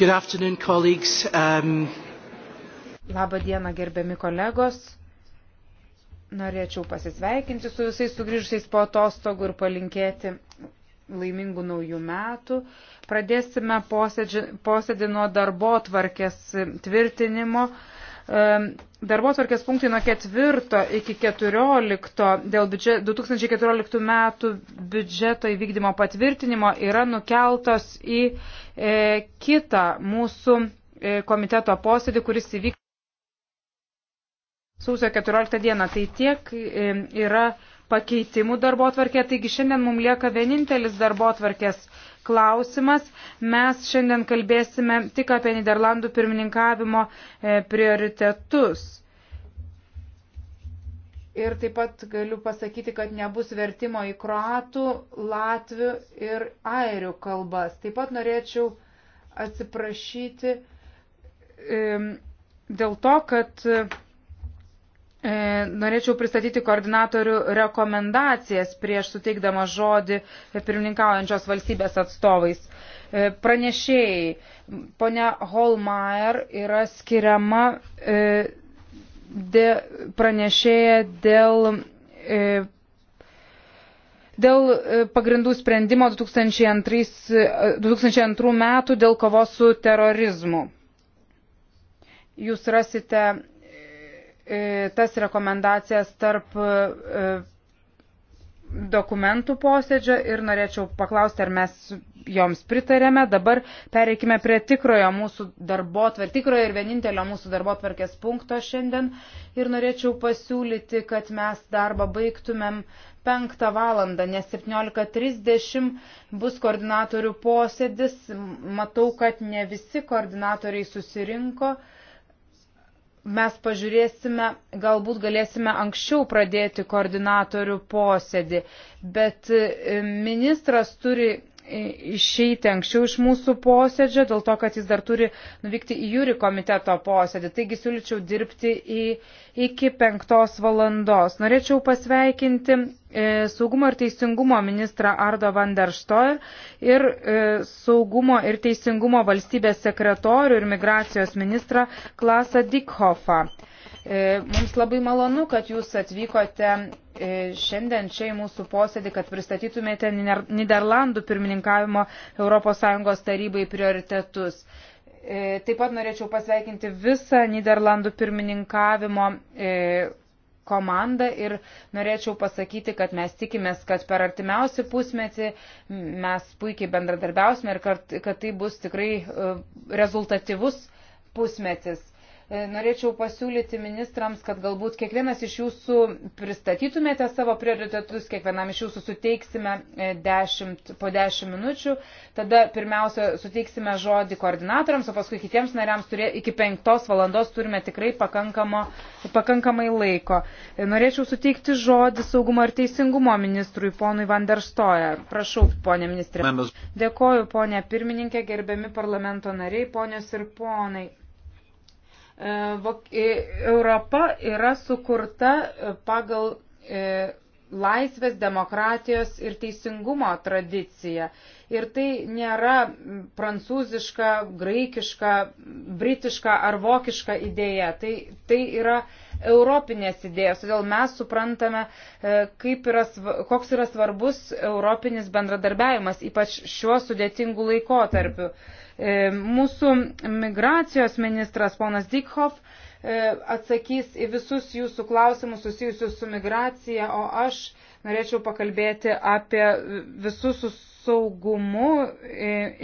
Good afternoon, colleagues. Um... Labą dieną, gerbiami kolegos. Norėčiau pasisveikinti su visais sugrįžusiais po atostogų ir palinkėti laimingų naujų metų. Pradėsime posėdį, posėdį nuo darbo tvarkės tvirtinimo. Darbo tvarkės punktai nuo 4 iki 14 dėl biudžet, 2014 metų biudžeto įvykdymo patvirtinimo yra nukeltos į e, kitą mūsų e, komiteto posėdį, kuris įvyks sausio 14 dieną. Tai tiek e, yra pakeitimų darbo tvarkė, taigi šiandien mums lieka vienintelis darbo tvarkės klausimas. Mes šiandien kalbėsime tik apie Niderlandų pirmininkavimo e, prioritetus. Ir taip pat galiu pasakyti, kad nebus vertimo į kroatų, latvių ir airių kalbas. Taip pat norėčiau atsiprašyti dėl to, kad E, norėčiau pristatyti koordinatorių rekomendacijas prieš suteikdama žodį pirmininkaujančios valstybės atstovais. E, pranešėjai, ponia Holmeier yra skiriama e, de, pranešėja dėl, dėl pagrindų sprendimo 2002, 2002 metų dėl kovos su terorizmu. Jūs rasite E, tas rekomendacijas tarp e, dokumentų posėdžio ir norėčiau paklausti, ar mes joms pritarėme. Dabar pereikime prie tikrojo mūsų darbo tvarkės, tikrojo ir vienintelio mūsų darbo tvarkės punkto šiandien. Ir norėčiau pasiūlyti, kad mes darbą baigtumėm 5 valandą, nes 17.30 bus koordinatorių posėdis. Matau, kad ne visi koordinatoriai susirinko mes pažiūrėsime, galbūt galėsime anksčiau pradėti koordinatorių posėdį, bet e, ministras turi e, išeiti anksčiau iš mūsų posėdžio, dėl to, kad jis dar turi nuvykti į jūri komiteto posėdį. Taigi siūlyčiau dirbti į, iki penktos valandos. Norėčiau pasveikinti E, saugumo ir teisingumo ministrą Ardo van der Stoer ir e, saugumo ir teisingumo valstybės sekretorių ir migracijos ministrą Klasą Dikhoffą. E, mums labai malonu, kad jūs atvykote šiandien čia į mūsų posėdį, kad pristatytumėte Niderlandų pirmininkavimo ES tarybai prioritetus. Taip pat norėčiau pasveikinti visą Niderlandų pirmininkavimo komanda ir norėčiau pasakyti, kad mes tikimės, kad per artimiausią pusmetį mes puikiai bendradarbiausime ir kad, kad tai bus tikrai e, rezultatyvus pusmetis. E, norėčiau pasiūlyti ministrams, kad galbūt kiekvienas iš jūsų pristatytumėte savo prioritetus, kiekvienam iš jūsų suteiksime 10, e, po 10 minučių, tada pirmiausia suteiksime žodį koordinatoriams, o paskui kitiems nariams turė, iki 5 valandos turime tikrai pakankamai laiko. E, norėčiau suteikti žodį saugumo ir teisingumo ministrui, ponui Vanderstoje. Prašau, ponė ministrė. Dėkoju, ponė pirmininkė, gerbiami parlamento nariai, ponios ir ponai. E, e, Europa yra sukurta e, pagal laisvės, demokratijos ir teisingumo tradicija. Ir tai nėra prancūziška, graikiška, britiška ar vokiška idėja. Tai, tai yra europinės idėjos. Todėl mes suprantame, yra, koks yra svarbus europinis bendradarbiavimas, ypač šiuo sudėtingu laikotarpiu. E, mūsų migracijos ministras ponas Dikhoff e, atsakys į visus jūsų klausimus susijusius su migracija, o aš norėčiau pakalbėti apie visus su saugumu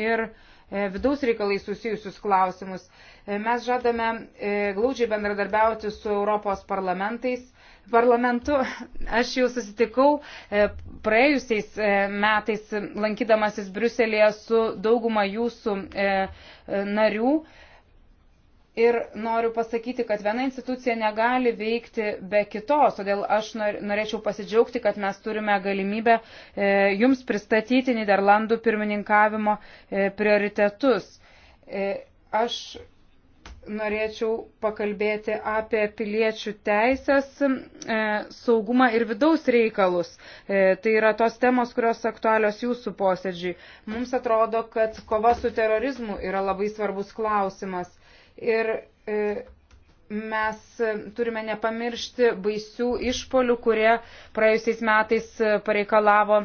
ir e, vidaus reikalai susijusius klausimus. Mes žadame glaudžiai bendradarbiauti su Europos parlamentais parlamentu aš jau susitikau e, praėjusiais e, metais lankydamasis Briuselėje su dauguma jūsų e, narių. Ir noriu pasakyti, kad viena institucija negali veikti be kitos, todėl aš norėčiau pasidžiaugti, kad mes turime galimybę jums pristatyti Niderlandų pirmininkavimo prioritetus. Aš norėčiau pakalbėti apie piliečių teisės, e, saugumą ir vidaus reikalus. E, tai yra tos temos, kurios aktualios jūsų posėdžiui. Mums atrodo, kad kova su terorizmu yra labai svarbus klausimas. Ir e, mes turime nepamiršti baisių išpolių, kurie praėjusiais metais pareikalavo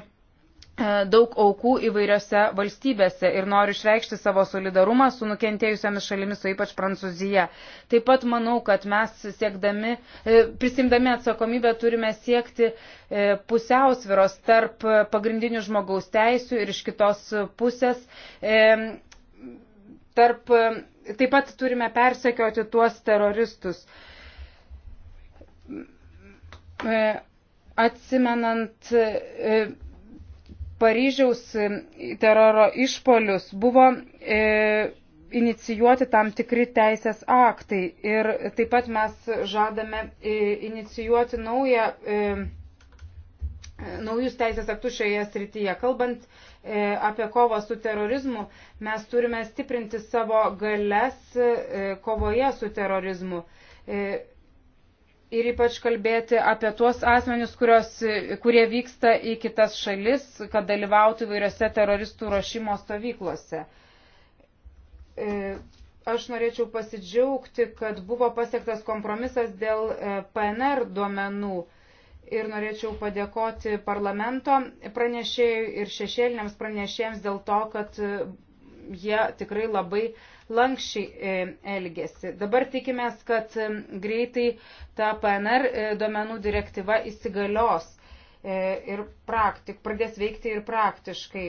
E, daug aukų įvairiose valstybėse ir noriu išreikšti savo solidarumą su nukentėjusiamis šalimis, o ypač Prancūzija. Taip pat manau, kad mes siekdami, e, prisimdami atsakomybę turime siekti e, pusiausviros tarp pagrindinių žmogaus teisių ir iš kitos pusės. Tarp, taip pat turime persekioti tuos teroristus. Atsimenant Paryžiaus e, teroro išpolius buvo e, inicijuoti tam tikri teisės aktai ir taip pat mes žadame e, inicijuoti naują, e, naujus teisės aktus šioje srityje. Kalbant apie kovą su terorizmu, mes turime stiprinti savo galias kovoje su terorizmu ir ypač kalbėti apie tuos asmenius, kurios, kurie vyksta į kitas šalis, kad dalyvautų įvairiose teroristų ruošimo stovyklose. E, aš norėčiau pasidžiaugti, kad buvo pasiektas kompromisas dėl e, PNR duomenų ir norėčiau padėkoti parlamento pranešėjui ir šešėliniams pranešėjams dėl to, kad e, jie tikrai labai lankščiai e, elgėsi. Dabar tikimės, kad e, greitai ta PNR e, duomenų direktyva įsigalios ir praktik, pradės veikti ir praktiškai.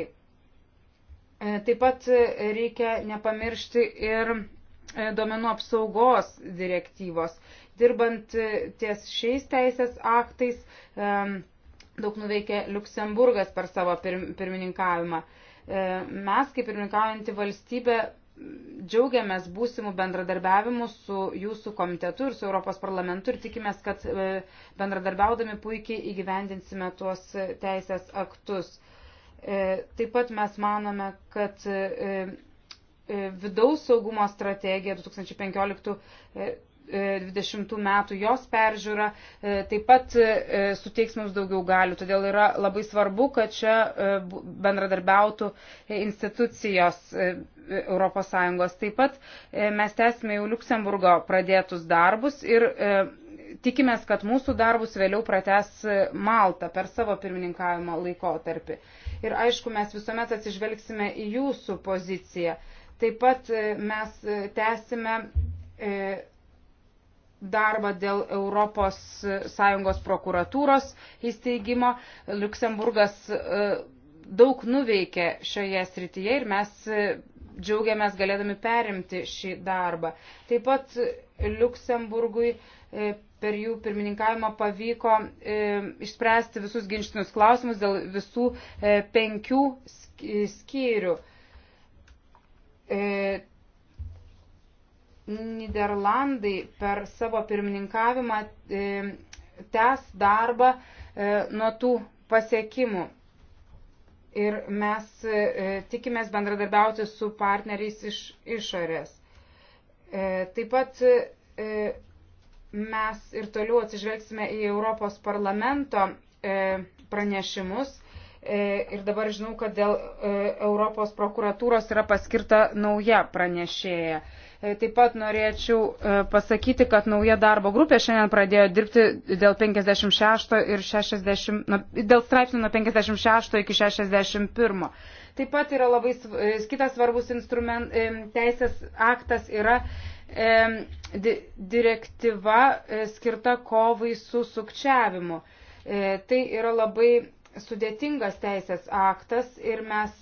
Taip pat reikia nepamiršti ir duomenų apsaugos direktyvos. Dirbant ties šiais teisės aktais, daug nuveikė Luksemburgas per savo pirmininkavimą. Mes, kaip pirmininkaujanti valstybė, džiaugiamės būsimų bendradarbiavimų su jūsų komitetu ir su Europos parlamentu ir tikimės, kad e, bendradarbiaudami puikiai įgyvendinsime tuos teisės aktus. E, taip pat mes manome, kad e, vidaus saugumo strategija 2015 2020 metų, jos peržiūra e, taip pat e, suteiks mums daugiau galių. Todėl yra labai svarbu, kad čia e, bendradarbiautų institucijos ES. Taip pat mes tęsime jau Luksemburgo pradėtus darbus ir tikimės, kad mūsų darbus vėliau prates Malta per savo pirmininkavimo laikotarpį. Ir aišku, mes visuomet atsižvelgsime į jūsų poziciją. Taip pat mes tęsime darbą dėl ES e, prokuratūros įsteigimo. Luksemburgas e, daug nuveikė šioje srityje ir mes e, džiaugiamės galėdami perimti šį darbą. Taip pat Luksemburgui per jų pirmininkavimą pavyko išspręsti visus ginčinius klausimus dėl visų penkių skyrių. Niderlandai per savo pirmininkavimą e, tęs darbą e, nuo tų pasiekimų. Ir mes e, tikimės bendradarbiauti su partneriais iš išorės. Taip pat mes ir toliau atsižvelgsime į Europos parlamento pranešimus. Ir dabar žinau, kad dėl Europos prokuratūros yra paskirta nauja pranešėja. E, taip pat norėčiau e, pasakyti, kad nauja darbo grupė šiandien pradėjo dirbti dėl, 56 ir 60, dėl straipsnių nuo 56 iki 61. Taip pat yra labai e, kitas svarbus instrument, teisės aktas yra di, direktyva skirta kovai su sukčiavimu. Tai yra labai sudėtingas teisės aktas ir mes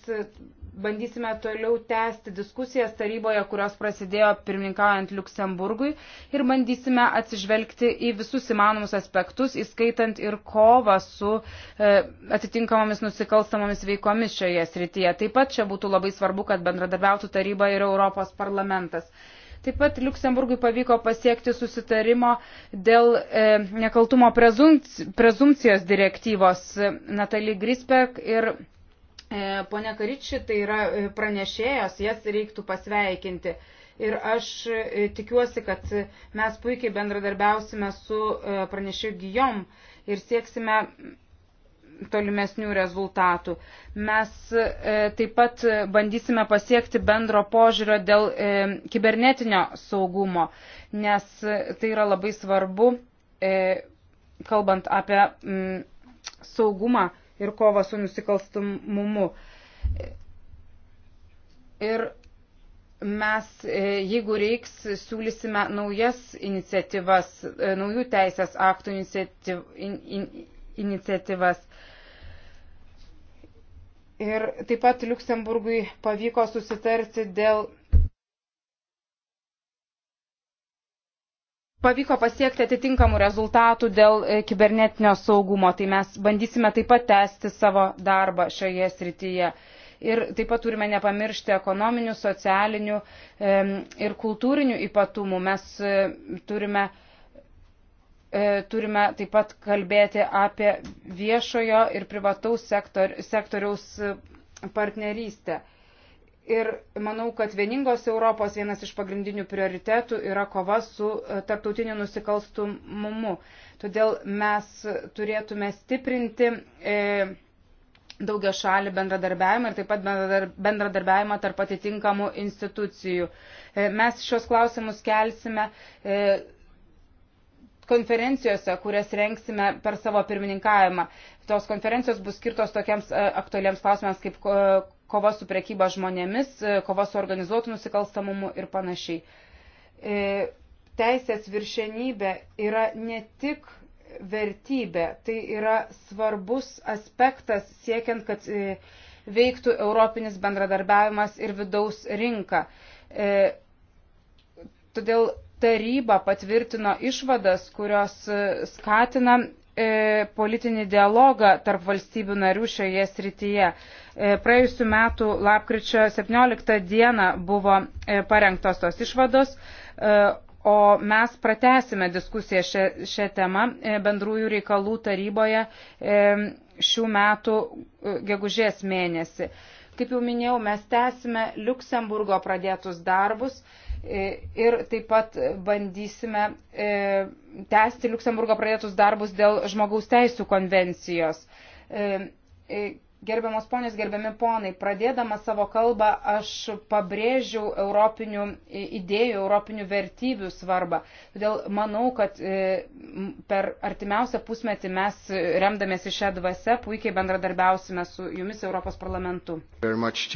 bandysime toliau tęsti diskusijas taryboje, kurios prasidėjo pirmininkaujant Luksemburgui ir bandysime atsižvelgti į visus įmanomus aspektus, įskaitant ir kovą su e, atitinkamomis nusikalstamomis veikomis šioje srityje. Taip pat čia būtų labai svarbu, kad bendradarbiautų taryba ir Europos parlamentas. Taip pat Luksemburgui pavyko pasiekti susitarimo dėl e, nekaltumo prezumcijos direktyvos Natalie Grisberg ir E, Pone Karičiai, tai yra e, pranešėjos, jas reiktų pasveikinti. Ir aš e, tikiuosi, kad mes puikiai bendradarbiausime su pranešėju Gijom ir sieksime tolimesnių rezultatų. Mes taip pat bandysime pasiekti bendro požiūrio dėl kibernetinio saugumo, nes tai yra labai svarbu, kalbant apie saugumą ir kovą su nusikalstumumu. Ir mes, e, jeigu reiks, siūlysime naujas iniciatyvas, e, naujų teisės aktų iniciatyv, in, in, iniciatyvas. Ir taip pat Luksemburgui pavyko susitarti dėl pavyko pasiekti atitinkamų rezultatų dėl e, kibernetinio saugumo, tai mes bandysime taip pat tęsti savo darbą šioje srityje. Ir taip pat turime nepamiršti ekonominių, socialinių ir kultūrinių ypatumų. Mes e, turime, e, turime taip pat kalbėti apie viešojo ir privataus sektor, sektoriaus partnerystę. Ir manau, kad vieningos Europos vienas iš pagrindinių prioritetų yra kova su e, tarptautiniu nusikalstumumu. Todėl mes turėtume stiprinti e, daugia šalį bendradarbiavimą ir taip pat bendradarbiavimą tarp atitinkamų institucijų. E, mes šios klausimus kelsime. E, konferencijose, kurias rengsime per savo pirmininkavimą. Tos konferencijos bus skirtos tokiems e, aktualiems klausimams kaip e, kova su prekyba žmonėmis, e, kova su organizuotų nusikalstamumu ir panašiai. E, teisės viršenybė yra ne tik vertybė, tai yra svarbus aspektas siekiant, kad e, veiktų europinis bendradarbiavimas ir vidaus rinka. Todėl taryba patvirtino išvadas, kurios skatina E, politinį dialogą tarp valstybių narių šioje srityje. E, praėjusiu metu lapkričio 17 dieną buvo e, parengtos tos išvados, o mes pratesime diskusiją šią, šią temą bendrųjų reikalų taryboje šių metų gegužės mėnesį. Kaip jau minėjau, mes tęsime Luksemburgo pradėtus darbus E, ir taip pat bandysime e, tęsti Luksemburgo pradėtus darbus dėl žmogaus teisų konvencijos. E, gerbiamos ponės, gerbiami ponai, pradėdama savo kalbą aš pabrėžiau europinių idėjų, europinių vertybių svarbą. Todėl manau, kad per artimiausią pusmetį mes, remdamėsi šią dvasę, puikiai bendradarbiausime su jumis Europos parlamentu. Much,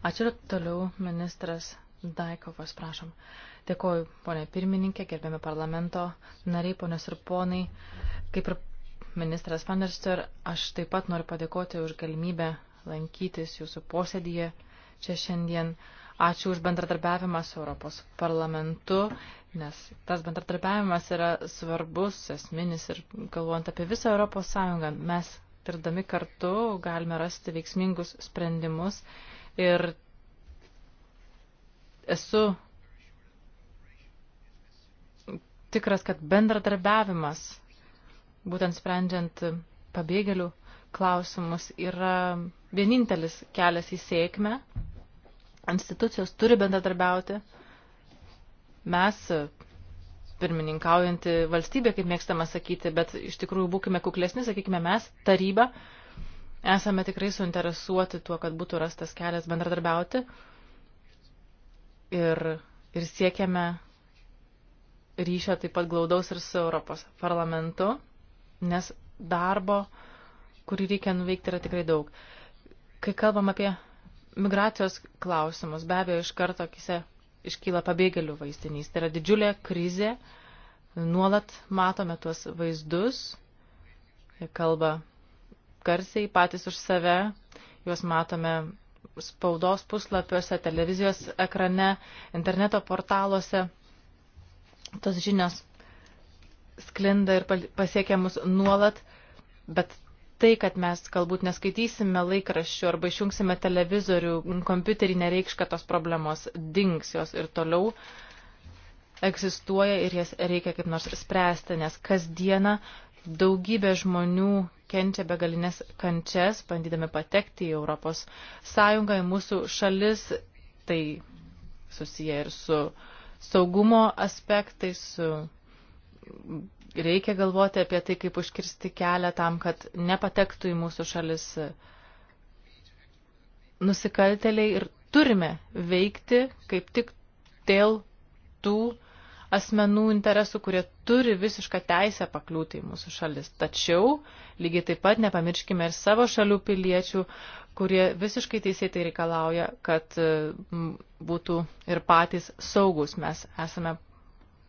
Ačiū ir toliau, ministras Daikovas, prašom. Dėkoju, ponė pirmininkė, gerbėme parlamento nariai, ponios ir ponai. Kaip ir ministras Panderster, aš taip pat noriu padėkoti už galimybę lankytis jūsų posėdyje čia šiandien. Ačiū už bendradarbiavimą su Europos parlamentu, nes tas bendradarbiavimas yra svarbus, esminis ir galvojant apie visą Europos Sąjungą, mes dirbdami kartu galime rasti veiksmingus sprendimus ir Esu tikras, kad bendradarbiavimas, būtent sprendžiant pabėgėlių klausimus, yra vienintelis kelias į sėkmę. Institucijos turi bendradarbiauti. Mes, pirmininkaujanti valstybė, kaip mėgstama sakyti, bet iš tikrųjų būkime kuklesni, sakykime, mes, taryba, esame tikrai suinteresuoti tuo, kad būtų rastas kelias bendradarbiauti ir, ir siekiame ryšio taip pat glaudaus ir su Europos parlamentu, nes darbo, kurį reikia nuveikti, yra tikrai daug. Kai kalbam apie migracijos klausimus, be abejo, iš karto akise iškyla pabėgėlių vaizdinys. Tai yra didžiulė krizė, nuolat matome tuos vaizdus, jie kalba garsiai patys už save, juos matome spaudos puslapiuose, televizijos ekrane, interneto portaluose tos žinios sklinda ir pasiekia mus nuolat, bet tai, kad mes galbūt neskaitysime laikraščių arba išjungsime televizorių, kompiuterį nereikš, kad tos problemos dings, jos ir toliau egzistuoja ir jas reikia kaip nors spręsti, nes kasdieną daugybė žmonių kenčia begalinės kančias, bandydami patekti į Europos Sąjungą, į mūsų šalis. Tai susiję ir su saugumo aspektais, su reikia galvoti apie tai, kaip užkirsti kelią tam, kad nepatektų į mūsų šalis nusikalteliai ir turime veikti kaip tik dėl tų asmenų interesų, kurie turi visišką teisę pakliūti į mūsų šalis. Tačiau lygiai taip pat nepamirškime ir savo šalių piliečių, kurie visiškai teisėtai reikalauja, kad e, būtų ir patys saugus. Mes esame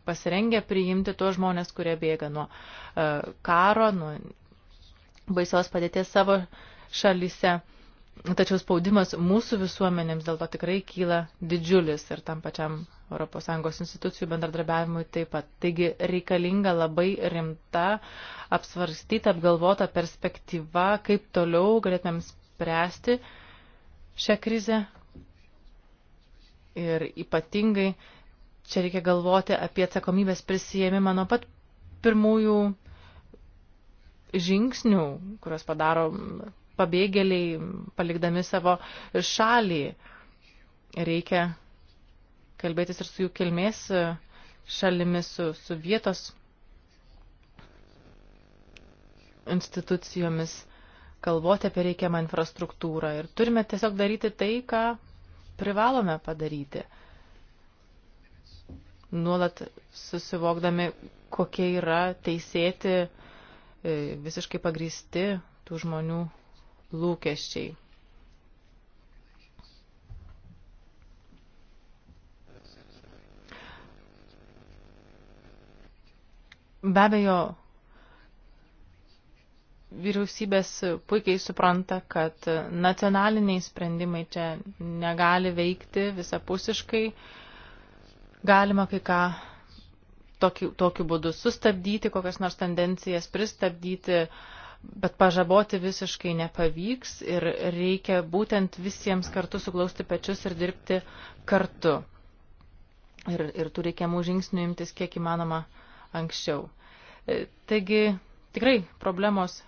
pasirengę priimti tuos žmonės, kurie bėga nuo e, karo, nuo baisios padėties savo šalyse. Tačiau spaudimas mūsų visuomenėms dėl to tikrai kyla didžiulis ir tam pačiam ES institucijų bendradarbiavimui taip pat. Taigi reikalinga labai rimta, apsvarstyta, apgalvota perspektyva, kaip toliau galėtumėm spręsti šią krizę. Ir ypatingai čia reikia galvoti apie atsakomybės prisijėmimą nuo pat pirmųjų žingsnių, kurios padaro pabėgėliai, palikdami savo šalį. Reikia kalbėtis ir su jų kilmės šalimis, su, su vietos institucijomis, kalvoti apie reikiamą infrastruktūrą. Ir turime tiesiog daryti tai, ką privalome padaryti. Nuolat susivokdami, kokie yra teisėti, e, visiškai pagristi tų žmonių lūkesčiai. Be abejo, vyriausybės puikiai supranta, kad nacionaliniai sprendimai čia negali veikti visapusiškai. Galima kai ką tokiu, tokiu būdu sustabdyti, kokias nors tendencijas pristabdyti, uh, bet pažaboti visiškai nepavyks ir reikia būtent visiems kartu suglausti pečius ir dirbti kartu. Ir, ir tų reikiamų žingsnių imtis kiek įmanoma anksčiau. E, taigi tikrai problemos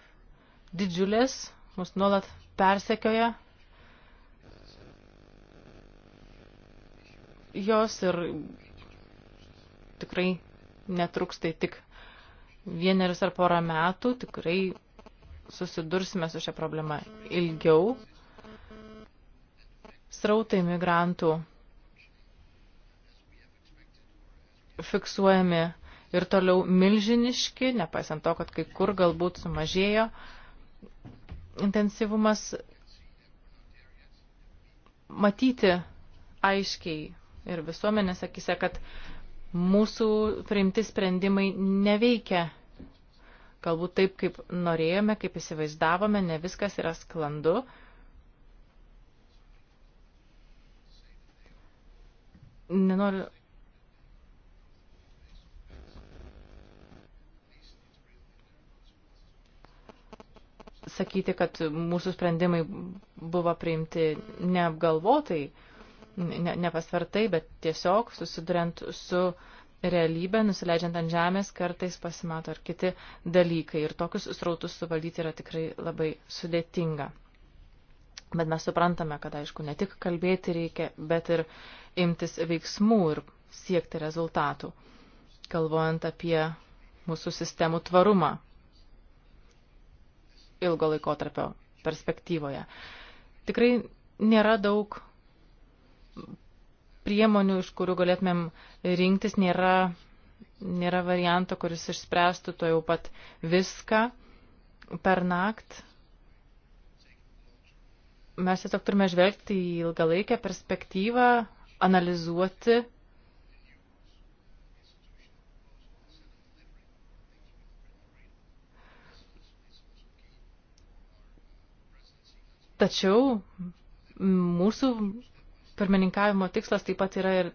didžiulės, mus nuolat persekioja jos ir tikrai netruks tai tik vieneris ar porą metų, tikrai susidursime su šia problema ilgiau. Srautai migrantų fiksuojami ir toliau milžiniški, nepaisant to, kad kai kur galbūt sumažėjo intensyvumas. Matyti aiškiai ir visuomenės akise, kad mūsų priimti sprendimai neveikia galbūt taip, kaip norėjome, kaip įsivaizdavome, ne viskas yra sklandu. Nenoriu. Sakyti, kad mūsų sprendimai buvo priimti neapgalvotai, ne, nepasvertai, bet tiesiog susidurint su uh, realybę, nusileidžiant ant žemės, kartais pasimato ir kiti dalykai. Ir tokius srautus suvaldyti yra tikrai labai sudėtinga. Bet mes suprantame, kad, aišku, ne tik kalbėti reikia, bet ir imtis veiksmų ir siekti rezultatų, kalbant apie mūsų sistemų tvarumą ilgo laikotarpio perspektyvoje. Tikrai nėra daug priemonių, iš kurių galėtumėm rinktis, nėra, nėra varianto, kuris išspręstų to jau pat viską per nakt. Mes tiesiog turime žvelgti į ilgalaikę perspektyvą, analizuoti. Tačiau mūsų pirmininkavimo tikslas taip pat yra ir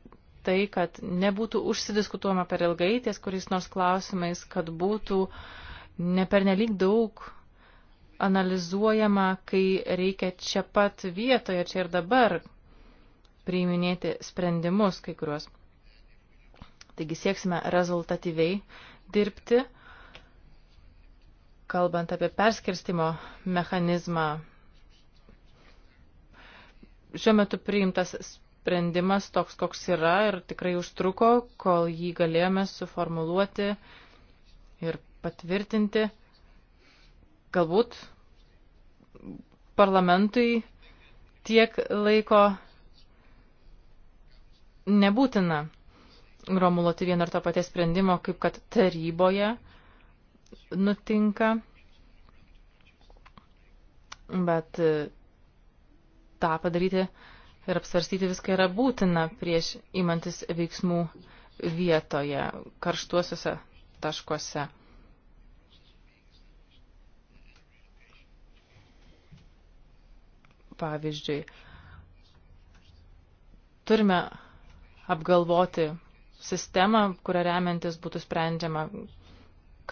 tai, kad nebūtų užsidiskutuojama per ilgai ties kuriais nors klausimais, kad būtų nepernelyg daug analizuojama, kai reikia čia pat vietoje, čia ir dabar priiminėti sprendimus kai kuriuos. Taigi sieksime rezultatyviai dirbti, kalbant apie perskirstimo mechanizmą šiuo metu priimtas sprendimas toks, koks yra ir tikrai užtruko, kol jį galėjome suformuluoti ir patvirtinti. Galbūt parlamentui tiek laiko nebūtina gromuluoti vieną ar to paties sprendimo, kaip kad taryboje nutinka. Bet tą padaryti ir apsvarstyti viską yra būtina prieš įmantis veiksmų vietoje, karštuosiuose taškuose. Pavyzdžiui, turime apgalvoti sistemą, kurią remiantis būtų sprendžiama,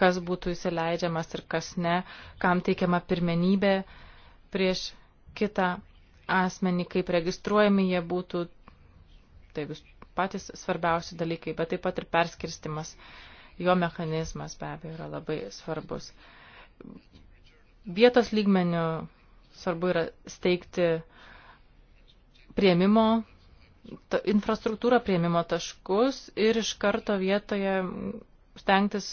kas būtų įsileidžiamas ir kas ne, kam teikiama pirmenybė prieš kitą asmenį, kaip registruojami jie būtų, tai vis patys svarbiausi dalykai, bet taip pat ir perskirstimas, jo mechanizmas be abejo yra labai svarbus. Vietos lygmenių svarbu yra steigti prieimimo infrastruktūrą, prieimimo taškus ir iš karto vietoje stengtis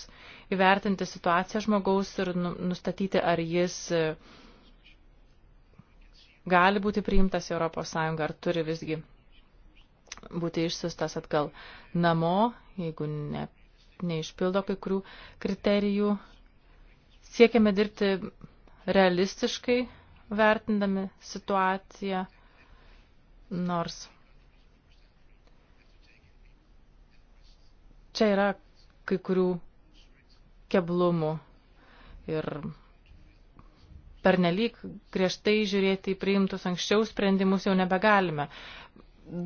įvertinti situaciją žmogaus ir nu, nustatyti, ar jis uh, gali būti priimtas į ES, ar turi visgi būti išsiustas atgal namo, jeigu ne, neišpildo kai kurių kriterijų. Siekiame dirbti realistiškai, vertindami situaciją, nors čia yra kai kurių keblumų ir pernelyg griežtai žiūrėti į priimtus anksčiau sprendimus jau nebegalime.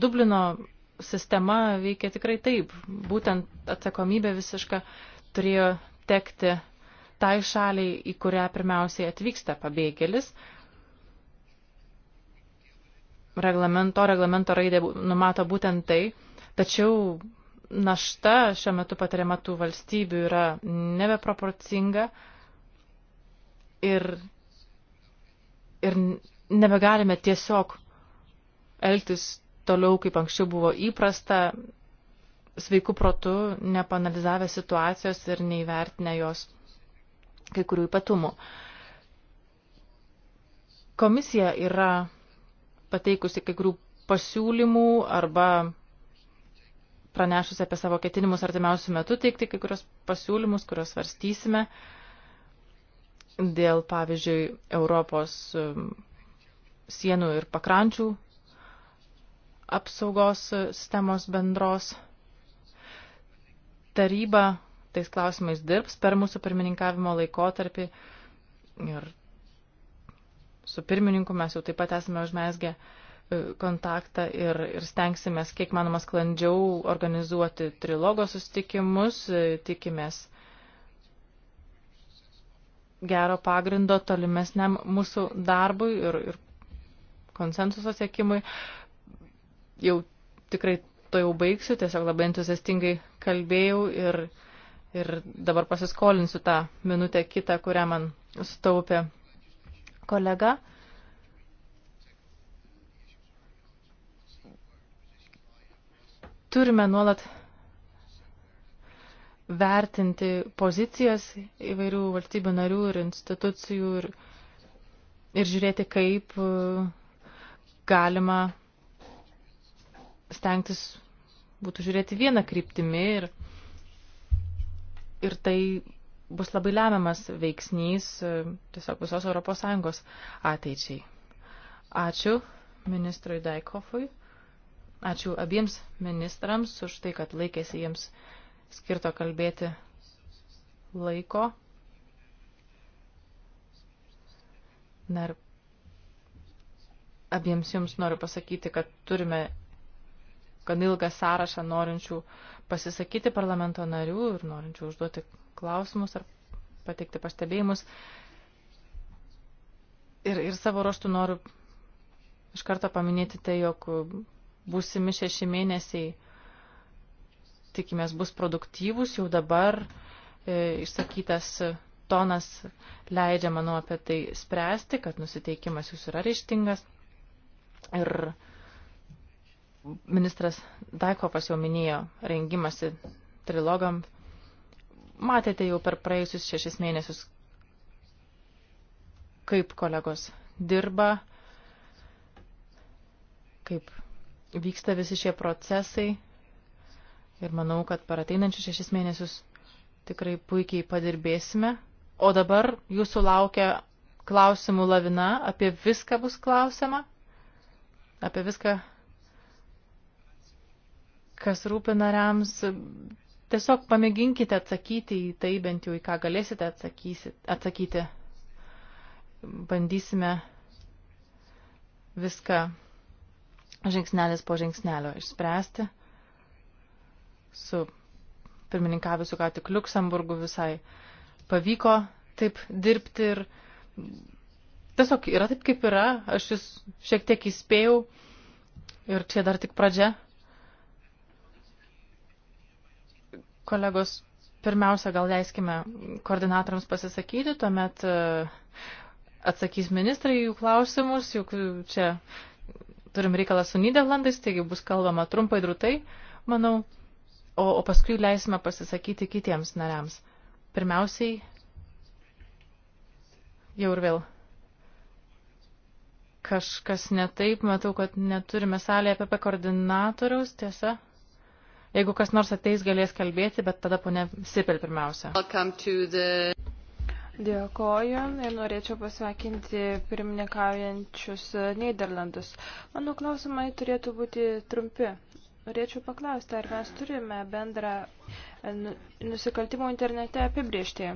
Dublino sistema veikia tikrai taip. Būtent atsakomybė visiška turėjo tekti tai šaliai, į kurią pirmiausiai atvyksta pabėgėlis. Reglamento, reglamento raidė numato būtent tai, tačiau našta šiuo metu patiriama tų valstybių yra nebeproporcinga ir ir nebegalime tiesiog elgtis toliau, kaip anksčiau buvo įprasta, sveiku protu, nepanalizavę situacijos ir neįvertinę jos kai kurių ypatumų. Komisija yra pateikusi kai kurių pasiūlymų arba pranešusi apie savo ketinimus artimiausių metų teikti kai kurios pasiūlymus, kuriuos svarstysime. Uh, dėl, pavyzdžiui, Europos um, sienų ir pakrančių apsaugos sistemos bendros. Taryba tais klausimais dirbs per mūsų pirmininkavimo laikotarpį ir su pirmininku mes jau taip pat esame užmesgę e, kontaktą ir, ir stengsimės, kiek manoma, sklandžiau organizuoti trilogo susitikimus, e, tikimės gero pagrindo tolimesniam mūsų darbui ir, ir konsensuso siekimui. Jau tikrai to jau baigsiu, tiesiog labai entuziastingai kalbėjau ir, ir dabar pasiskolinsiu tą minutę kitą, kurią man staupė kolega. Turime nuolat vertinti pozicijas įvairių valstybių narių ir institucijų ir, ir žiūrėti, kaip uh, galima stengtis būtų žiūrėti vieną kryptimį ir, ir tai bus labai lemiamas veiksnys uh, tiesiog visos Europos Sąjungos ateičiai. Ačiū ministrui Daikofui, ačiū abiems ministrams už tai, kad laikėsi jiems skirto kalbėti laiko. Na ir abiems jums noriu pasakyti, kad turime gan ilgą sąrašą norinčių pasisakyti parlamento narių ir norinčių užduoti klausimus ar pateikti pastebėjimus. Ir, ir savo ruoštų noriu iš karto paminėti tai, jog būsimi šeši mėnesiai tikimės bus produktyvūs, jau dabar e, išsakytas tonas leidžia, manau, apie tai spręsti, kad nusiteikimas jūs yra ryštingas. Ir ministras Daikopas jau minėjo rengimasi trilogam. Matėte jau per praėjusius šešis mėnesius, kaip kolegos dirba, kaip vyksta visi šie procesai Ir manau, kad per ateinančius šešis mėnesius tikrai puikiai padirbėsime. O dabar jūsų laukia klausimų lavina, apie viską bus klausima, apie viską, kas rūpi nariams. Tiesiog pamėginkite atsakyti į tai, bent jau į ką galėsite atsakysi, atsakyti. Bandysime viską žingsnelis po žingsnelio išspręsti su pirmininkavusiu ką tik Luksemburgu visai pavyko taip dirbti ir tiesiog yra taip, kaip yra, aš jūs šiek tiek įspėjau ir čia dar tik pradžia. Kolegos, pirmiausia, gal leiskime koordinatoriams pasisakyti, tuomet e, atsakys ministrai jų klausimus, juk čia turim reikalą su Niderlandais, taigi bus kalbama trumpai drūtai, manau o, o paskui leisime pasisakyti kitiems nariams. Pirmiausiai, jau ir vėl, kažkas netaip, matau, kad neturime salėje apie koordinatoriaus, tiesa. Jeigu kas nors ateis, galės kalbėti, bet tada ponė Sipel pirmiausia. Dėkoju ir norėčiau pasveikinti pirmininkaujančius Niderlandus. Mano klausimai turėtų būti trumpi. Norėčiau paklausti, ar mes turime bendrą Nu, nusikaltimų internete apibriežti.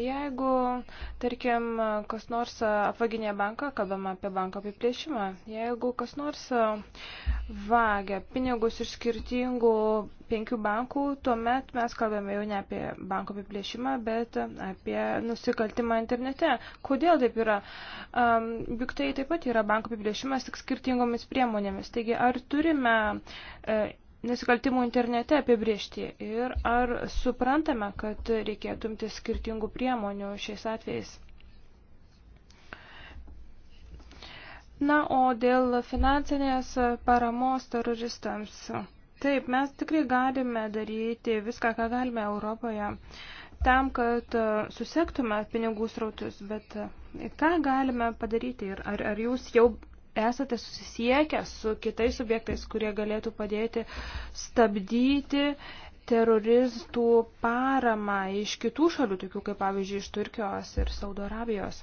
Jeigu, tarkim, kas nors apvaginė banką, kalbama apie banko apiplėšimą, jeigu kas nors vagia pinigus iš skirtingų penkių bankų, tuomet mes kalbame jau ne apie banko apiplėšimą, bet apie nusikaltimą internete. Kodėl taip yra? Um, juk tai taip pat yra banko apiplėšimas tik skirtingomis priemonėmis. Taigi, ar turime e, nusikaltimų internete apibriežti ir ar suprantame, kad reikėtų imti skirtingų priemonių šiais atvejais. Na, o dėl finansinės paramos teroristams. Taip, mes tikrai galime daryti viską, ką galime Europoje, tam, kad susektume pinigų srautus, bet ką galime padaryti ir ar, ar jūs jau esate susisiekę su kitais subjektais, kurie galėtų padėti stabdyti teroristų paramą iš kitų šalių, tokių kaip pavyzdžiui iš Turkijos ir Saudo Arabijos.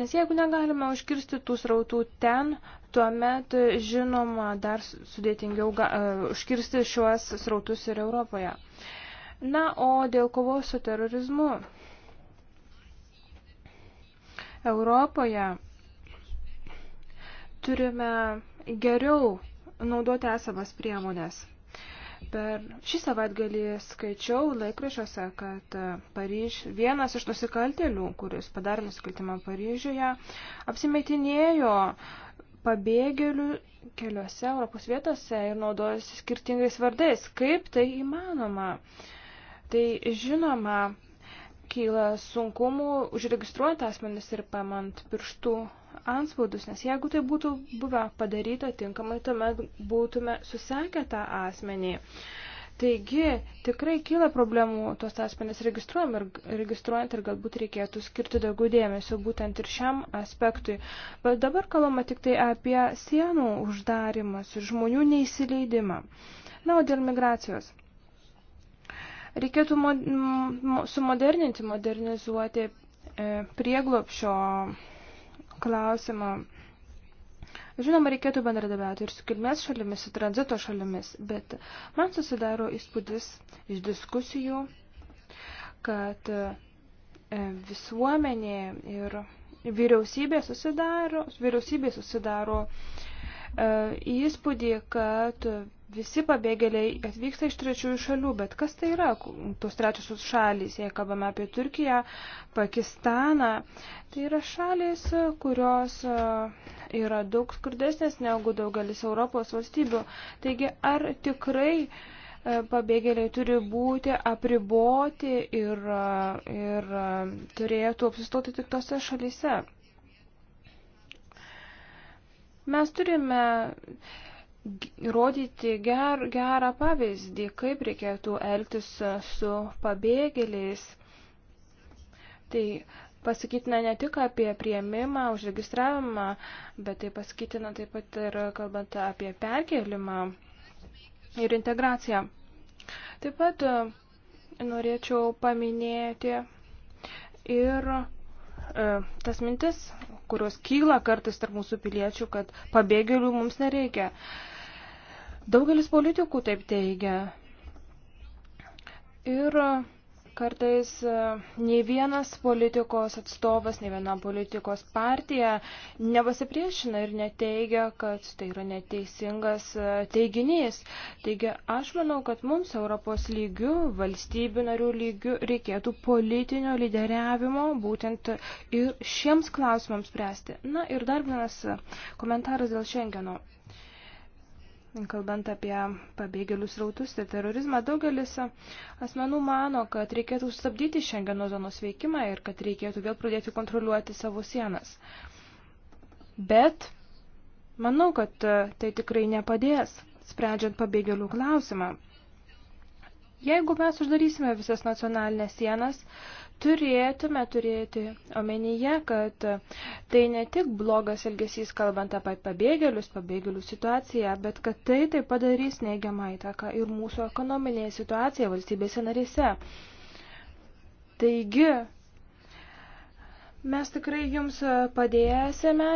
Nes jeigu negalime užkirsti tų srautų ten, tuomet žinoma dar sudėtingiau ga, uh, užkirsti šiuos srautus ir Europoje. Na, o dėl kovos su terorizmu. Europoje turime geriau naudoti esamas priemonės. Per šį savaitgalį skaičiau laikrašiuose, kad Paryž, vienas iš nusikaltėlių, kuris padarė nusikaltimą Paryžiuje, apsimetinėjo pabėgėlių keliose Europos vietose ir naudojasi skirtingais vardais. Kaip tai įmanoma? Tai žinoma, kyla sunkumų užregistruojant asmenis ir pamant pirštų anspaudus, nes jeigu tai būtų buvę padaryta tinkamai, tuomet būtume susekę tą asmenį. Taigi, tikrai kyla problemų tuos asmenis registruojant ir, registruojant ir galbūt reikėtų skirti daugiau dėmesio būtent ir šiam aspektui. Bet dabar kalbama tik tai apie sienų uždarimas ir žmonių neįsileidimą. Na, o dėl migracijos. Reikėtų mo, mo, sumoderninti, modernizuoti e, prieglopšio klausimą. Žinoma, reikėtų bendradarbiauti ir su kilmės šalimis, su tranzito šalimis, bet man susidaro įspūdis iš diskusijų, kad e, visuomenė ir vyriausybė susidaro, vyriausybė susidaro e, įspūdį, kad Visi pabėgėliai atvyksta iš trečiųjų šalių, bet kas tai yra tos trečiosios šalys, jei kalbame apie Turkiją, Pakistaną, tai yra šalys, kurios e, yra daug skurdesnės negu daugelis Europos valstybių. Taigi, ar tikrai e, pabėgėliai turi būti apriboti ir, e, ir turėtų apsistoti tik tose šalyse? Mes turime rodyti ger, gerą pavyzdį, kaip reikėtų elgtis su pabėgėliais. Tai pasakytina ne tik apie prieimimą, užregistravimą, bet tai pasakytina taip pat ir kalbant apie perkelimą ir integraciją. Taip pat e, norėčiau paminėti ir e, tas mintis, kurios kyla kartais tarp mūsų piliečių, kad pabėgėlių mums nereikia. Daugelis politikų taip teigia. Ir Kartais e, nei vienas politikos atstovas, nei viena politikos partija nepasipriešina ir neteigia, kad tai yra neteisingas e, teiginys. Taigi aš manau, kad mums Europos lygių, valstybių narių lygių reikėtų politinio lyderiavimo būtent ir šiems klausimams spręsti. Na ir dar vienas komentaras dėl Šengeno kalbant apie pabėgėlius rautus ir terorizmą, daugelis asmenų mano, kad reikėtų sustabdyti Šengeno zonos veikimą ir kad reikėtų vėl pradėti kontroliuoti savo sienas. Bet manau, kad tai tikrai nepadės, sprendžiant pabėgėlių klausimą. Jeigu mes uždarysime visas nacionalinės sienas, turėtume turėti omenyje, kad tai ne tik blogas elgesys kalbant apie pabėgėlius, pabėgėlių situaciją, bet kad tai taip padarys neigiamą įtaką ir mūsų ekonominėje situacijoje valstybėse narėse. Taigi, mes tikrai jums padėsime,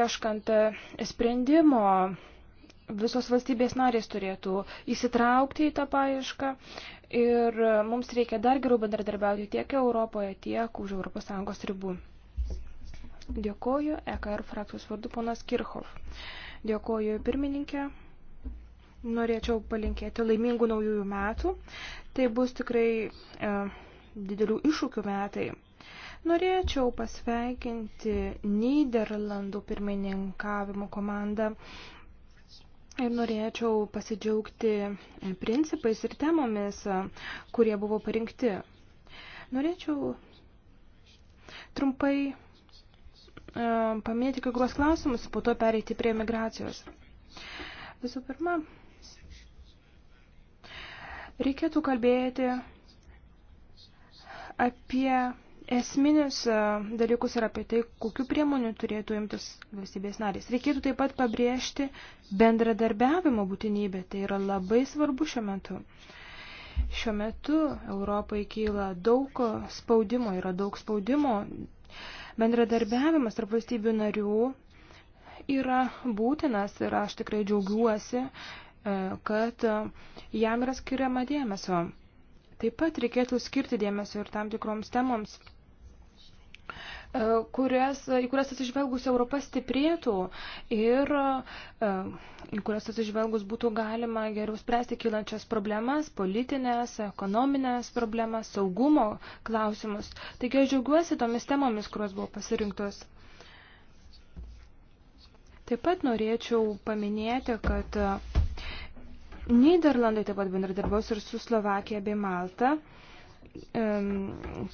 ieškant sprendimo. Visos valstybės narės turėtų įsitraukti į tą paiešką Ir mums reikia dar geriau bendradarbiauti tiek Europoje, tiek už ES ribų. Dėkoju EKR frakcijos vardu ponas Kirchhoff. Dėkoju pirmininkė. Norėčiau palinkėti laimingų naujųjų metų. Tai bus tikrai e, didelių iššūkių metai. Norėčiau pasveikinti Niderlandų pirmininkavimo komandą Ir norėčiau pasidžiaugti e, principais ir temomis, e, kurie buvo parinkti. Norėčiau trumpai e, paminėti kai kuriuos klausimus, po to pereiti prie migracijos. Visų pirma, reikėtų kalbėti apie esminius e, dalykus ir apie tai, kokiu priemonių turėtų imtis valstybės narės. Reikėtų taip pat pabrėžti bendradarbiavimo būtinybę, tai yra labai svarbu šiuo metu. Šiuo metu Europai kyla daug spaudimo, yra daug spaudimo. Bendradarbiavimas tarp valstybių narių yra būtinas ir aš tikrai džiaugiuosi, e, kad jam yra skiriama dėmesio. Taip pat reikėtų skirti dėmesio ir tam tikroms temoms E, kurias, į kurias atsižvelgus Europa stiprėtų ir e, į kurias atsižvelgus būtų galima geriau spręsti kylančias problemas, politinės, ekonominės problemas, saugumo klausimus. Taigi aš džiaugiuosi tomis temomis, kurios buvo pasirinktos. Taip pat norėčiau paminėti, kad Niderlandai taip pat bendradarbiaus ir su Slovakija bei Malta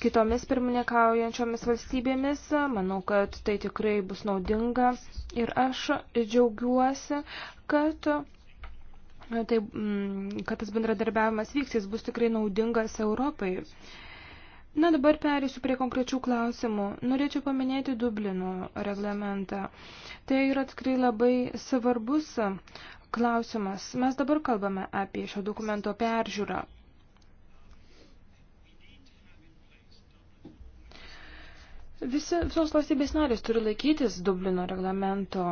kitomis pirmininkaujančiomis valstybėmis. Manau, kad tai tikrai bus naudinga ir aš džiaugiuosi, kad, tai, mm, kad tas bendradarbiavimas vyks, jis bus tikrai naudingas Europai. Na dabar perėsiu prie konkrečių klausimų. Norėčiau paminėti Dublino reglamentą. Tai yra tikrai labai svarbus klausimas. Mes dabar kalbame apie šio dokumento peržiūrą. Visi, visos valstybės narės turi laikytis Dublino reglamento.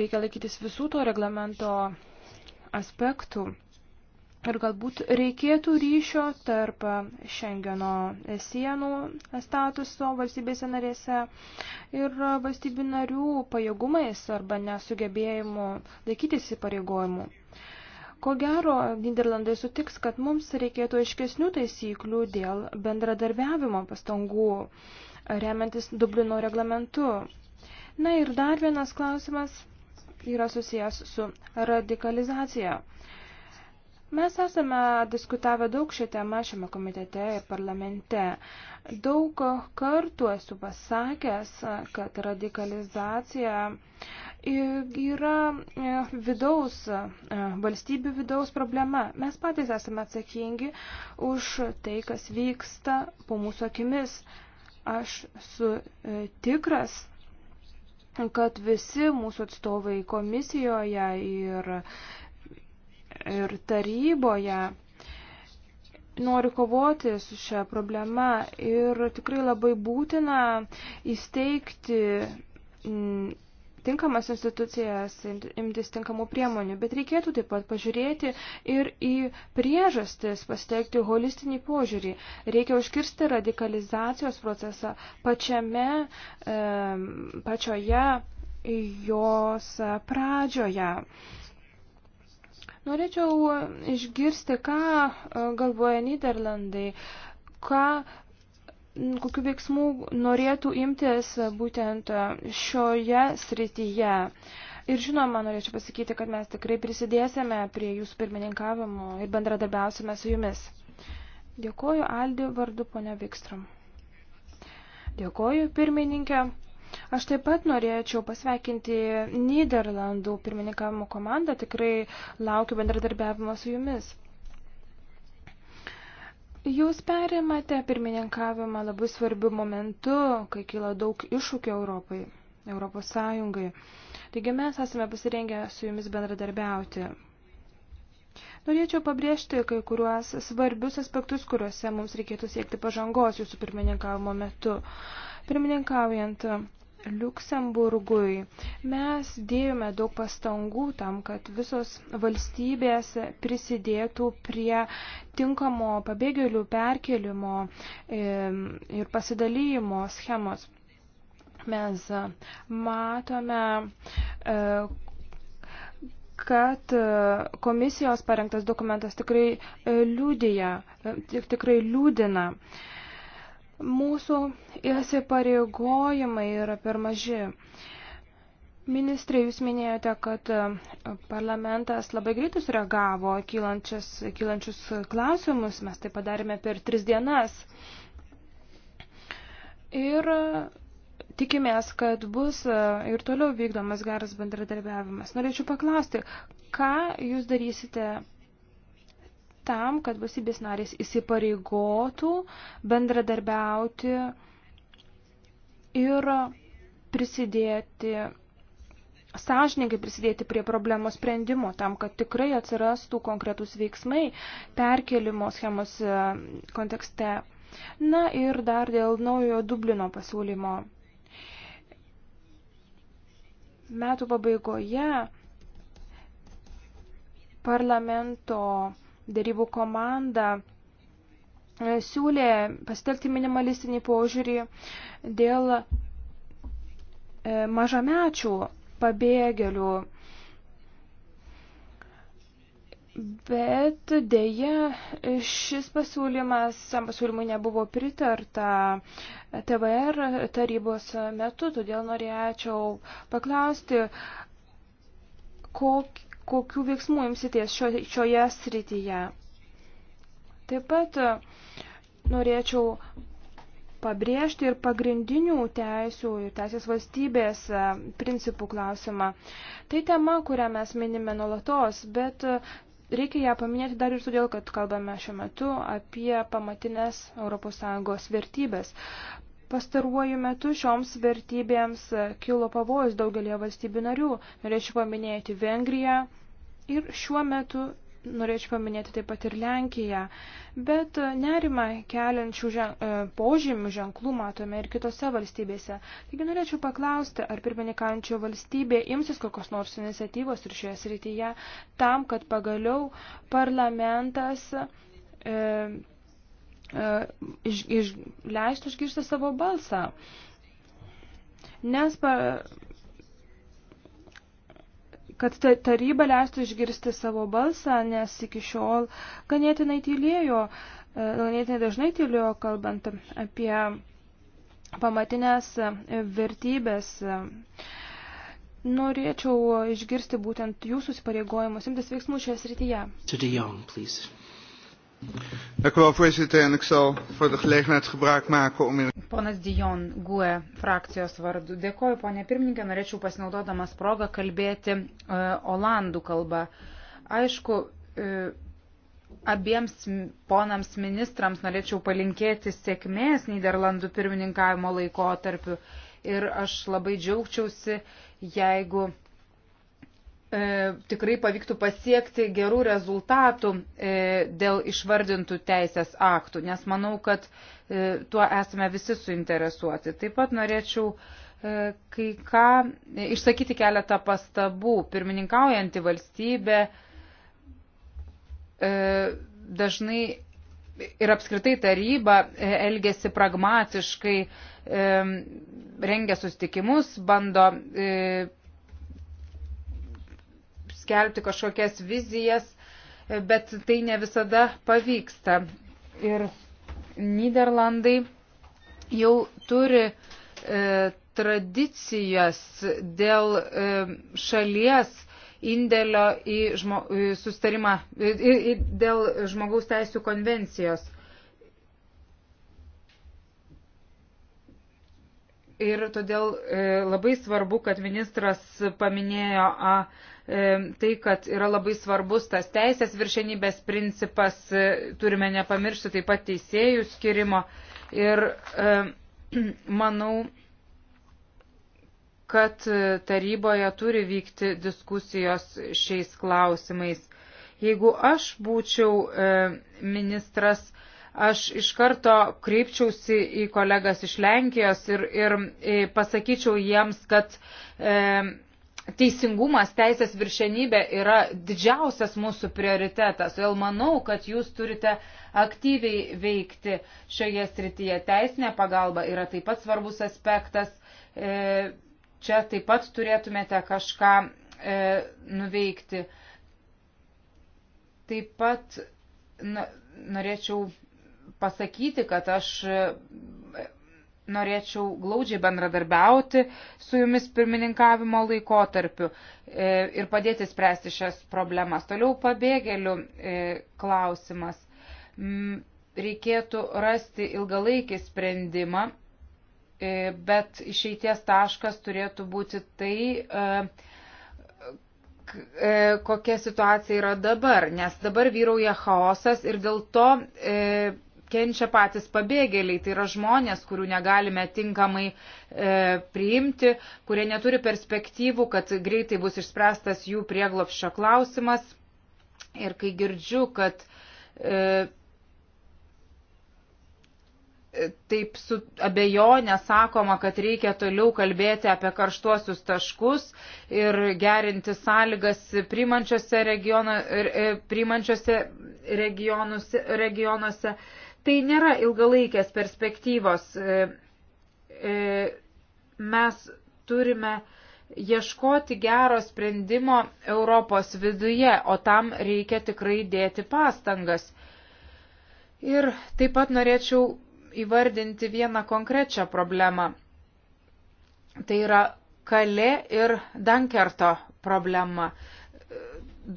Reikia laikytis visų to reglamento aspektų. Ir galbūt reikėtų ryšio tarp Šengeno sienų statuso valstybėse narėse ir valstybių narių pajėgumais arba nesugebėjimu laikytis įpareigojimų. Ko gero, Niderlandai sutiks, kad mums reikėtų aiškesnių taisyklių dėl bendradarbiavimo pastangų remiantis Dublino reglamentu. Na ir dar vienas klausimas yra susijęs su radikalizacija. Mes esame diskutavę daug šią temą šiame komitete ir parlamente. Daug kartų esu pasakęs, kad radikalizacija yra e, vidaus, e, valstybių vidaus problema. Mes patys esame atsakingi už tai, kas vyksta po mūsų akimis. Aš su e, tikras, kad visi mūsų atstovai komisijoje ir, ir taryboje nori kovoti su šią problemą ir tikrai labai būtina įsteigti tinkamas institucijas imtis tinkamų priemonių, bet reikėtų taip pat pažiūrėti ir į priežastis, pasitelkti holistinį požiūrį. Reikia užkirsti radikalizacijos procesą pačiame, e, pačioje jos pradžioje. Norėčiau išgirsti, ką e, galvoja Niderlandai, ką kokiu veiksmu norėtų imtis būtent šioje srityje. Ir žinoma, norėčiau pasakyti, kad mes tikrai prisidėsime prie jūsų pirmininkavimo ir bendradarbiausime su jumis. Dėkoju Aldi vardu ponia Vikstrom. Dėkoju pirmininkė. Aš taip pat norėčiau pasveikinti Niderlandų pirmininkavimo komandą, tikrai laukiu bendradarbiavimo su jumis. Jūs perimate pirmininkavimą labai svarbiu momentu, kai kyla daug iššūkių Europai, Europos Sąjungai. Taigi mes esame pasirengę su jumis bendradarbiauti. Norėčiau pabrėžti kai kuriuos svarbius aspektus, kuriuose mums reikėtų siekti pažangos jūsų pirmininkavimo metu. Pirmininkaujant, Luksemburgui. Mes dėjome daug pastangų tam, kad visos valstybės prisidėtų prie tinkamo pabėgėlių perkelimo ir pasidalymo schemos. Mes e, matome, e, kad e, komisijos parengtas dokumentas tikrai liūdija, tikrai liūdina. Mūsų įsipareigojimai yra per maži. Ministrė, jūs minėjote, kad e, parlamentas labai greitus reagavo kylančius klausimus, mes tai padarėme per tris dienas. Ir e, tikimės, kad bus e, ir toliau vykdomas geras bendradarbiavimas. Norėčiau paklausti, ką jūs darysite tam, kad valstybės narės įsipareigotų bendradarbiauti ir prisidėti, sąžininkai prisidėti prie problemos sprendimo, tam, kad tikrai atsirastų konkretus veiksmai perkelimo schemos e, kontekste. Na ir dar dėl naujojo Dublino pasiūlymo. Metų pabaigoje parlamento dėrybų komanda e, siūlė pasitelkti minimalistinį požiūrį dėl e, mažamečių pabėgėlių. Bet dėja šis pasiūlymas, tam pasiūlymui nebuvo pritarta TVR tarybos metu, todėl norėčiau paklausti, kok, kokių veiksmų imsitės šio, šioje srityje. Taip pat e, norėčiau pabrėžti ir pagrindinių teisių ir teisės valstybės e, principų klausimą. Tai tema, kurią mes minime nuolatos, bet e, reikia ją paminėti dar ir todėl, kad kalbame šiuo metu apie pamatinės ES vertybės. Pastaruoju metu šioms vertybėms kilo pavojus daugelie valstybių narių. Norėčiau paminėti Vengriją, Ir šiuo metu norėčiau paminėti taip pat ir Lenkiją, bet nerima keliančių žen, e, požymių ženklų matome ir kitose valstybėse. Taigi norėčiau paklausti, ar pirmininkaujančio valstybė imsis kokios nors iniciatyvos ir šioje srityje tam, kad pagaliau parlamentas e, e, iš, iš, leistų išgirsti savo balsą. Nes pa, kad taryba leistų išgirsti savo balsą, nes iki šiol ganėtinai tylėjo, e, ganėtinai dažnai tylėjo, kalbant apie pamatinės vertybės. Norėčiau išgirsti būtent jūsų įsipareigojimus imtis veiksmų šioje srityje. Mr. De Jong, please voorzitter en ik zal van de gelegenheid gebruik maken om in. ponas dion gue frakcijos vardu dėkoju pone pirmininke norėčiau pasinaudodamas proga kalbėti uh, olandų kalba aišku uh, abiems ponams ministrams norėčiau palinkėti sėkmės nyderlandų pirmininkavimo laikotarpiu ir aš labai džiaugčiausi jeigu e, tikrai pavyktų pasiekti gerų rezultatų e, dėl išvardintų teisės aktų, nes manau, kad e, tuo esame visi suinteresuoti. Taip pat norėčiau e, kai ką e, išsakyti keletą pastabų. Pirmininkaujantį valstybę e, dažnai ir apskritai taryba e, elgesi pragmatiškai, e, rengia sustikimus, bando e, skelbti kažkokias vizijas, bet tai ne visada pavyksta. Ir Niderlandai jau turi e, tradicijas dėl e, šalies indėlio į, žmo, į sustarimą į, į, dėl žmogaus teisų konvencijos. Ir todėl e, labai svarbu, kad ministras paminėjo A, E, tai, kad yra labai svarbus tas teisės viršenybės principas, e, turime nepamiršti taip pat teisėjų skirimo. Ir e, manau, kad taryboje turi vykti diskusijos šiais klausimais. Jeigu aš būčiau ministras, aš iš karto kreipčiausi į kolegas iš Lenkijos ir, ir pasakyčiau jiems, kad e, teisingumas, teisės viršenybė yra didžiausias mūsų prioritetas. Todėl manau, kad jūs turite aktyviai veikti šioje srityje. Teisinė pagalba yra taip pat svarbus aspektas. E, čia taip pat turėtumėte kažką e, nuveikti. Taip pat na, norėčiau pasakyti, kad aš norėčiau glaudžiai bendradarbiauti su jumis pirmininkavimo laikotarpiu e, ir padėti spręsti šias problemas. Toliau pabėgėlių e, klausimas. Reikėtų rasti ilgalaikį sprendimą, e, bet išeities taškas turėtų būti tai, kokia situacija yra dabar, nes dabar vyrauja chaosas ir dėl to kenčia patys pabėgėliai, tai yra žmonės, kurių negalime tinkamai e, priimti, kurie neturi perspektyvų, kad greitai bus išspręstas jų prieglopščio klausimas. Ir kai girdžiu, kad e, taip su abejonė sakoma, kad reikia toliau kalbėti apie karštuosius taškus ir gerinti sąlygas priimančiose, regiono, e, e, priimančiose regionuose, regionuose Tai nėra ilgalaikės perspektyvos. E, e, mes turime ieškoti gero sprendimo Europos viduje, o tam reikia tikrai dėti pastangas. Ir taip pat norėčiau įvardinti vieną konkrečią problemą. Tai yra Kalė ir Dankerto problema.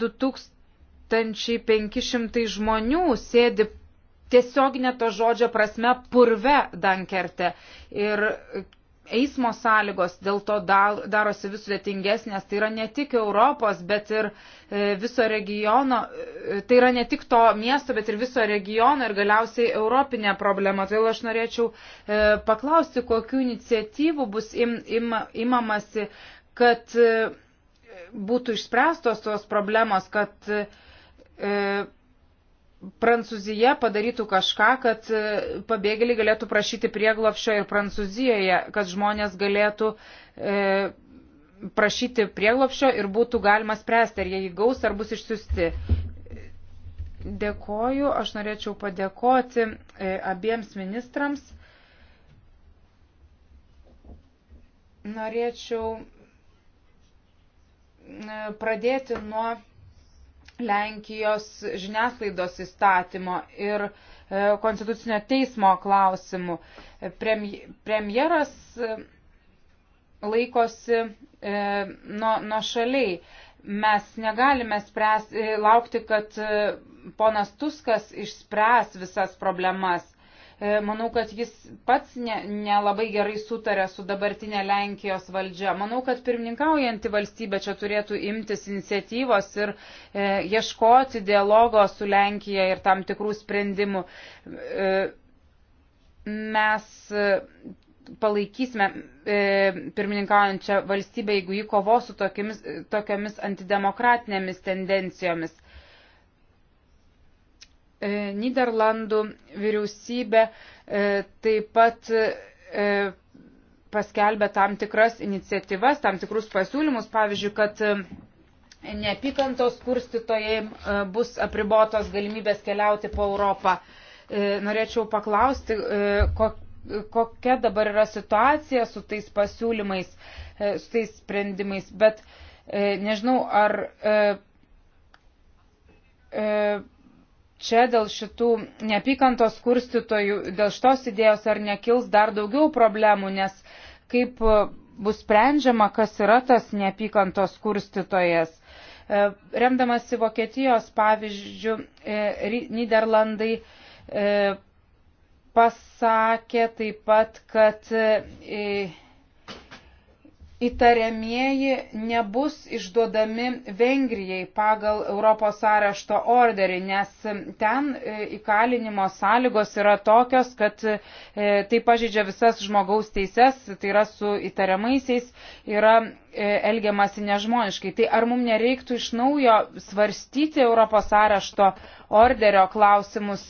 2500 e, žmonių sėdi tiesioginė to žodžio prasme purve Dankerte. Ir eismo sąlygos dėl to darosi vis sudėtingesnės. Tai yra ne tik Europos, bet ir e, viso regiono, e, tai yra ne tik to miesto, bet ir viso regiono ir galiausiai europinė problema. Todėl aš norėčiau e, paklausti, kokiu iniciatyvu bus im, im, imamasi, kad būtų išspręstos tos problemos, kad Prancūzija padarytų kažką, kad e, pabėgėliai galėtų prašyti prieglopščio ir Prancūzijoje, kad žmonės galėtų e, prašyti prieglopščio ir būtų galima spręsti, ar jie jį gaus, ar bus išsiusti. Dėkoju, aš norėčiau padėkoti e, abiems ministrams. Norėčiau e, pradėti nuo Lenkijos žiniasklaidos įstatymo ir e, konstitucinio teismo klausimų. Premjeras e, laikosi e, nuo, nuo šaliai. Mes negalime spręs, laukti, kad ponas Tuskas išspręs visas problemas. E, manau, kad jis pats nelabai ne, ne gerai sutarė su dabartinė Lenkijos valdžia. Manau, kad pirmininkaujanti valstybė čia turėtų imtis iniciatyvos ir e, ieškoti dialogo su Lenkija ir tam tikrų sprendimų. E, mes e, palaikysime e, pirmininkaujančią valstybę, jeigu jį kovos su tokiamis, tokiamis antidemokratinėmis tendencijomis. E, E, Niderlandų vyriausybė e, taip pat e, paskelbė tam tikras iniciatyvas, tam tikrus pasiūlymus, pavyzdžiui, kad neapykantos kurstytojai bus apribotos galimybės keliauti po Europą. Norėčiau paklausti, kokia dabar yra situacija su tais pasiūlymais, su tais sprendimais, bet nežinau, ar čia dėl šitų neapykantos kurstytojų, dėl šitos idėjos ar nekils dar daugiau problemų, nes kaip e, bus sprendžiama, kas yra tas neapykantos kurstytojas. E, remdamasi Vokietijos pavyzdžių, e, Niderlandai pasakė taip pat, kad įtariamieji nebus išduodami Vengrijai pagal Europos arešto orderį, nes ten e, įkalinimo sąlygos yra tokios, kad e, tai pažydžia visas žmogaus teises, tai yra su įtariamaisiais yra e, elgiamasi nežmoniškai. Tai ar mums nereiktų iš naujo svarstyti Europos arešto orderio klausimus?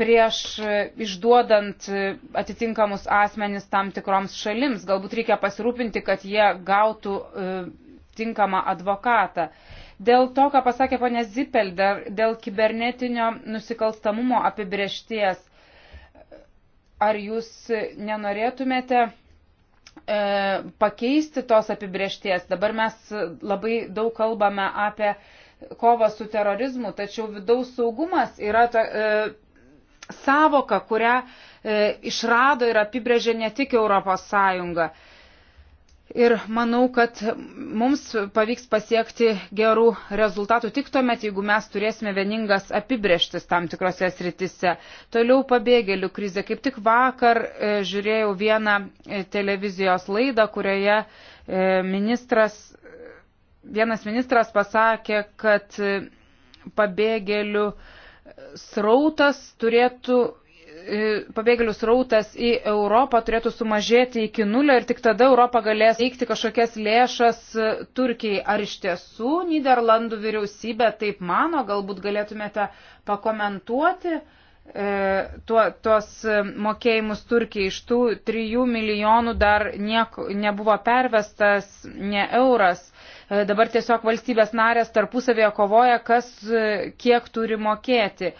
prieš e, išduodant e, atitinkamus asmenis tam tikroms šalims. Galbūt reikia pasirūpinti, kad jie gautų e, tinkamą advokatą. Dėl to, ką pasakė ponė Zipel, dėl kibernetinio nusikalstamumo apibriešties, ar jūs nenorėtumėte e, pakeisti tos apibriešties? Dabar mes labai daug kalbame apie kovą su terorizmu, tačiau vidaus saugumas yra ta, e, savoka, kurią e, išrado ir apibrėžė ne tik Europos Sąjunga. Ir manau, kad mums pavyks pasiekti gerų rezultatų tik tuomet, jeigu mes turėsime vieningas apibrieštis tam tikrose sritise. Toliau pabėgėlių krizė. Kaip tik vakar e, žiūrėjau vieną e, televizijos laidą, kurioje e, ministras, vienas ministras pasakė, kad e, pabėgėlių e, srautas turėtų e, pabėgėlių srautas į Europą turėtų sumažėti iki nulio ir tik tada Europa galės teikti kažkokias lėšas e, Turkijai. Ar iš tiesų Niderlandų vyriausybė taip mano, galbūt galėtumėte pakomentuoti e, tuo, tuos e, mokėjimus Turkijai. Iš tų trijų milijonų dar niek, nebuvo pervestas ne euras. E, dabar tiesiog valstybės narės tarpusavėje kovoja, kas e, kiek turi mokėti.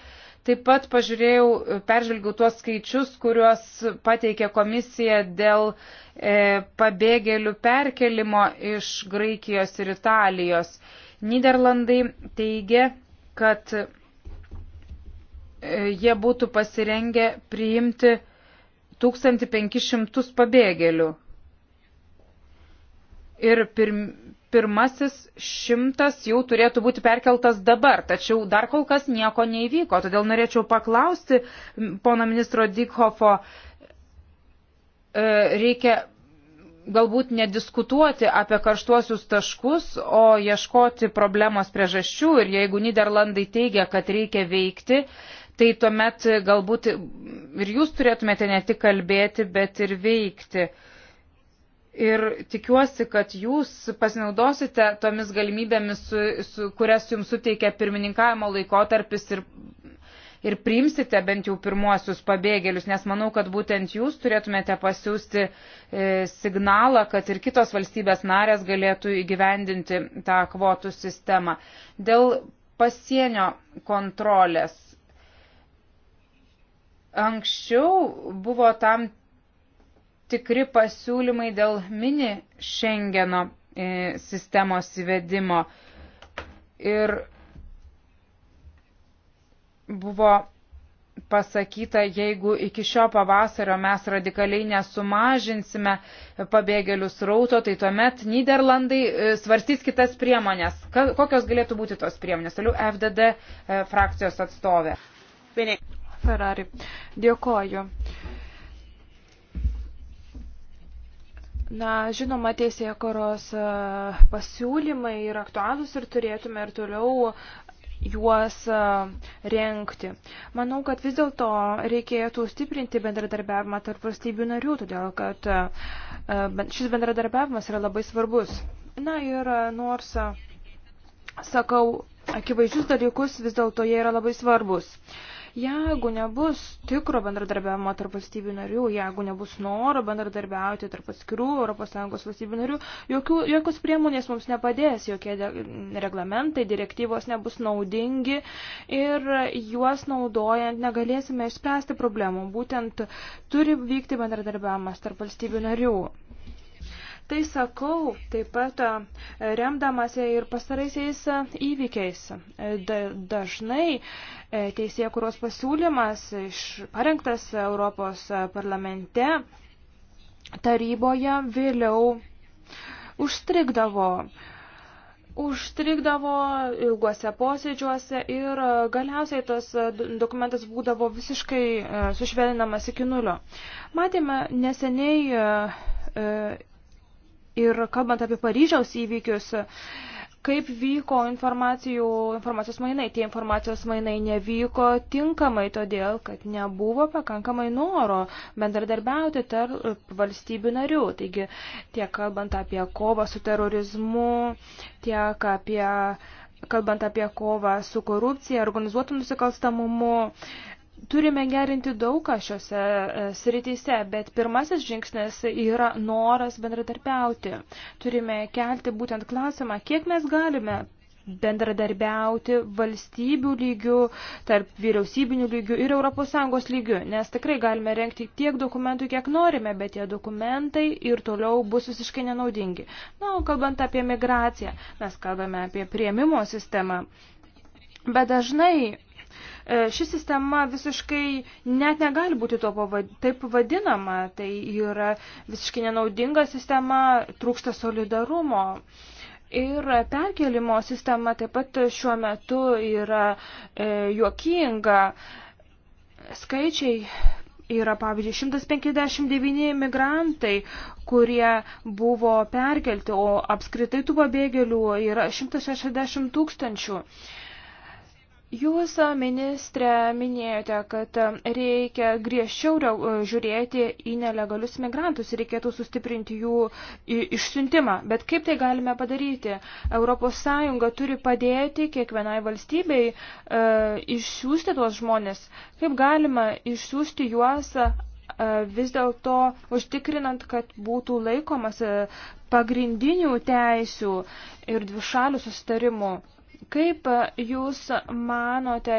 Taip pat pažiūrėjau, e, peržvelgiau tuos skaičius, kuriuos pateikė komisija dėl e, pabėgėlių perkelimo iš Graikijos ir Italijos. Niderlandai teigia, kad e, jie būtų pasirengę priimti 1500 pabėgėlių. Ir pirm, pirmasis šimtas jau turėtų būti perkeltas dabar, tačiau dar kol kas nieko neįvyko. Todėl norėčiau paklausti pono ministro Dikhofo, e, reikia galbūt nediskutuoti apie karštuosius taškus, o ieškoti problemos priežasčių ir jeigu Niderlandai teigia, kad reikia veikti, tai tuomet galbūt ir jūs turėtumėte ne tik kalbėti, bet ir veikti. Uh, ir tikiuosi, kad jūs pasinaudosite tomis galimybėmis, su, su, kurias jums suteikia pirmininkavimo laikotarpis ir, ir priimsite bent jau pirmuosius pabėgėlius, nes manau, kad būtent jūs turėtumėte pasiūsti e, signalą, kad ir kitos valstybės narės galėtų įgyvendinti tą kvotų sistemą. Dėl pasienio kontrolės. Anksčiau buvo tam tikri pasiūlymai dėl mini Schengeno e, sistemos įvedimo. Ir buvo pasakyta, jeigu iki šio pavasario mes radikaliai nesumažinsime pabėgėlių srauto, tai tuomet Niderlandai e, svarstys kitas priemonės. Kokios galėtų būti tos priemonės? Toliau FDD e, frakcijos atstovė. Ferrari. Dėkoju. Na, žinoma, teisėje koros e, pasiūlymai yra aktualūs ir turėtume ir toliau juos e, renkti. Manau, kad vis dėlto reikėtų stiprinti bendradarbiavimą tarp valstybių narių, todėl kad e, šis bendradarbiavimas yra labai svarbus. Na ir nors, sakau, akivaizdžius dalykus, vis dėlto jie yra labai svarbus. Uh, Jeigu nebus tikro bendradarbiavimo tarp valstybių narių, jeigu nebus noro bendradarbiauti tarp atskirų ES valstybių narių, jokių, jokios priemonės mums nepadės, jokie de, reglamentai, direktyvos nebus naudingi ir juos naudojant negalėsime išspręsti problemų. Būtent turi vykti bendradarbiavimas tarp valstybių narių. Tai sakau taip pat remdamasi ir pastaraisiais įvykiais. E, dažnai e, teisėje, kurios pasiūlymas parengtas Europos parlamente, taryboje vėliau užstrigdavo užstrigdavo ilguose posėdžiuose ir galiausiai tas dokumentas būdavo visiškai sušvelinamas iki nulio. Matėme neseniai Ir kalbant apie Paryžiaus įvykius, kaip vyko informacijos mainai, tie informacijos mainai nevyko tinkamai, todėl kad nebuvo pakankamai noro bendradarbiauti tarp valstybių narių. Taigi tiek kalbant apie kovą su terorizmu, tiek apie kalbant apie kovą su korupcija, organizuotų nusikalstamumu, Turime gerinti daugą šiuose e, srityse, bet pirmasis žingsnis yra noras bendradarbiauti. Turime kelti būtent klausimą, kiek mes galime bendradarbiauti valstybių lygių, tarp vyriausybinių lygių ir ES lygių, nes tikrai galime renkti tiek dokumentų, kiek norime, bet tie dokumentai ir toliau bus visiškai nenaudingi. Na, o kalbant apie migraciją, mes kalbame apie prieimimo sistemą, bet dažnai E, ši sistema visiškai net negali būti to pavad, taip vadinama, tai yra visiškai nenaudinga sistema, trūksta solidarumo. Ir perkelimo sistema taip pat šiuo metu yra e, juokinga. Skaičiai yra, pavyzdžiui, 159 migrantai, kurie buvo perkelti, o apskritai tų pabėgėlių yra 160 tūkstančių. E, Jūs, ministrė, minėjote, kad reikia griežčiau žiūrėti į nelegalius migrantus ir reikėtų sustiprinti jų išsiuntimą. Bet kaip tai galime padaryti? ES turi padėti kiekvienai valstybei e, išsiųsti tuos žmonės. Kaip galima išsiųsti juos e, vis dėlto užtikrinant, kad būtų laikomas pagrindinių teisių ir dvišalių sustarimų? Kaip e, jūs manote,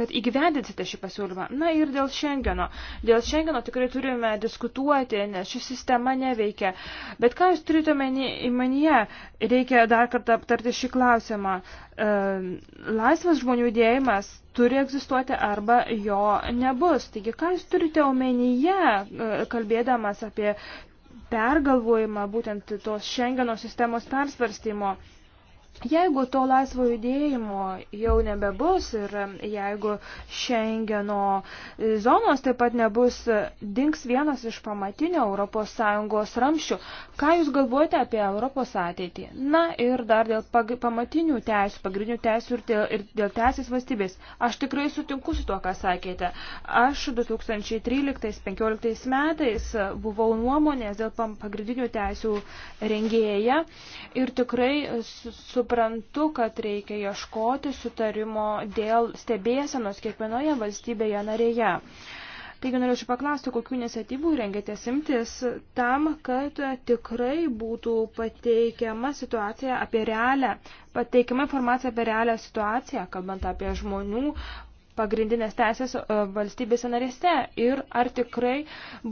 kad įgyvendinsite šį pasiūlymą? Na ir dėl Šengeno. Dėl Šengeno tikrai turime diskutuoti, nes ši sistema neveikia. Bet ką jūs turite manyje? Reikia dar kartą aptarti šį klausimą. E, laisvas žmonių dėjimas turi egzistuoti arba jo nebus. Taigi, ką jūs turite omenyje, e, kalbėdamas apie pergalvojimą būtent tos Šengeno sistemos persvarstymo? Jeigu to laisvo judėjimo jau nebebus ir jeigu Schengeno zonos taip pat nebus, dinks vienas iš pamatinio ES ramščių. Ką Jūs galvojate apie Europos ateitį? Na ir dar dėl pamatinių teisų, pagrindinių teisų ir dėl, ir dėl teisės valstybės. Aš tikrai sutinku su tuo, ką sakėte. Aš 2013-2015 metais buvau nuomonės dėl pagrindinių teisų rengėja ir tikrai su suprantu, kad reikia ieškoti sutarimo dėl stebėsenos kiekvienoje valstybėje narėje. Taigi norėčiau paklausti, kokiu iniciatyvų rengėtės imtis tam, kad tikrai būtų pateikiama situacija apie realią, pateikiama informacija apie realią situaciją, kalbant apie žmonių pagrindinės teisės e, valstybėse narėse ir ar tikrai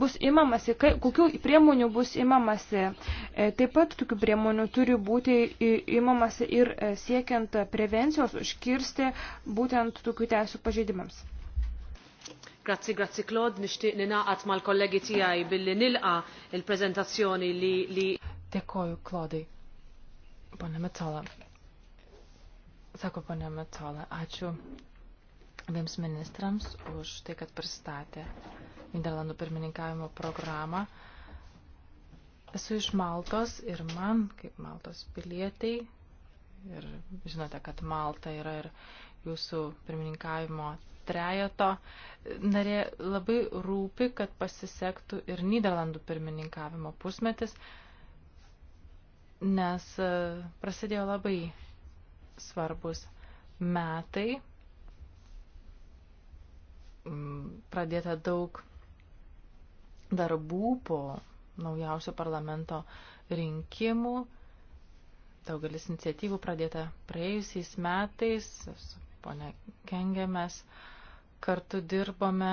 bus imamasi, kai, kokių priemonių bus imamasi. E, taip pat tokių priemonių turi būti imamasi ir e, siekiant prevencijos užkirsti būtent tokių teisų pažeidimams. Grazzi, grazzi Claude, nishtiq ninaqat mal-kollegi tijaj billi nilqa il-prezentazzjoni li... li... Dekoju, Claudai. Pane Metala. Sako pane Metala, ačiū abiems ministrams už tai, kad pristatė Niderlandų pirmininkavimo programą. Esu iš Maltos ir man, kaip Maltos pilietiai, ir žinote, kad Malta yra ir jūsų pirmininkavimo trejato narė, labai rūpi, kad pasisektų ir Niderlandų pirmininkavimo pusmetis, nes e, prasidėjo labai svarbus metai pradėta daug darbų po naujausio parlamento rinkimų. Daugelis iniciatyvų pradėta praėjusiais metais. Su ponia Kengė mes kartu dirbome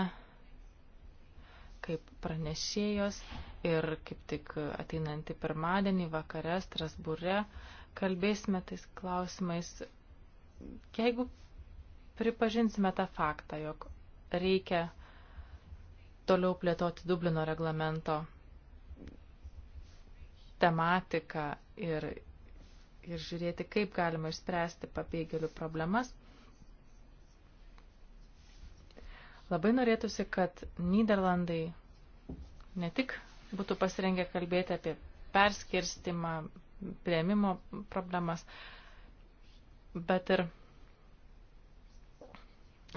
kaip pranešėjos ir kaip tik ateinantį pirmadienį vakare Strasbūre kalbėsime tais klausimais. Jeigu pripažinsime tą faktą, jog reikia toliau plėtoti Dublino reglamento tematiką ir, ir žiūrėti, kaip galima išspręsti pabėgėlių problemas. Labai norėtųsi, kad Niderlandai ne tik būtų pasirengę kalbėti apie perskirstimą, prieimimo problemas, bet ir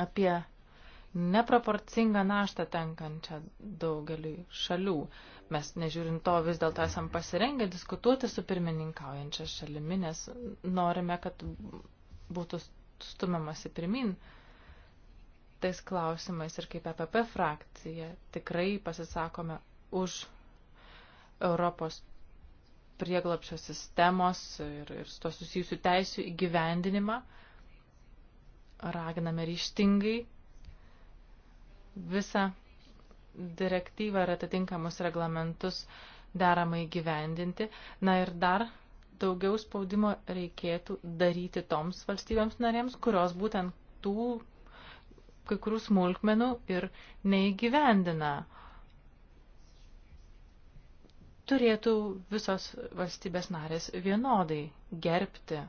apie neproporcingą naštą tenkančią daugeliui šalių. Mes nežiūrint to vis dėlto esam pasirengę diskutuoti su pirmininkaujančia šalimi, nes norime, kad būtų stumiamasi pirmin tais klausimais ir kaip EPP frakcija tikrai pasisakome už Europos prieglapšio sistemos ir, ir su to susijusių teisių įgyvendinimą. Raginame ryštingai visą direktyvą ir atitinkamus reglamentus deramai gyvendinti. Na ir dar daugiau spaudimo reikėtų daryti toms valstybėms narėms, kurios būtent tų kai kurių smulkmenų ir neįgyvendina. Turėtų visos valstybės narės vienodai gerbti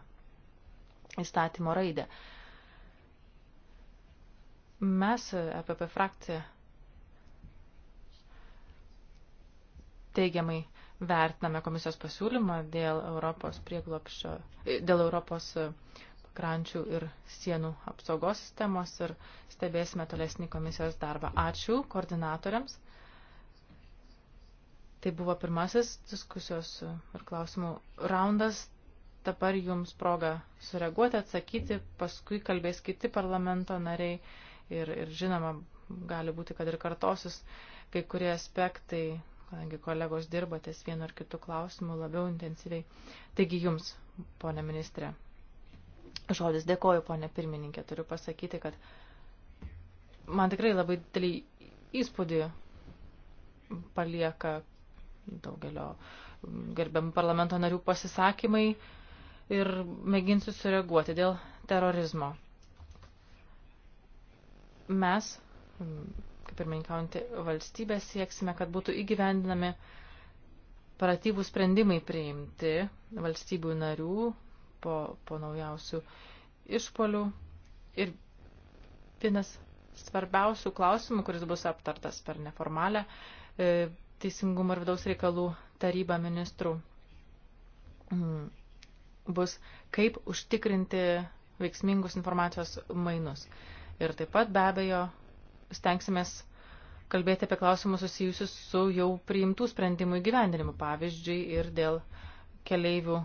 įstatymo raidę. Mes, EPP frakcija, teigiamai vertiname komisijos pasiūlymą dėl Europos prieglopščio, dėl Europos pakrančių ir sienų apsaugos sistemos ir stebėsime tolesnį komisijos darbą. Ačiū koordinatoriams. Tai buvo pirmasis diskusijos ir klausimų raundas. Dabar jums proga sureaguoti, atsakyti, paskui kalbės kiti parlamento nariai ir, ir žinoma, gali būti, kad ir kartosis kai kurie aspektai, kadangi kolegos dirba ties vienu ar kitu klausimu labiau intensyviai. Taigi jums, ponė ministrė, žodis dėkoju, ponė pirmininkė, turiu pasakyti, kad man tikrai labai didelį įspūdį palieka daugelio gerbiamų parlamento narių pasisakymai ir mėginsiu sureaguoti dėl terorizmo mes, kaip ir menkaujantį valstybę, sieksime, kad būtų įgyvendinami paratybų sprendimai priimti valstybių narių po, po naujausių išpolių. Ir vienas svarbiausių klausimų, kuris bus aptartas per neformalę e, Teisingumo ir vidaus reikalų tarybą ministrų, mm, bus kaip užtikrinti veiksmingus informacijos mainus. E, Ir taip pat be abejo stengsimės kalbėti apie klausimus susijusius su jau priimtų sprendimų įgyvendinimu, pavyzdžiui, ir dėl keleivių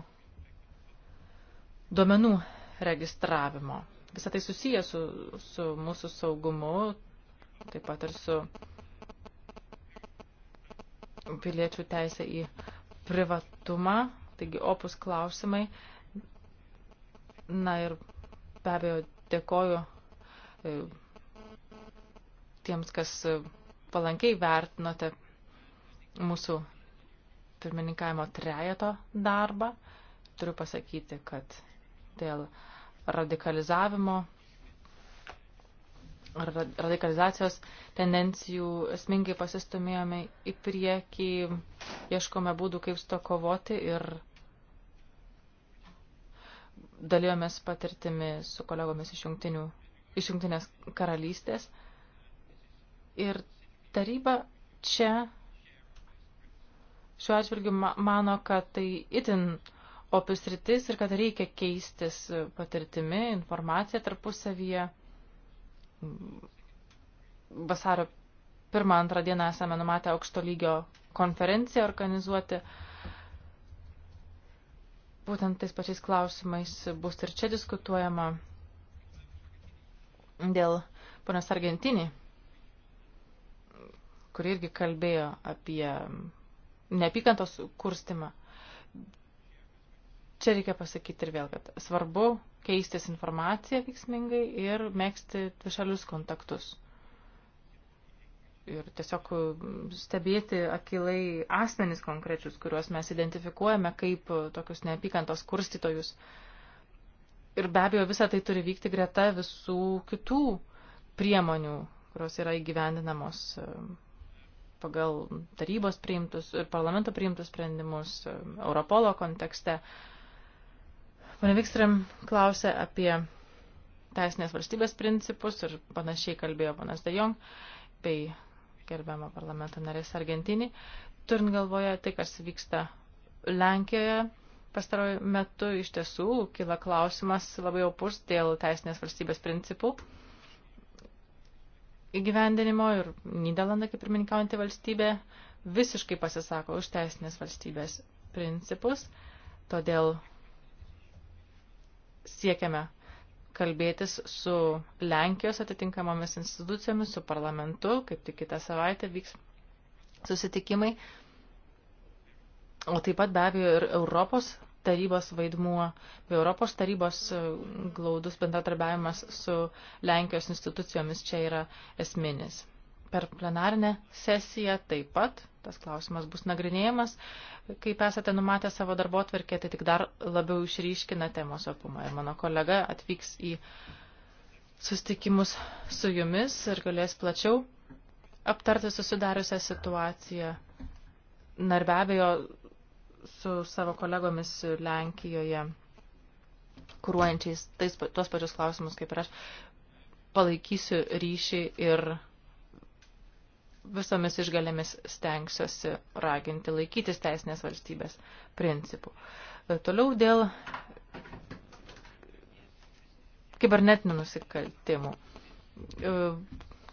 duomenų registravimo. Visą tai susiję su, su mūsų saugumu, taip pat ir su piliečių teisė į privatumą, taigi opus klausimai. Na ir be abejo dėkoju tiems, kas palankiai vertinote mūsų pirmininkavimo trejeto darbą. Turiu pasakyti, kad dėl radikalizavimo ar radikalizacijos tendencijų esmingai pasistumėjome į priekį, ieškome būdų, kaip su to kovoti ir dalijomės patirtimi su kolegomis iš jungtinių iš Junktinės karalystės. Ir taryba čia šiuo atžvilgiu mano, kad tai itin opis rytis ir kad reikia keistis patirtimi, informacija tarpusavyje. Vasario 1-2 dieną esame numatę aukšto lygio konferenciją organizuoti. Būtent tais pačiais klausimais bus ir čia diskutuojama dėl ponios Argentinį, kuri irgi kalbėjo apie neapykantos kurstimą. Čia reikia pasakyti ir vėl, kad svarbu keistis informaciją veiksmingai ir mėgsti dvišalius kontaktus. Ir tiesiog stebėti akilai asmenis konkrečius, kuriuos mes identifikuojame kaip tokius neapykantos kurstytojus. Uh, ir be abejo visa tai turi vykti greta visų kitų priemonių, kurios yra įgyvendinamos e, pagal tarybos priimtus ir e, parlamento priimtus sprendimus e, Europolo kontekste. Pane Vikstram klausė apie teisinės valstybės principus ir panašiai kalbėjo panas De Jong bei gerbiamo parlamento narės Argentinį, turint galvoje tai, kas vyksta Lenkijoje, Pastaruoju metu iš tiesų kila klausimas labai opus dėl teisinės valstybės principų įgyvendinimo ir Niderlandai, kaip ir minkaujantį valstybę, visiškai pasisako už teisinės valstybės principus, todėl siekiame kalbėtis su Lenkijos atitinkamomis institucijomis, su parlamentu, kaip tik kitą savaitę vyks susitikimai O taip pat be abejo ir Europos tarybos vaidmuo, bei Europos tarybos e, glaudus bendradarbiavimas su Lenkijos institucijomis čia yra esminis. Per plenarinę sesiją taip pat tas klausimas bus nagrinėjamas. Kaip esate numatę savo darbo atverkę, tai tik dar labiau išryškina temos opumą. Ir mano kolega atvyks į sustikimus su jumis ir galės plačiau aptarti susidariusią situaciją. Na ir be abejo, su savo kolegomis Lenkijoje, kūruojančiais tais, tuos pačius klausimus kaip ir aš, palaikysiu ryšį ir visomis išgalėmis stengsiuosi raginti laikytis teisinės valstybės principų. E, toliau dėl kibernetinių nusikaltimų. E,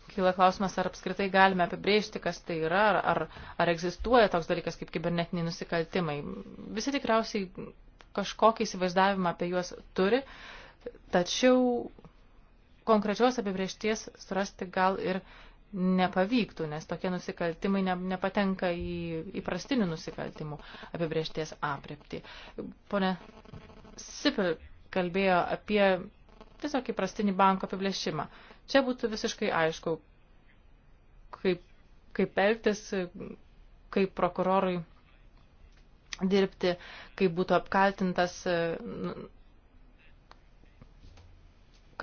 kyla klausimas, ar apskritai galime apibrėžti, kas tai yra, ar, ar, ar egzistuoja toks dalykas kaip kibernetiniai nusikaltimai. Visi tikriausiai kažkokį įsivaizdavimą apie juos turi, tačiau konkrečios apibrėžties surasti gal ir nepavyktų, nes tokie nusikaltimai ne, nepatenka į įprastinių nusikaltimų apibrėžties aprepti. Pone Sipil kalbėjo apie tiesiog įprastinį banko apibrėžimą. Čia būtų visiškai aišku, kaip, kaip elgtis, kaip prokurorui dirbti, kaip būtų apkaltintas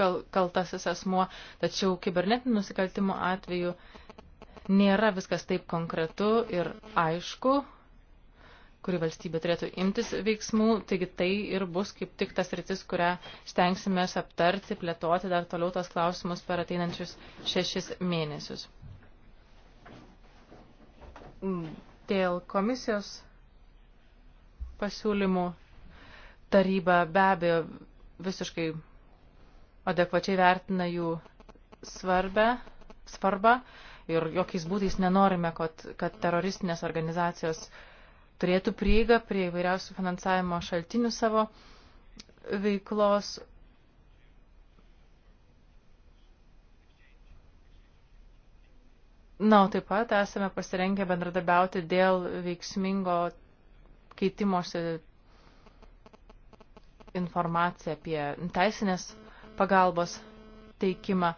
kal, kaltasis asmuo. Tačiau kibernetinių nusikaltimų atveju nėra viskas taip konkretu ir aišku, kuri valstybė turėtų imtis veiksmų. Taigi tai ir bus kaip tik tas rytis, kurią stengsime aptarti, plėtoti dar toliau tos klausimus per ateinančius šešis mėnesius. Mm, dėl komisijos pasiūlymų taryba be abejo visiškai adekvačiai vertina jų svarbę, svarbą ir jokiais būdais nenorime, kad, kad teroristinės organizacijos uh, turėtų prieigą prie įvairiausių finansavimo šaltinių savo veiklos. Na, o taip pat esame pasirengę bendradarbiauti dėl veiksmingo keitimosi informaciją apie teisinės pagalbos teikimą.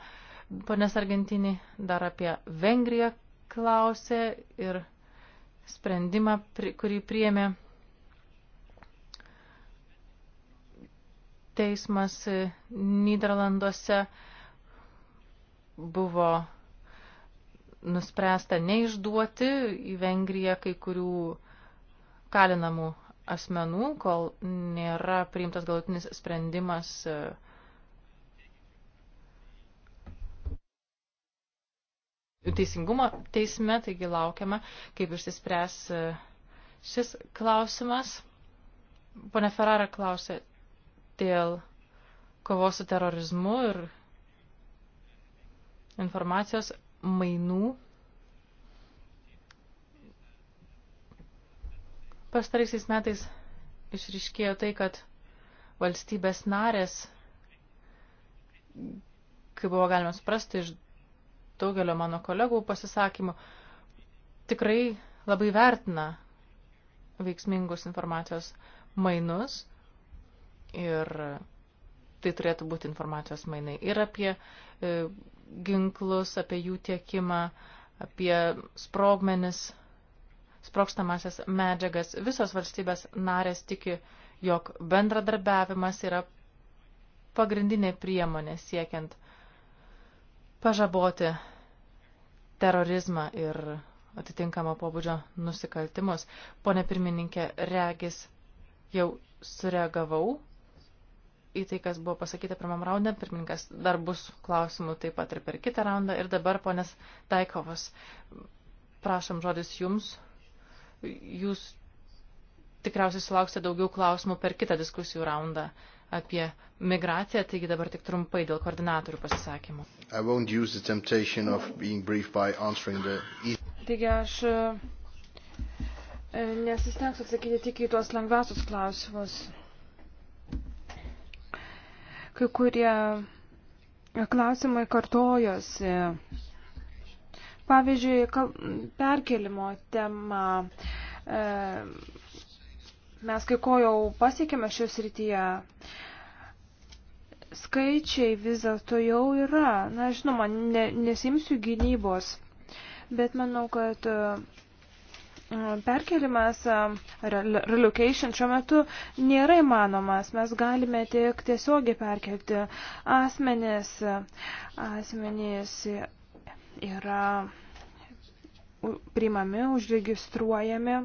Ponės Argentinį dar apie Vengriją klausė ir sprendimą, kurį priėmė teismas Niderlanduose buvo nuspręsta neišduoti į Vengriją kai kurių kalinamų asmenų, kol nėra priimtas galutinis sprendimas uh, teisingumo teisme, taigi laukiame, kaip išsispręs e, šis klausimas. Pone Ferrara klausė dėl kovos su terorizmu ir informacijos mainų. Pastaraisiais metais išriškėjo tai, kad valstybės narės, kaip buvo galima suprasti iš daugelio mano kolegų pasisakymų, tikrai labai vertina veiksmingus informacijos mainus ir tai turėtų būti informacijos mainai ir apie e, ginklus, apie jų tiekimą, apie sprogmenis, sprokstamasias medžiagas. Visos valstybės narės tiki, jog bendradarbiavimas yra pagrindinė priemonė siekiant uh, pažaboti terorizmą ir atitinkamo pobūdžio nusikaltimus. Pone pirmininkė, regis jau sureagavau į tai, kas buvo pasakyta pirmam raunde. Pirmininkas dar bus klausimų taip pat ir per kitą raundą. Ir dabar, ponės Daikovas, prašom žodis jums. Jūs tikriausiai sulauksite daugiau klausimų per kitą diskusijų raundą apie migraciją, taigi dabar tik trumpai dėl koordinatorių pasisakymų. The... E- taigi aš e, nesistengsiu atsakyti tik į tuos lengviausius klausimus. Kai kurie klausimai kartojosi. Pavyzdžiui, perkelimo tema. E, Mes kai ko jau pasiekėme šios rytyje. Skaičiai vis dėlto jau yra. Na, žinoma, ne, nesimsiu gynybos, bet manau, kad e, perkelimas, e, relocation šiuo metu nėra įmanomas. Mes galime tik tiesiogiai perkelti asmenės. Asmenės yra priimami, užregistruojami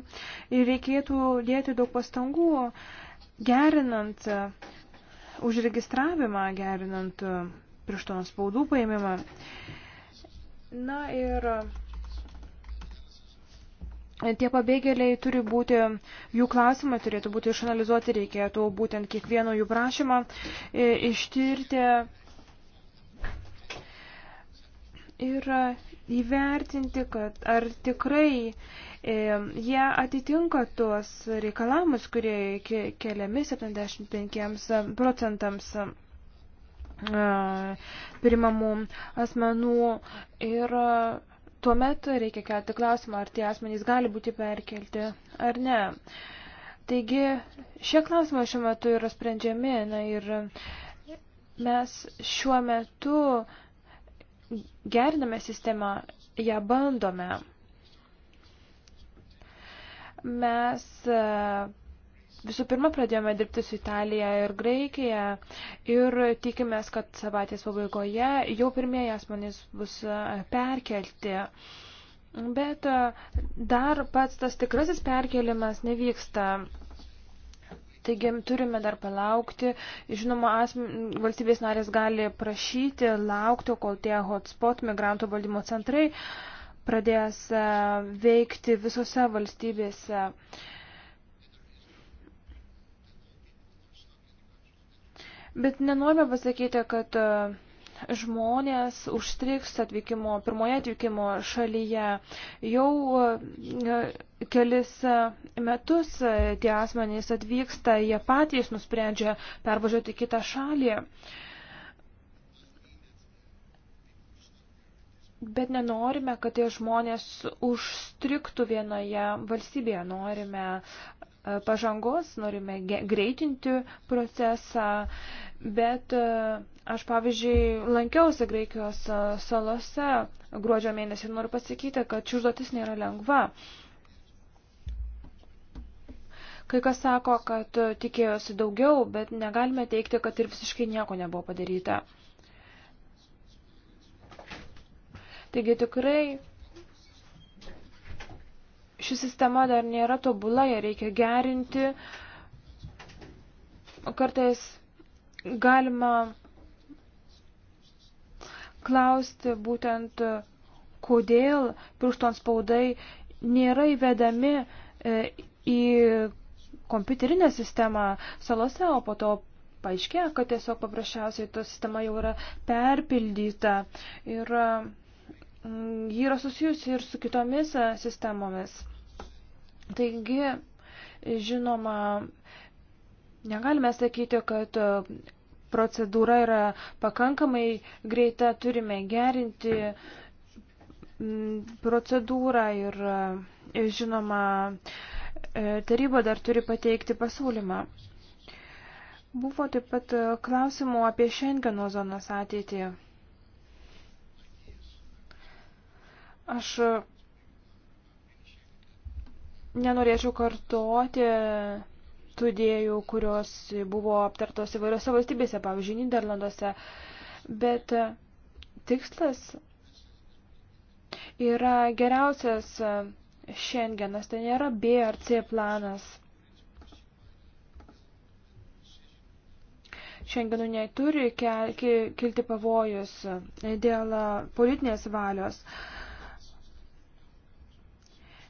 ir reikėtų dėti daug pastangų gerinant užregistravimą, gerinant pirštonos spaudų paėmimą. Na ir tie pabėgėliai turi būti, jų klausimai turėtų būti išanalizuoti, reikėtų būtent kiekvieno jų prašymą e, ištirti. Ir įvertinti, kad ar tikrai e, jie atitinka tuos reikalavimus, kurie keliami 75 procentams e, primamų asmenų. Ir e, tuomet reikia kelti klausimą, ar tie asmenys gali būti perkelti ar ne. Taigi šie klausimai šiuo metu yra sprendžiami na, ir mes šiuo metu e, geriname sistemą, ją bandome. Mes e, visų pirma pradėjome dirbti su Italija ir Graikija ir tikimės, kad savaitės pabaigoje jau pirmieji asmenys bus e, perkelti. Bet e, dar pats tas tikrasis perkelimas nevyksta. Taigi turime dar palaukti. Žinoma, asmen, valstybės narės gali prašyti, laukti, kol tie hotspot migrantų valdymo centrai pradės e, veikti visose valstybėse. Bet nenorime pasakyti, kad uh, žmonės užstriks atvykimo, pirmoje atvykimo šalyje. Jau e, kelis e, metus e, tie asmenys atvyksta, jie patys nusprendžia pervažiuoti kitą šalį. Bet nenorime, kad tie žmonės užstriktų vienoje valstybėje, norime pažangos, norime greitinti procesą, bet e, aš, pavyzdžiui, lankiausi Graikijos e, salose gruodžio mėnesį ir noriu pasakyti, kad ši užduotis nėra lengva. Kai kas sako, kad tikėjosi daugiau, bet negalime teikti, kad ir visiškai nieko nebuvo padaryta. Taigi tikrai Ši sistema dar nėra tobula, ją reikia gerinti. Kartais galima klausti būtent, kodėl piršton spaudai nėra įvedami e, į kompiuterinę sistemą salose, o po to paaiškėjo, kad tiesiog paprasčiausiai ta sistema jau yra perpildyta ir mm, ji yra susijusi ir su kitomis e, sistemomis. Taigi, žinoma, negalime sakyti, kad e, procedūra yra pakankamai greita, turime gerinti procedūrą ir, e, žinoma, e, taryba dar turi pateikti pasiūlymą. Buvo taip pat klausimų apie Šengeno zonos ateitį. Aš Nenorėčiau kartoti tų idėjų, kurios buvo aptartos įvairiose valstybėse, pavyzdžiui, Niderlanduose, bet tikslas yra geriausias šiandienas, tai nėra B ar C planas. Šiandienų neturi kelti pavojus dėl politinės valios. Uh,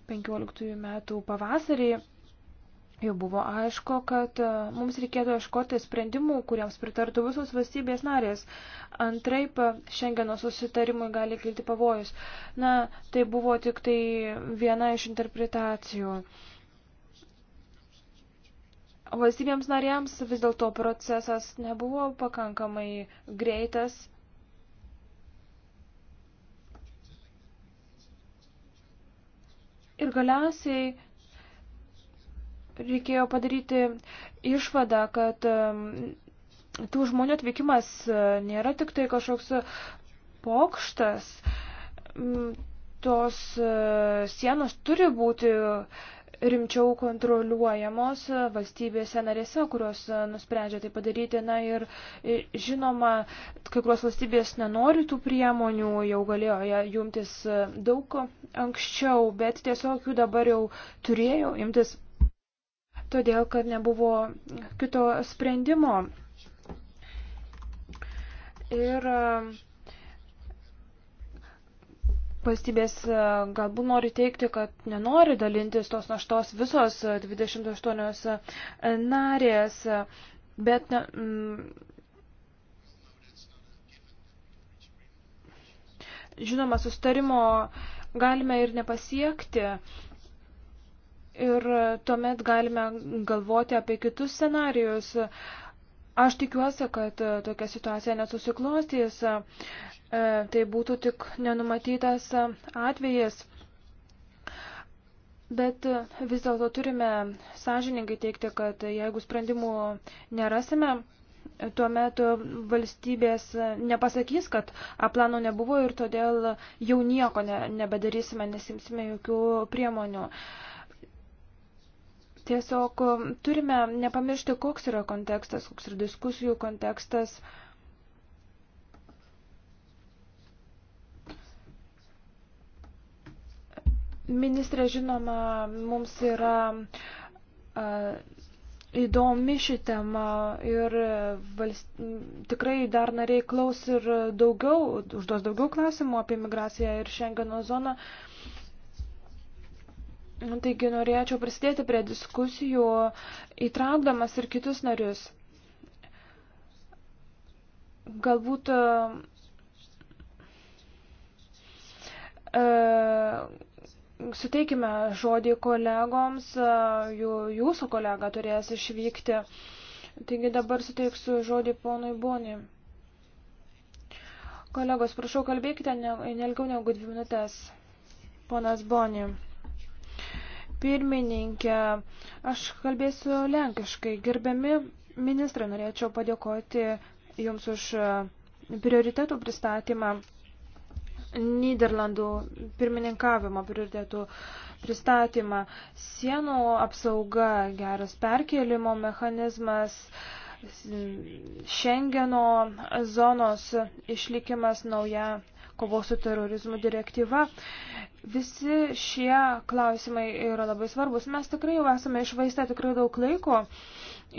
15 metų pavasarį jau buvo aišku, kad e, mums reikėtų ieškoti sprendimų, kuriems pritartų visos valstybės narės. Antraip, e, šiandieno susitarimui gali kilti pavojus. Na, tai buvo tik tai viena iš interpretacijų. Valstybėms narėms vis dėlto procesas nebuvo pakankamai greitas Ir galiausiai reikėjo padaryti išvadą, kad um, tų žmonių atvykimas uh, nėra tik tai kažkoks pokštas. Mm, tos uh, sienos turi būti rimčiau kontroliuojamos valstybėse narėse, kurios nusprendžia tai padaryti. Na ir žinoma, kai kurios valstybės nenori tų priemonių, jau galėjo jumtis e, daug anksčiau, bet tiesiog jų dabar jau turėjo imtis, todėl kad nebuvo kito sprendimo. Ir uh, valstybės e, galbūt nori teikti, kad nenori dalintis tos naštos visos 28 e, e, narės, bet ne, mm, žinoma, sustarimo galime ir nepasiekti. Ir tuomet galime galvoti apie kitus scenarius. Uh, Aš tikiuosi, kad e, tokia situacija nesusiklostys. E, tai būtų tik nenumatytas e, atvejis. Bet vis dėlto turime sąžininkai teikti, kad jeigu sprendimų nerasime, tuomet valstybės nepasakys, kad aplano nebuvo ir todėl jau nieko ne, nebedarysime, nesimsime jokių priemonių. Uh, Tiesiog um, turime nepamiršti, koks yra kontekstas, koks yra diskusijų kontekstas. Ministrė, žinoma, mums yra a, įdomi ši tema ir valst... tikrai dar nariai klaus ir daugiau, užduos daugiau klausimų apie migraciją ir Schengeno zoną. A, Taigi norėčiau prisidėti prie diskusijų, įtraukdamas ir kitus narius. Galbūt e, suteikime žodį kolegoms, e, jų, jūsų kolega turės išvykti. Taigi dabar suteiksiu žodį ponui Boni. Kolegos, prašau, kalbėkite ne, nelgiau negu dvi minutės. Ponas Boni pirmininkė, aš kalbėsiu lenkiškai. Gerbiami ministrai, norėčiau padėkoti Jums už e, prioritetų pristatymą. Niderlandų pirmininkavimo prioritėtų pristatymą. Sienų apsauga, geras perkėlimo mechanizmas, Šengeno zonos išlikimas nauja kovos su terorizmu direktyva. Visi šie klausimai yra labai svarbus. Mes tikrai jau esame išvaistę tikrai daug laiko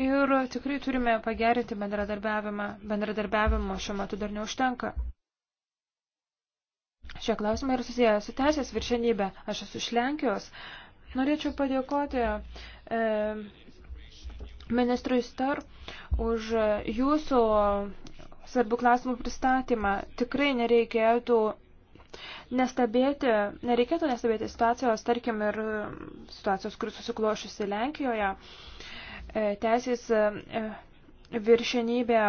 ir tikrai turime pagerinti bendradarbiavimą. Bendradarbiavimo šiuo metu dar neužtenka. Šie klausimai yra susiję su teisės viršenybė. Aš esu iš Lenkijos. Norėčiau padėkoti e, ministrui Star už jūsų svarbių klausimų pristatymą. Tikrai nereikėtų nestebėti, nereikėtų nestebėti situacijos, tarkim, ir situacijos, kuris susiklošusi Lenkijoje. E, teisės e, viršenybė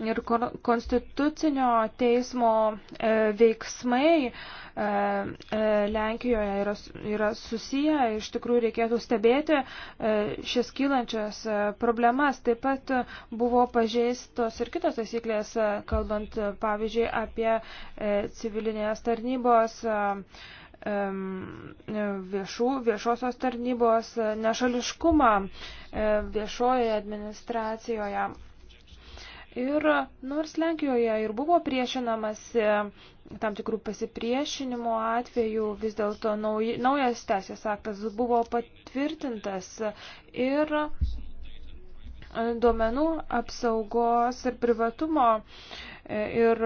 ir konstitucinio teismo e, veiksmai e, e, Lenkijoje yra, yra susiję, iš tikrųjų reikėtų stebėti šias kylančias problemas. Taip pat buvo pažeistos ir kitos taisyklės, kalbant pavyzdžiui apie civilinės tarnybos viešų, viešosios tarnybos nešališkumą viešojoje administracijoje. Ir nors Lenkijoje ir buvo priešinamasi tam tikrų pasipriešinimo atvejų, vis dėlto nauj, naujas teisės aktas buvo patvirtintas ir duomenų apsaugos ir privatumo e, ir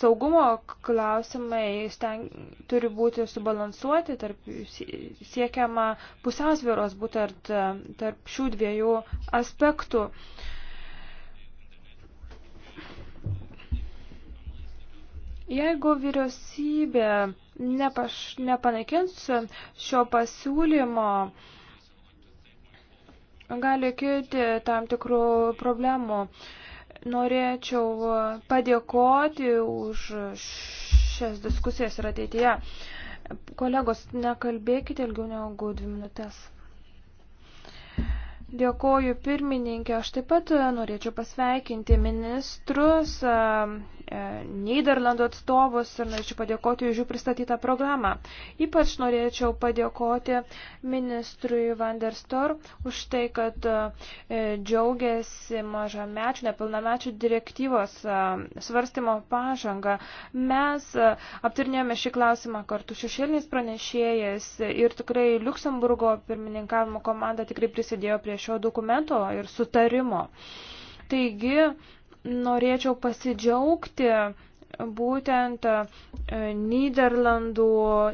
saugumo klausimai steng, turi būti subalansuoti, tarp, siekiama pusiausvėros būtent e, tarp šių dviejų aspektų. Uh, Jeigu vyriausybė nepaš, nepanaikins šio pasiūlymo, gali kilti tam tikrų problemų. Norėčiau padėkoti už šias diskusijas ir ateityje. Kolegos, nekalbėkite ilgiau negu dvi minutės. Dėkoju pirmininkė, aš taip pat norėčiau pasveikinti ministrus E, Niderlandų atstovus ir norėčiau padėkoti už jų pristatytą programą. Ypač norėčiau padėkoti ministrui Van der Stor už tai, kad e, džiaugiasi mažamečių, nepilnamečių direktyvos e, svarstymo pažanga. Mes aptarnėjome šį klausimą kartu šešėlinis pranešėjas ir tikrai Luksemburgo pirmininkavimo komanda tikrai prisidėjo prie šio dokumento ir sutarimo. Taigi, norėčiau pasidžiaugti būtent e, Niderlandų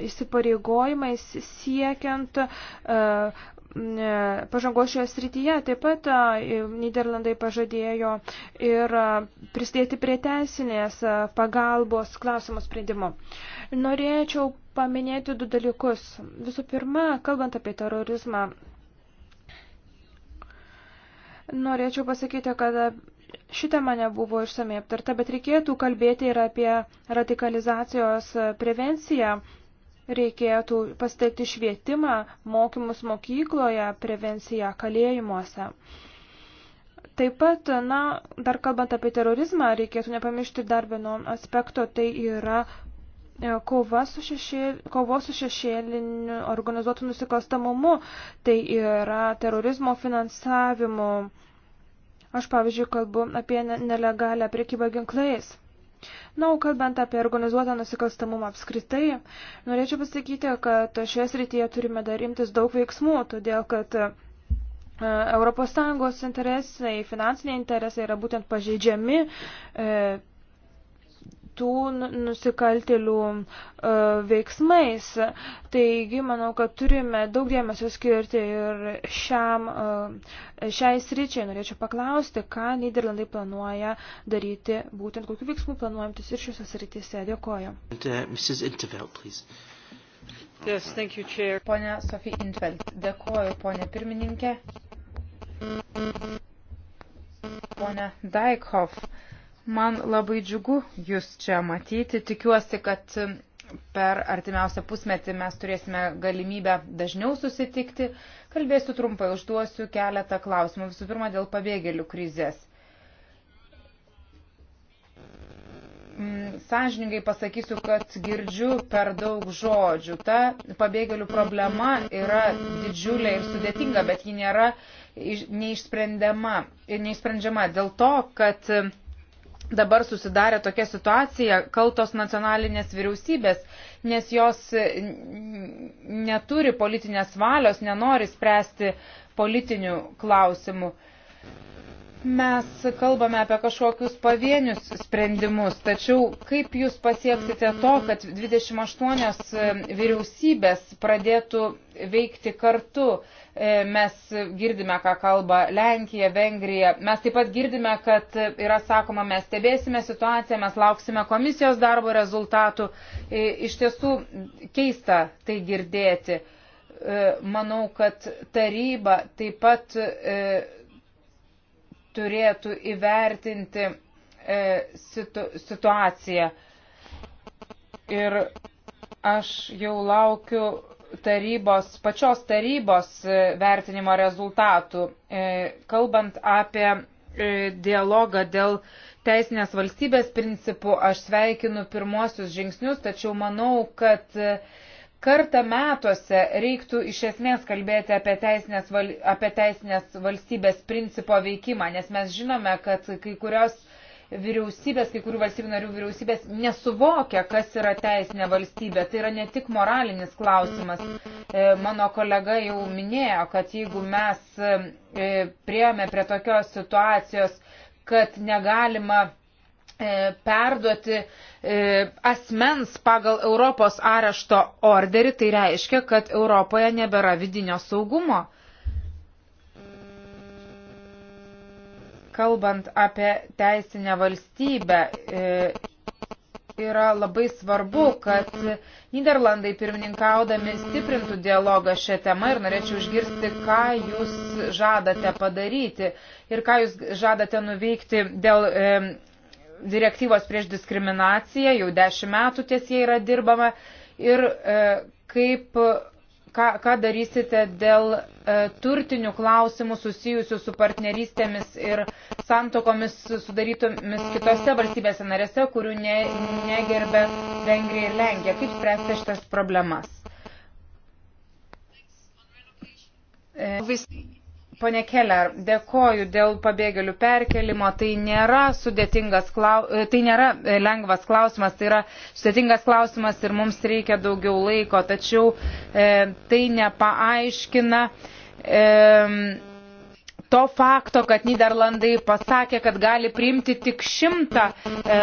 įsipareigojimais siekiant e, e, pažangos šioje srityje. Taip pat Niderlandai pažadėjo ir pristėti prie teisinės pagalbos klausimo sprendimo. Norėčiau paminėti du dalykus. Visų pirma, kalbant apie terorizmą, norėčiau pasakyti, kad ši tema nebuvo išsamei aptarta, bet reikėtų kalbėti ir apie radikalizacijos prevenciją. Reikėtų pasteikti švietimą, mokymus mokykloje, prevenciją kalėjimuose. Taip pat, na, dar kalbant apie terorizmą, reikėtų nepamiršti dar vieno aspekto, tai yra e, kova su, šešėl, kovo su šešėliniu organizuotu nusikalstamumu, tai yra terorizmo finansavimu Aš, pavyzdžiui, kalbu apie nelegalę priekybą ginklais. Na, o kalbant apie organizuotą nusikalstamumą apskritai, norėčiau pasakyti, kad šioje srityje turime dar imtis daug veiksmų, todėl kad ES interesai, finansiniai interesai yra būtent pažeidžiami e, kitų nu, nusikaltelių e, veiksmais. Taigi, manau, kad turime daug dėmesio skirti ir šiam, e, šiai sričiai. Norėčiau paklausti, ką Niderlandai planuoja daryti, būtent kokiu veiksmu planuojantis ir šiuose srityse. Dėkoju. And, uh, Yes, thank you, Chair. Pone Sofija Intveld, dėkoju, ponė pirmininkė. Pone Daikhoff, uh, Man labai džiugu Jūs čia matyti. Tikiuosi, kad per artimiausią pusmetį mes turėsime galimybę dažniau susitikti. Kalbėsiu trumpai, užduosiu keletą klausimų. Visų pirma, dėl pabėgėlių krizės. Mm, sąžiningai pasakysiu, kad girdžiu per daug žodžių. Ta pabėgėlių problema yra didžiulė ir sudėtinga, bet ji nėra neišsprendžiama. Dėl to, kad dabar susidarė tokia situacija, kaltos nacionalinės vyriausybės, nes jos neturi politinės valios, nenori spręsti politinių klausimų mes kalbame apie kažkokius pavienius sprendimus, tačiau kaip jūs pasieksite to, kad 28 e, vyriausybės pradėtų veikti kartu. E, mes girdime, ką kalba Lenkija, Vengrija. Mes taip pat girdime, kad yra sakoma, mes stebėsime situaciją, mes lauksime komisijos darbo rezultatų. E, iš tiesų keista tai girdėti. Manau, kad taryba taip pat turėtų įvertinti e, situ, situaciją. Ir aš jau laukiu tarybos, pačios tarybos e, vertinimo rezultatų, e, kalbant apie e, dialogą dėl teisinės valstybės principų, aš sveikinu pirmosius žingsnius, tačiau manau, kad kartą metuose reiktų iš esmės kalbėti apie teisinės, val, apie teisinės valstybės principo veikimą, nes mes žinome, kad kai kurios vyriausybės, kai kurių valstybių narių vyriausybės nesuvokia, kas yra teisinė valstybė. Tai yra ne tik moralinis klausimas. E, mano kolega jau minėjo, kad jeigu mes e, priejome prie tokios situacijos, kad negalima E, perduoti e, asmens pagal Europos arešto orderį, tai reiškia, kad Europoje nebėra vidinio saugumo. Kalbant apie teisinę valstybę, e, yra labai svarbu, kad Niderlandai pirmininkaudami stiprintų dialogą šią temą ir norėčiau išgirsti, ką jūs žadate padaryti ir ką jūs žadate nuveikti dėl e, direktyvos prieš diskriminaciją, jau dešimt metų ties jie yra dirbama. Ir e, kaip, ką, ką darysite dėl e, turtinių klausimų susijusių su partnerystėmis ir santokomis sudarytomis kitose valstybėse narėse, kurių ne, negerbė Vengrija ir Lenkija. Kaip spręsti šitas problemas? E, Pone Keller, dėkoju dėl pabėgėlių perkelimo. Tai nėra, klaus... E, tai nėra e, lengvas klausimas, tai yra sudėtingas klausimas ir mums reikia daugiau laiko, tačiau e, tai nepaaiškina. E, To fakto, kad Niderlandai pasakė, kad gali priimti tik šimtą e,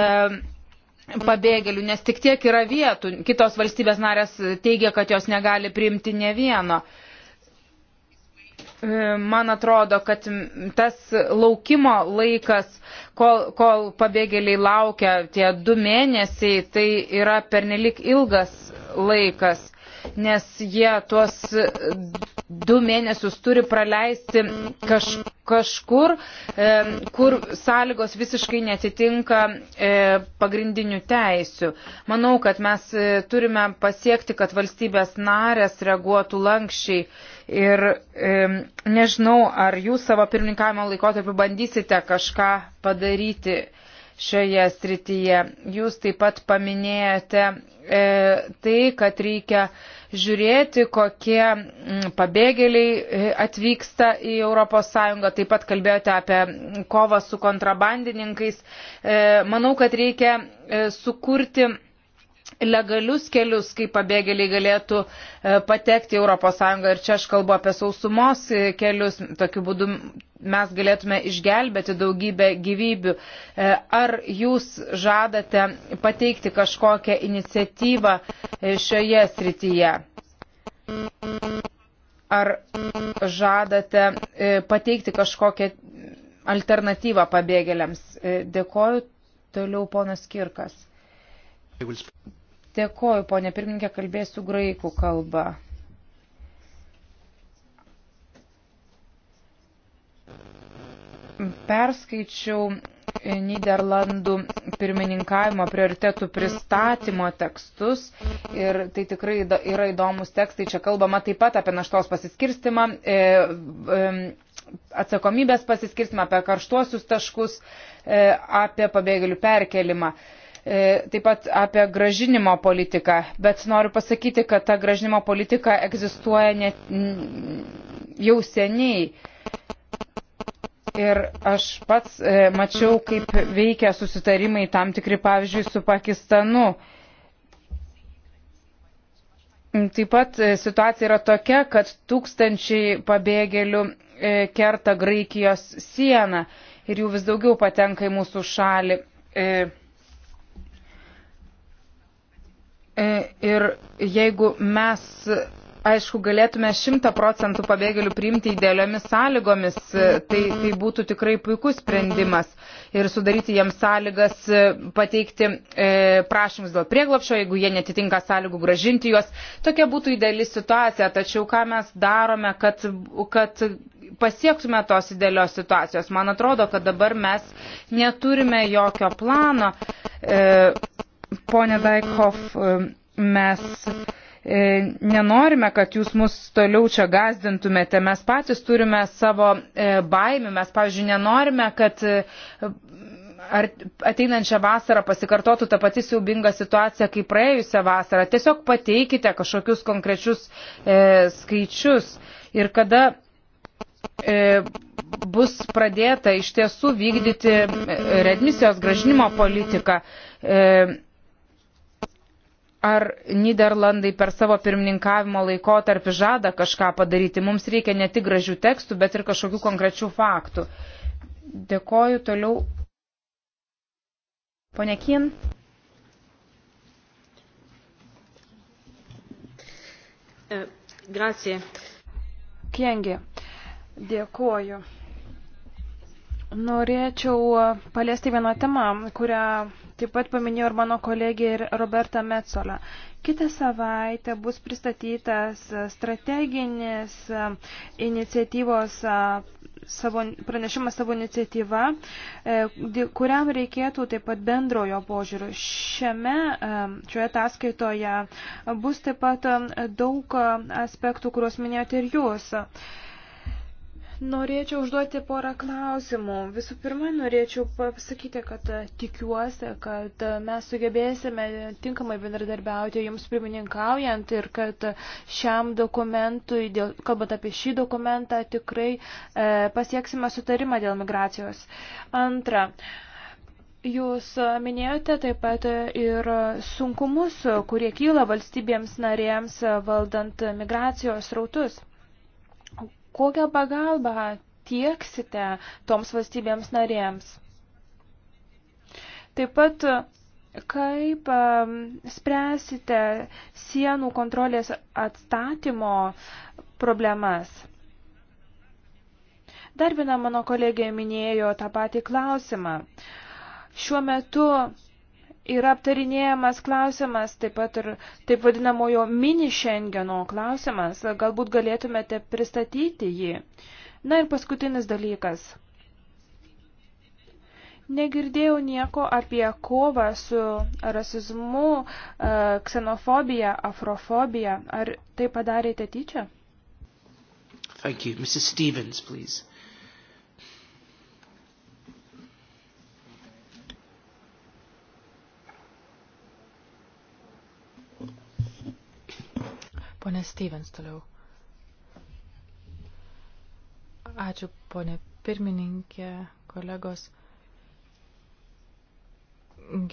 pabėgėlių, nes tik tiek yra vietų. Kitos valstybės narės teigia, kad jos negali priimti ne vieno. E, E, man atrodo, kad tas laukimo laikas, kol, kol pabėgėliai laukia tie du mėnesiai, tai yra pernelik ilgas laikas nes jie tuos du mėnesius turi praleisti kaž, kažkur, e, kur sąlygos visiškai netitinka e, pagrindinių teisių. Manau, kad mes e, turime pasiekti, kad valstybės narės reaguotų lankščiai. Ir e, nežinau, ar jūs savo pirmininkavimo laikotarpiu bandysite kažką padaryti. E, šioje srityje. Jūs taip pat paminėjote e, tai, kad reikia žiūrėti, kokie pabėgėliai e, atvyksta į ES. Taip pat kalbėjote apie kovą su kontrabandininkais. E, manau, kad reikia e, sukurti legalius kelius, kaip pabėgėliai galėtų e, patekti į ES. Ir čia aš kalbu apie sausumos e, kelius. Tokiu būdu mes galėtume išgelbėti daugybę gyvybių. E, ar jūs žadate pateikti kažkokią iniciatyvą šioje srityje? Ar žadate pateikti kažkokią alternatyvą pabėgėliams? Dėkoju. Toliau ponas Kirkas. Dėkoju, ponė pirmininkė, kalbėsiu graikų kalbą. Perskaičiau Niderlandų pirmininkavimo prioritetų pristatymo tekstus ir tai tikrai yra įdomus tekstai. Čia kalbama taip pat apie naštos pasiskirstimą, e, e, atsakomybės pasiskirstimą, apie karštuosius taškus, e, apie pabėgėlių perkelimą. E, taip pat apie gražinimo politiką, bet noriu pasakyti, kad ta gražinimo politika egzistuoja net, jau seniai. Ir aš pats e, mačiau, kaip veikia susitarimai tam tikri, pavyzdžiui, su Pakistanu. Mm, taip pat e, situacija yra tokia, kad tūkstančiai pabėgėlių e, kerta Graikijos sieną ir jų vis daugiau patenka į mūsų šalį. E, ir jeigu mes, aišku, galėtume šimta procentų pabėgėlių priimti idealiomis sąlygomis, e, tai, tai būtų tikrai puikus sprendimas. Ir sudaryti jiems sąlygas, e, pateikti e, prašymus dėl prieglapšio, jeigu jie netitinka sąlygų, gražinti juos. Tokia būtų ideali situacija. Tačiau ką mes darome, kad, kad pasiektume tos idealios situacijos? Man atrodo, kad dabar mes neturime jokio plano. E, Pone Daikhoff, mes e, nenorime, kad jūs mus toliau čia gazdintumėte. Mes patys turime savo e, baimį. Mes, pavyzdžiui, nenorime, kad e, ar ateinančią vasarą pasikartotų ta pati siaubinga situacija kaip praėjusią vasarą. Tiesiog pateikite kažkokius konkrečius e, skaičius ir kada e, bus pradėta iš tiesų vykdyti redmisijos gražinimo politiką. E, ar Niderlandai per savo pirmininkavimo laikotarpį žada kažką padaryti. Mums reikia ne tik gražių tekstų, bet ir kažkokių konkrečių faktų. Dėkoju toliau. Pone Kin. E, grazie. Kiengi. Dėkoju. Norėčiau paliesti vieną temą, kurią Taip pat paminėjo ir mano kolegė ir Roberta Metzola. Kitą savaitę bus pristatytas strateginis iniciatyvos savo, pranešimas savo iniciatyva, e, kuriam reikėtų taip pat bendrojo požiūrių. Šiame, šioje ataskaitoje bus taip pat daug aspektų, kuriuos minėjote ir jūs. Norėčiau užduoti porą klausimų. Visų pirma, norėčiau pasakyti, kad tikiuosi, kad mes sugebėsime tinkamai bendradarbiauti jums pirmininkaujant ir kad šiam dokumentui, dėl, kalbant apie šį dokumentą, tikrai e, pasieksime sutarimą dėl migracijos. Antra. Jūs minėjote taip pat ir sunkumus, kurie kyla valstybėms narėms valdant migracijos rautus kokią pagalbą tieksite toms valstybėms narėms. Taip pat, kaip spręsite sienų kontrolės atstatymo problemas. Dar viena mano kolegė minėjo tą patį klausimą. Šiuo metu yra aptarinėjamas klausimas, taip pat ir taip vadinamojo mini šengeno klausimas. Galbūt galėtumėte pristatyti jį. Na ir paskutinis dalykas. Negirdėjau nieko apie kovą su rasizmu, e, ksenofobija, afrofobija. Ar tai padarėte tyčia? Thank you. Mrs. Stevens, please. Pone Stevens toliau. Ačiū, ponė pirmininkė, kolegos.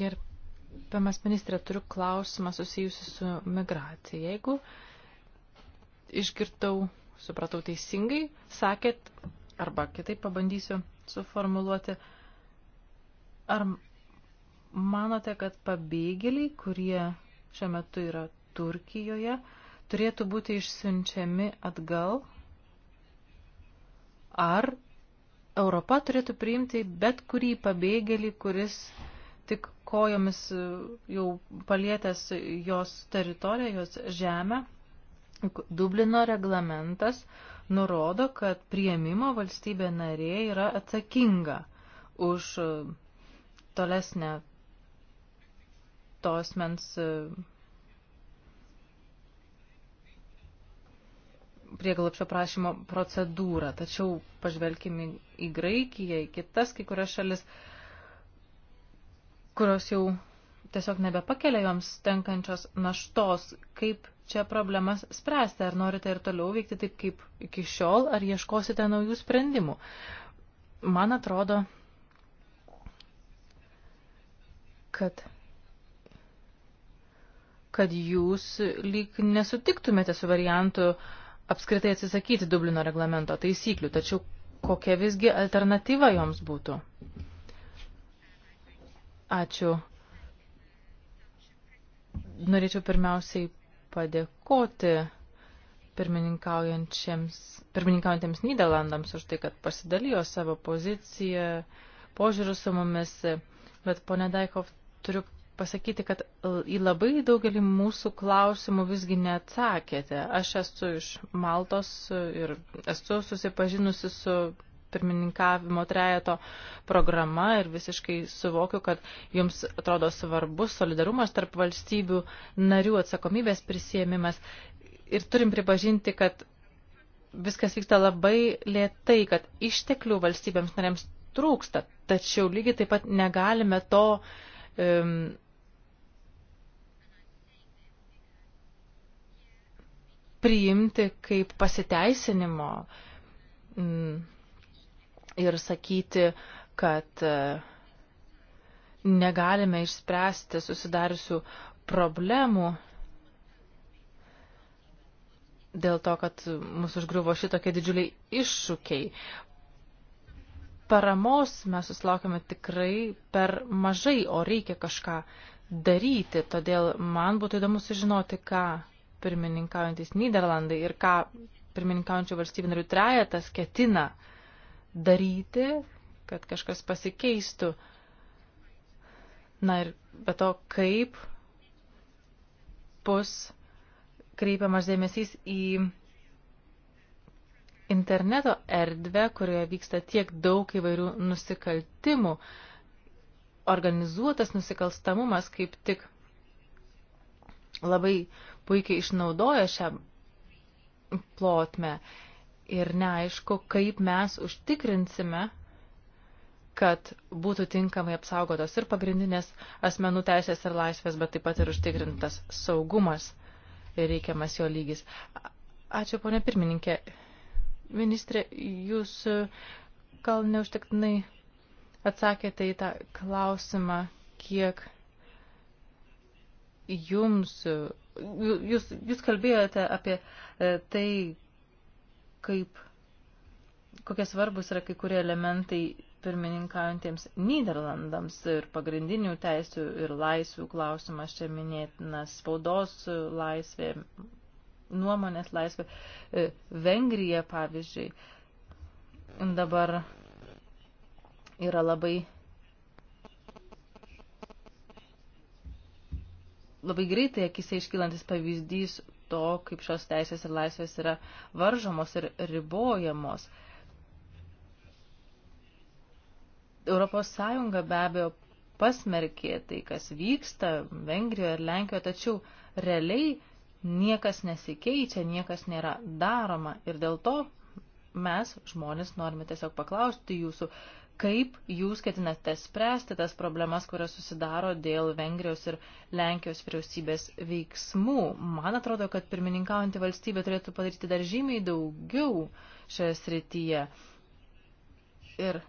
Gerbiamas ministrė, turiu klausimą susijusi su migracija. Jeigu išgirdau, supratau teisingai, sakėt, arba kitaip pabandysiu suformuluoti, ar manote, kad pabėgėliai, kurie šiuo metu yra Turkijoje, uh, turėtų būti išsiunčiami atgal, ar Europa turėtų priimti bet kurį pabėgėlį, kuris tik kojomis e, jau palietęs jos teritoriją, jos žemę. Dublino reglamentas nurodo, kad prieimimo valstybė narė yra atsakinga už e, tolesnę tos mens e, prieglapšio prašymo procedūrą. Tačiau pažvelkime į Graikiją, į kitas kai kurias šalis, kurios jau tiesiog nebepakelia joms tenkančios naštos. Kaip čia problemas spręsti? Ar norite ir toliau veikti taip kaip iki šiol, ar ieškosite naujų sprendimų? Man atrodo, kad kad jūs lyg nesutiktumėte su variantu uh, apskritai atsisakyti Dublino reglamento taisyklių, tačiau kokia visgi alternatyva joms būtų? Ačiū. Norėčiau pirmiausiai padėkoti pirmininkaujantiems Niderlandams už tai, kad pasidalijo savo poziciją, požiūrį su mumis. Bet, ponė Daikov, turiu pasakyti, kad e, į labai daugelį mūsų klausimų visgi neatsakėte. Aš esu iš Maltos e, ir esu susipažinusi su pirmininkavimo trejeto programa ir visiškai suvokiu, kad jums atrodo svarbus solidarumas tarp valstybių narių atsakomybės prisėmimas. Ir turim pripažinti, kad viskas vyksta labai lėtai, kad išteklių valstybėms narėms trūksta, tačiau lygiai taip pat negalime to um, priimti kaip pasiteisinimo mm, ir sakyti, kad e, negalime išspręsti susidariusių problemų dėl to, kad mūsų užgriuvo šitokie didžiuliai iššūkiai. Paramos mes susilaukime tikrai per mažai, o reikia kažką daryti, todėl man būtų įdomu sužinoti, ką pirmininkaujantis Niderlandai ir ką pirmininkaujančių valstybių narių trejetas ketina daryti, kad kažkas pasikeistų. Na ir be to, kaip bus kreipiamas dėmesys į interneto erdvę, kurioje vyksta tiek daug įvairių nusikaltimų. Organizuotas nusikalstamumas kaip tik labai puikiai išnaudoja šią plotmę ir neaišku, kaip mes užtikrinsime, kad būtų tinkamai apsaugotos ir pagrindinės asmenų teisės ir laisvės, bet taip pat ir užtikrintas saugumas ir reikiamas jo lygis. Ačiū, ponė pirmininkė. Ministrė, jūs e, gal neužtektinai atsakėte į tą klausimą, kiek jums jūs, jūs kalbėjote apie e, tai, kaip, kokie svarbus yra kai kurie elementai pirmininkaujantiems Niderlandams ir pagrindinių teisių ir laisvių klausimas čia minėtinas, spaudos laisvė, nuomonės laisvė. E, Vengrija, pavyzdžiui, dabar yra labai labai greitai akise iškylantis pavyzdys to, kaip šios teisės ir laisvės yra varžomos ir ribojamos. Europos Sąjunga be abejo pasmerkė tai, kas vyksta Vengrijoje ir Lenkijoje, tačiau realiai niekas nesikeičia, niekas nėra daroma ir dėl to mes, žmonės, norime tiesiog paklausti jūsų, kaip jūs ketinate spręsti tas problemas, kurios susidaro dėl Vengrijos ir Lenkijos vyriausybės veiksmų. Man atrodo, kad pirmininkaujantį valstybę turėtų padaryti dar žymiai daugiau šioje srityje. Ir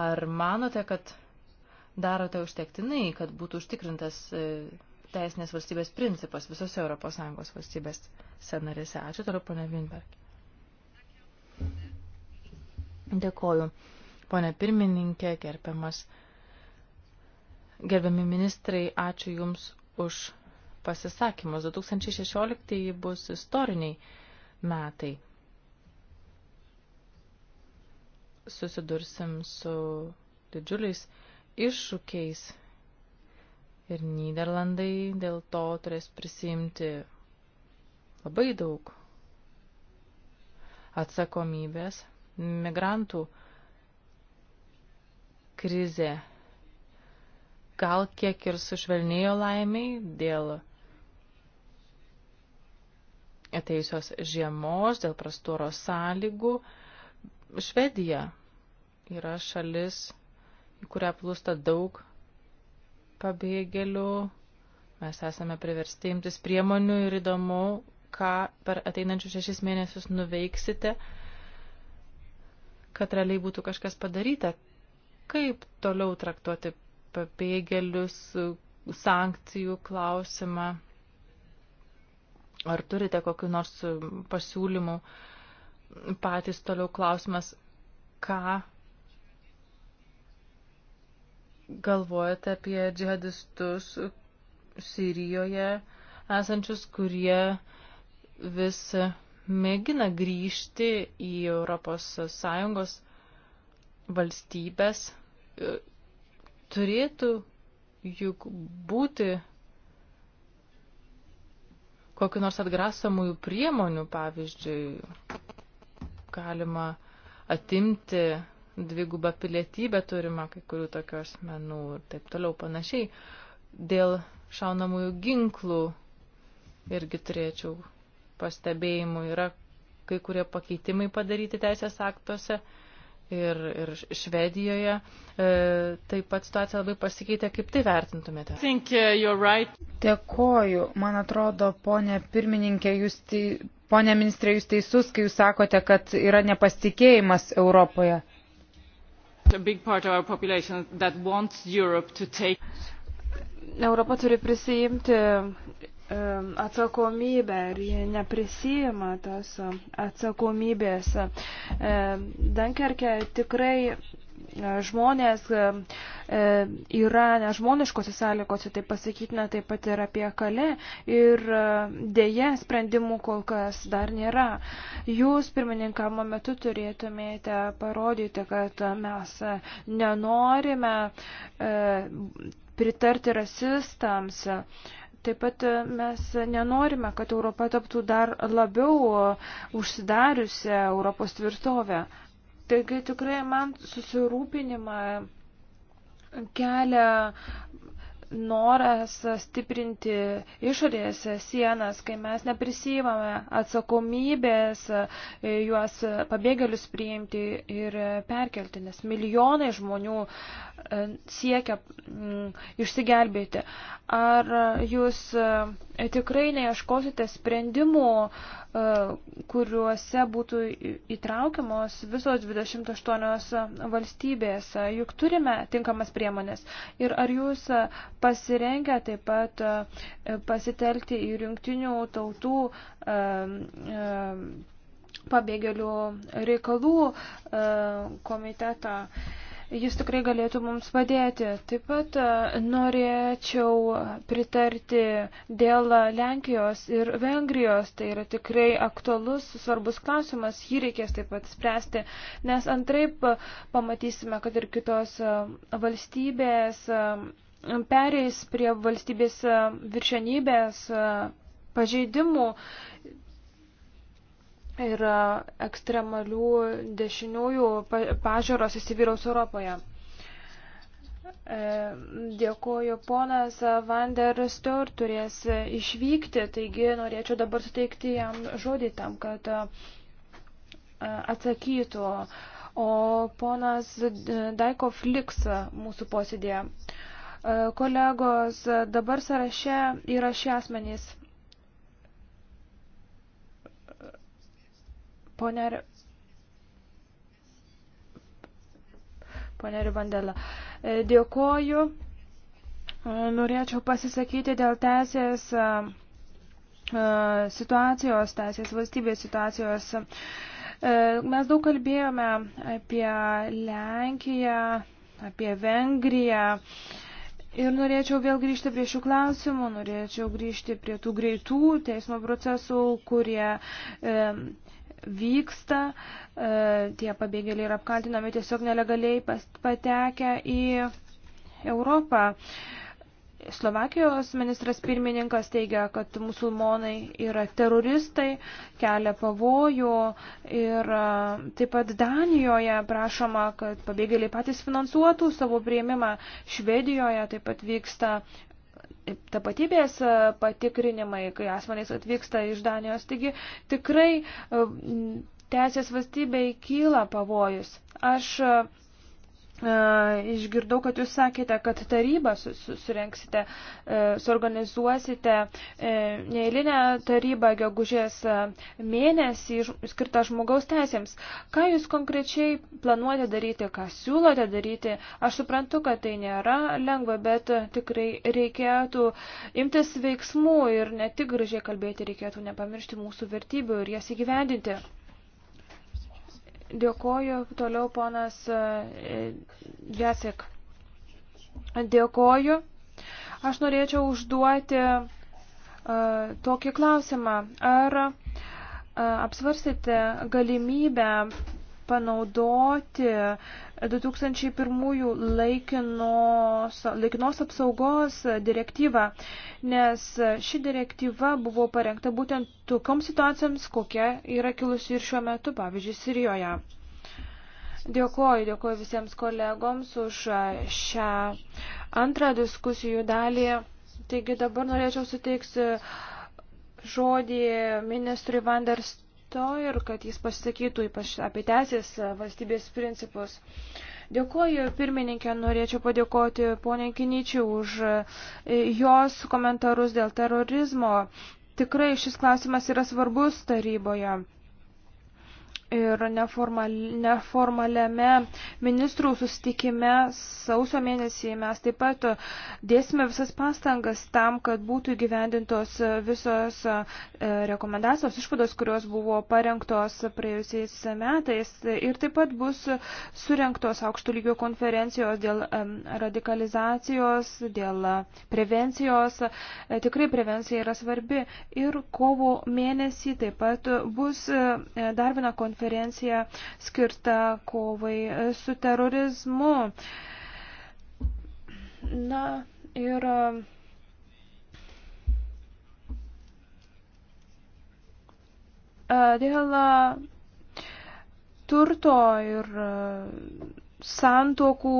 ar manote, kad darote užtektinai, kad būtų užtikrintas e, teisinės valstybės principas visose ES valstybės scenarise? Ačiū toliau, ponia Vinberg. Dėkoju. Pone pirmininkė, gerbiamas, gerbiami ministrai, ačiū Jums už pasisakymus. 2016 bus istoriniai metai. Susidursim su didžiuliais iššūkiais ir Niderlandai dėl to turės prisimti labai daug atsakomybės migrantų krizė gal kiek ir sušvelnėjo laimiai dėl ateisios žiemos, dėl prastoros sąlygų. Švedija yra šalis, į kurią plūsta daug pabėgėlių. Mes esame priversti imtis priemonių ir įdomu, ką per ateinančius šešis mėnesius nuveiksite, kad realiai būtų kažkas padaryta. Kaip toliau traktuoti pabėgėlius, sankcijų klausimą? Ar turite kokiu nors pasiūlymu? Patys toliau klausimas, ką galvojate apie džihadistus Sirijoje esančius, kurie vis mėgina grįžti į ES valstybės, e, turėtų juk būti kokiu nors atgrasomųjų priemonių, pavyzdžiui, galima atimti dvigubą pilietybę turimą kai kurių tokių asmenų ir taip toliau panašiai. Dėl šaunamųjų ginklų irgi turėčiau pastebėjimų. Yra kai kurie pakeitimai padaryti teisės aktuose ir, ir Švedijoje. E, taip pat situacija labai pasikeitė. Kaip tai vertintumėte? Think, uh, right. Dėkoju. Man atrodo, ponė pirmininkė, jūs, te... ponė ministrė, jūs teisus, kai jūs sakote, kad yra nepasitikėjimas Europoje. Take... Europa turi prisijimti Um, atsakomybę ir jie neprisijima tos atsakomybės. Um, Dankerke tikrai uh, žmonės um, uh, yra nežmoniškose sąlygose, tai pasakytina taip pat ir apie kalę ir uh, dėje sprendimų kol kas dar nėra. Jūs pirmininkamo metu turėtumėte parodyti, kad mes nenorime pritarti rasistams Taip pat e, mes nenorime, kad Europa taptų dar labiau e, užsidariusią Europos tvirtovę. Taigi tikrai man susirūpinimą kelia noras stiprinti išorės sienas, kai mes neprisijimame atsakomybės e, juos pabėgėlius priimti ir perkelti, nes milijonai žmonių e, siekia mm, išsigelbėti. Ar jūs e, tikrai neieškosite sprendimų E, kuriuose būtų įtraukiamos visos 28 e, valstybės. E, juk turime tinkamas priemonės. Ir ar jūs pasirengę taip pat pasitelkti į jungtinių tautų pabėgėlių reikalų komitetą? jis tikrai galėtų mums padėti. Taip pat e, norėčiau pritarti dėl Lenkijos ir Vengrijos. Tai yra tikrai aktualus, svarbus klausimas, jį reikės taip pat spręsti, nes antraip pamatysime, kad ir kitos e, valstybės e, pereis prie valstybės viršenybės pažeidimų ir ekstremalių dešiniųjų pažiūros įsivyraus Europoje. E, Dėkuoju, ponas Vander Stur turės išvykti, taigi norėčiau dabar suteikti jam žodį tam, kad e, atsakytų. O ponas Daiko Fliks mūsų posėdėje. E, kolegos, dabar sąraše yra šie asmenys. Pone, Pone Ribandela, e, dėkoju. E, norėčiau pasisakyti dėl teisės e, situacijos, teisės valstybės situacijos. Mes daug kalbėjome apie Lenkiją, apie Vengriją. Ir norėčiau vėl grįžti prie šių klausimų, norėčiau grįžti prie tų greitų teismo procesų, kurie e, vyksta, e, tie pabėgėliai yra apkaltinami tiesiog nelegaliai patekę į Europą. Slovakijos ministras pirmininkas teigia, kad musulmonai yra teroristai, kelia pavojų ir e, taip pat Danijoje prašoma, kad pabėgėliai patys finansuotų savo prieimimą. Švedijoje taip pat vyksta tapatybės e, patikrinimai, kai asmenys atvyksta iš Danijos. Taigi tikrai e, teisės valstybei kyla pavojus. Aš e, E, išgirdau, kad jūs sakėte, kad tarybą susirenksite, e, suorganizuosite e, neįlinę tarybą gegužės mėnesį skirtą žmogaus teisėms. Ką jūs konkrečiai planuojate daryti, ką siūlote daryti? Aš suprantu, kad tai nėra lengva, bet tikrai reikėtų imtis veiksmų ir ne tik gražiai kalbėti, reikėtų nepamiršti mūsų vertybių ir jas įgyvendinti. Dėkoju. Toliau ponas e, Jasek. Dėkoju. Aš norėčiau užduoti e, tokį klausimą. Ar e, apsvarsite galimybę panaudoti 2001 laikinos, laikinos apsaugos direktyvą, nes ši direktyva buvo parengta būtent tokioms situacijoms, kokia yra kilusi ir šiuo metu, pavyzdžiui, Sirijoje. Dėkuoju, dėkuoju visiems kolegoms už šią antrą diskusijų dalį. Taigi dabar norėčiau suteiksi žodį ministrui Vanders to ir kad jis pasisakytų ypač apie teisės e, valstybės principus. Dėkuoju, pirmininkė, norėčiau padėkoti poniai Kiničiai už e, jos komentarus dėl terorizmo. Tikrai šis klausimas yra svarbus taryboje. Ir neformal, neformaliame ministrų sustikime sausio mėnesį mes taip pat dėsime visas pastangas tam, kad būtų įgyvendintos visos e, rekomendacijos, išvados, kurios buvo parengtos praėjusiais metais. Ir taip pat bus surinktos aukšto lygio konferencijos dėl e, radikalizacijos, dėl prevencijos. E, tikrai prevencija yra svarbi. Ir kovo mėnesį taip pat bus dar viena konferencija konferencija skirta kovai su terorizmu. Na ir dėl turto ir santokų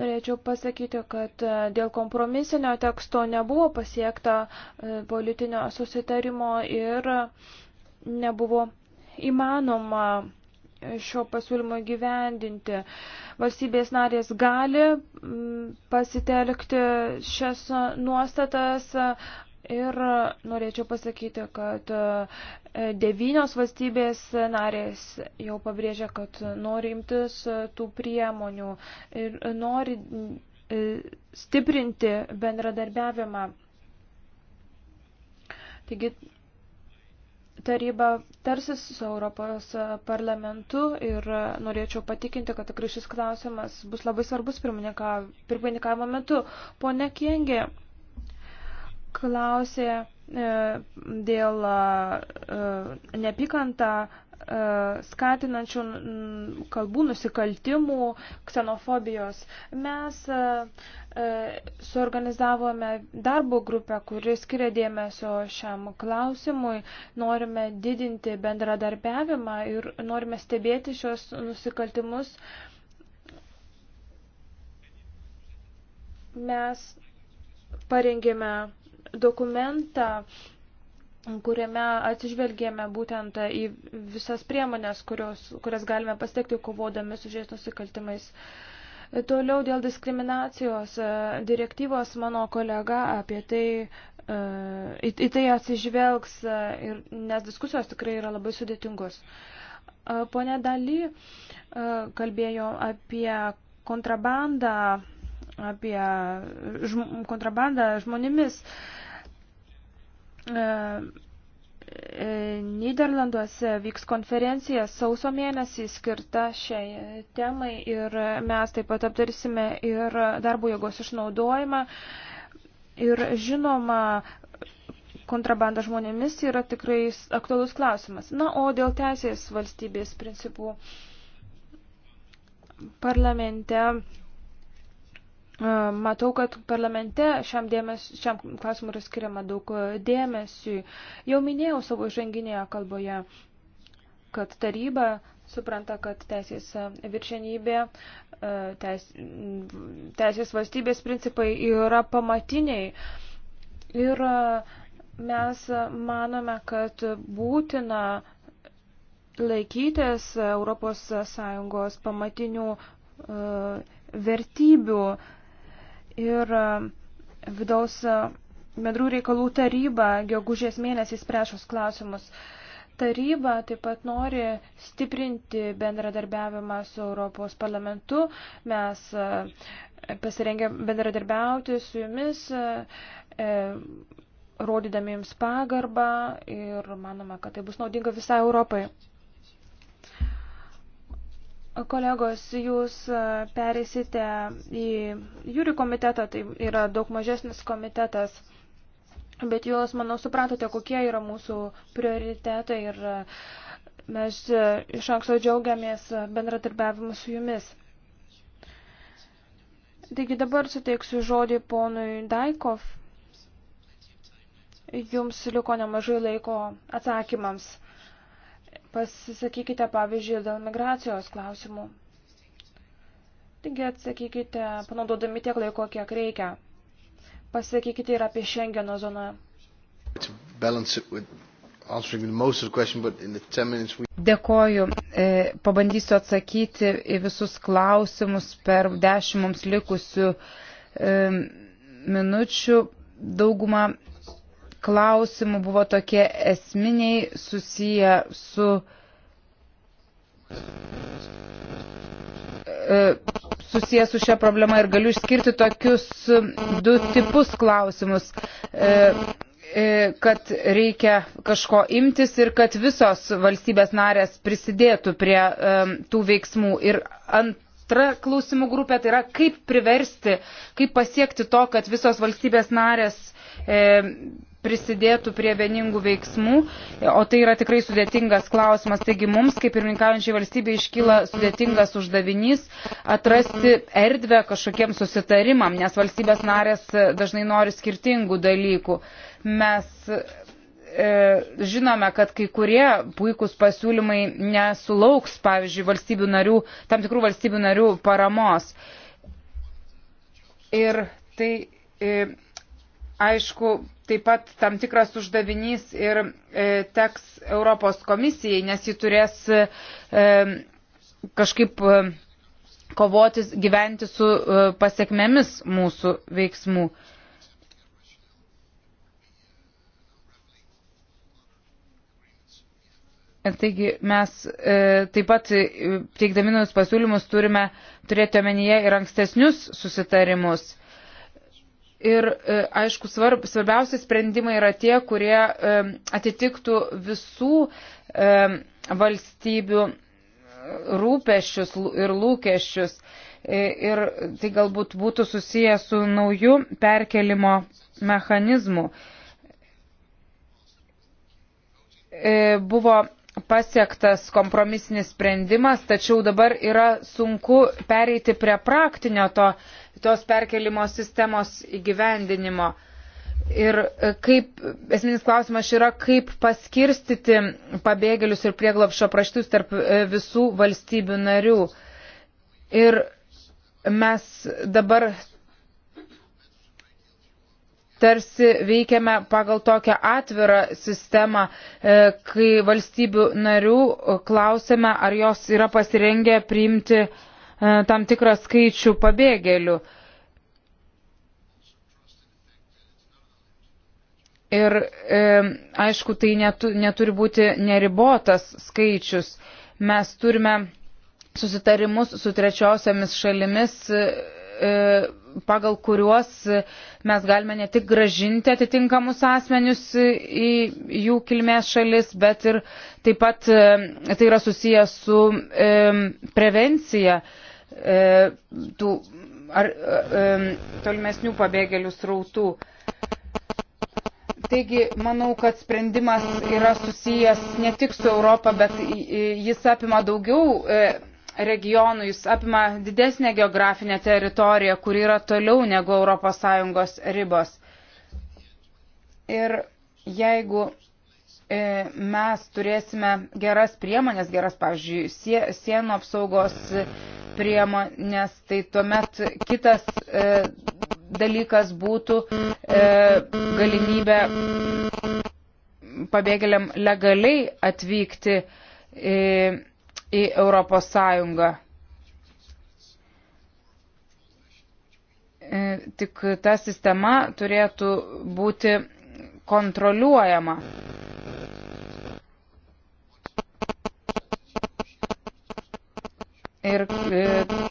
Norėčiau pasakyti, kad dėl kompromisinio teksto nebuvo pasiekta politinio susitarimo ir nebuvo įmanoma šio pasiūlymo gyvendinti. Valstybės narės gali mm, pasitelkti šias nuostatas ir norėčiau pasakyti, kad e, devynios valstybės narės jau pabrėžia, kad nori imtis tų priemonių ir nori e, stiprinti bendradarbiavimą. Taigi taryba tarsis su Europos parlamentu ir norėčiau patikinti, kad tikrai šis klausimas bus labai svarbus pirmininkavimo metu. Pone Kiengė klausė e, dėl e, neapykantą E, skatinančių kalbų nusikaltimų, ksenofobijos. Mes e, e, suorganizavome darbo grupę, kuri skiria dėmesio šiam klausimui. Norime didinti bendradarbiavimą ir norime stebėti šios nusikaltimus. Mes parengėme dokumentą kuriame atsižvelgėme būtent į visas priemonės, kurios, kurias galime pasiekti kovodami su šiais nusikaltimais. Toliau dėl diskriminacijos e, direktyvos mano kolega apie tai, e, į, į tai atsižvelgs, e, ir, nes diskusijos tikrai yra labai sudėtingos. Pone Daly kalbėjo apie kontrabandą, apie žm kontrabandą žmonėmis. E, e, Niderlanduose vyks konferencija sauso mėnesį skirta šiai temai ir mes taip pat aptarsime ir darbo jėgos išnaudojimą. Ir žinoma, kontrabanda žmonėmis yra tikrai aktualus klausimas. Na, o dėl teisės valstybės principų parlamente Matau, kad parlamente šiam, dėmes, šiam klausimui yra skiriama daug dėmesių. Jau minėjau savo žanginėje kalboje, kad taryba supranta, kad teisės viršenybė, e, teis, teisės valstybės principai yra pamatiniai. Ir e, mes manome, kad būtina laikytis ES pamatinių e, vertybių ir e, vidaus e, bendrų reikalų taryba gegužės mėnesį spręšus klausimus. Taryba taip pat nori stiprinti bendradarbiavimą su Europos parlamentu. Mes e, pasirengę bendradarbiauti su jumis, rodydami jums pagarbą ir manome, kad tai bus naudinga visai Europai. Kolegos, jūs e, perėsite į jūrių komitetą, tai yra daug mažesnis komitetas, bet jūs, manau, supratote, kokie yra mūsų prioritetai ir e, mes e, iš anksto džiaugiamės bendradarbiavimu su jumis. Taigi dabar suteiksiu žodį ponui Daikov. Jums liko nemažai laiko atsakymams pasisakykite, pavyzdžiui, dėl migracijos klausimų. Taigi atsakykite, panaudodami tiek laiko, kiek reikia. Pasakykite ir apie Schengeno zoną. Dėkoju. E, pabandysiu atsakyti į visus klausimus per dešimt mums likusių e, minučių. Dauguma klausimų buvo tokie esminiai susiję su, e, susiję su šia problema ir galiu išskirti tokius du tipus klausimus e, e, kad reikia kažko imtis ir kad visos valstybės narės prisidėtų prie um, tų veiksmų. Ir antra klausimų grupė tai yra, kaip priversti, kaip pasiekti to, kad visos valstybės narės um, prisidėtų prie vieningų veiksmų, o tai yra tikrai sudėtingas klausimas. Taigi mums, kaip pirmininkaujančiai valstybė, iškyla sudėtingas uždavinys atrasti erdvę kažkokiem susitarimam, nes valstybės narės dažnai nori skirtingų dalykų. Mes e, žinome, kad kai kurie puikūs pasiūlymai nesulauks, pavyzdžiui, valstybių narių, tam tikrų valstybių narių paramos. Ir tai e, aišku, taip pat tam tikras uždavinys ir e, teks Europos komisijai, nes ji turės e, kažkaip e, kovoti, gyventi su e, pasiekmėmis mūsų veiksmų. Taigi mes e, taip pat e, teikdami naujus pasiūlymus turime turėti omenyje ir ankstesnius susitarimus Ir e, aišku, svarb, svarbiausi sprendimai yra tie, kurie e, atitiktų visų e, valstybių rūpešius ir lūkesčius. Ir tai galbūt būtų susiję su nauju perkelimo mechanizmu. Buvo pasiektas kompromisinis sprendimas, tačiau dabar yra sunku pereiti prie praktinio to, tos perkelimo sistemos įgyvendinimo. Ir e, kaip, esminis klausimas yra, kaip paskirstyti pabėgėlius ir prieglapšio praštus tarp e, visų valstybių narių. Ir mes dabar tarsi veikiame pagal tokią atvirą sistemą, e, kai valstybių narių klausėme, ar jos yra pasirengę priimti e, tam tikrą skaičių pabėgėlių. Ir e, aišku, tai netu, neturi būti neribotas skaičius. Mes turime susitarimus su trečiosiamis šalimis e, E, pagal kuriuos mes galime ne tik gražinti atitinkamus asmenius į jų kilmės šalis, bet ir taip pat e, tai yra susijęs su e, prevencija tų ar, tolimesnių pabėgėlių srautų. Taigi, manau, kad sprendimas yra susijęs ne tik su Europą, bet jis apima daugiau regionų, jis apima didesnę geografinę teritoriją, kur yra toliau negu ES ribos. Ir jeigu e, mes turėsime geras priemonės, geras, pavyzdžiui, sienų apsaugos priemonės, tai tuomet kitas e, dalykas būtų e, galimybė pabėgėliam legaliai atvykti. E, į Europos Sąjungą. E, tik ta sistema turėtų būti kontroliuojama. Ir e,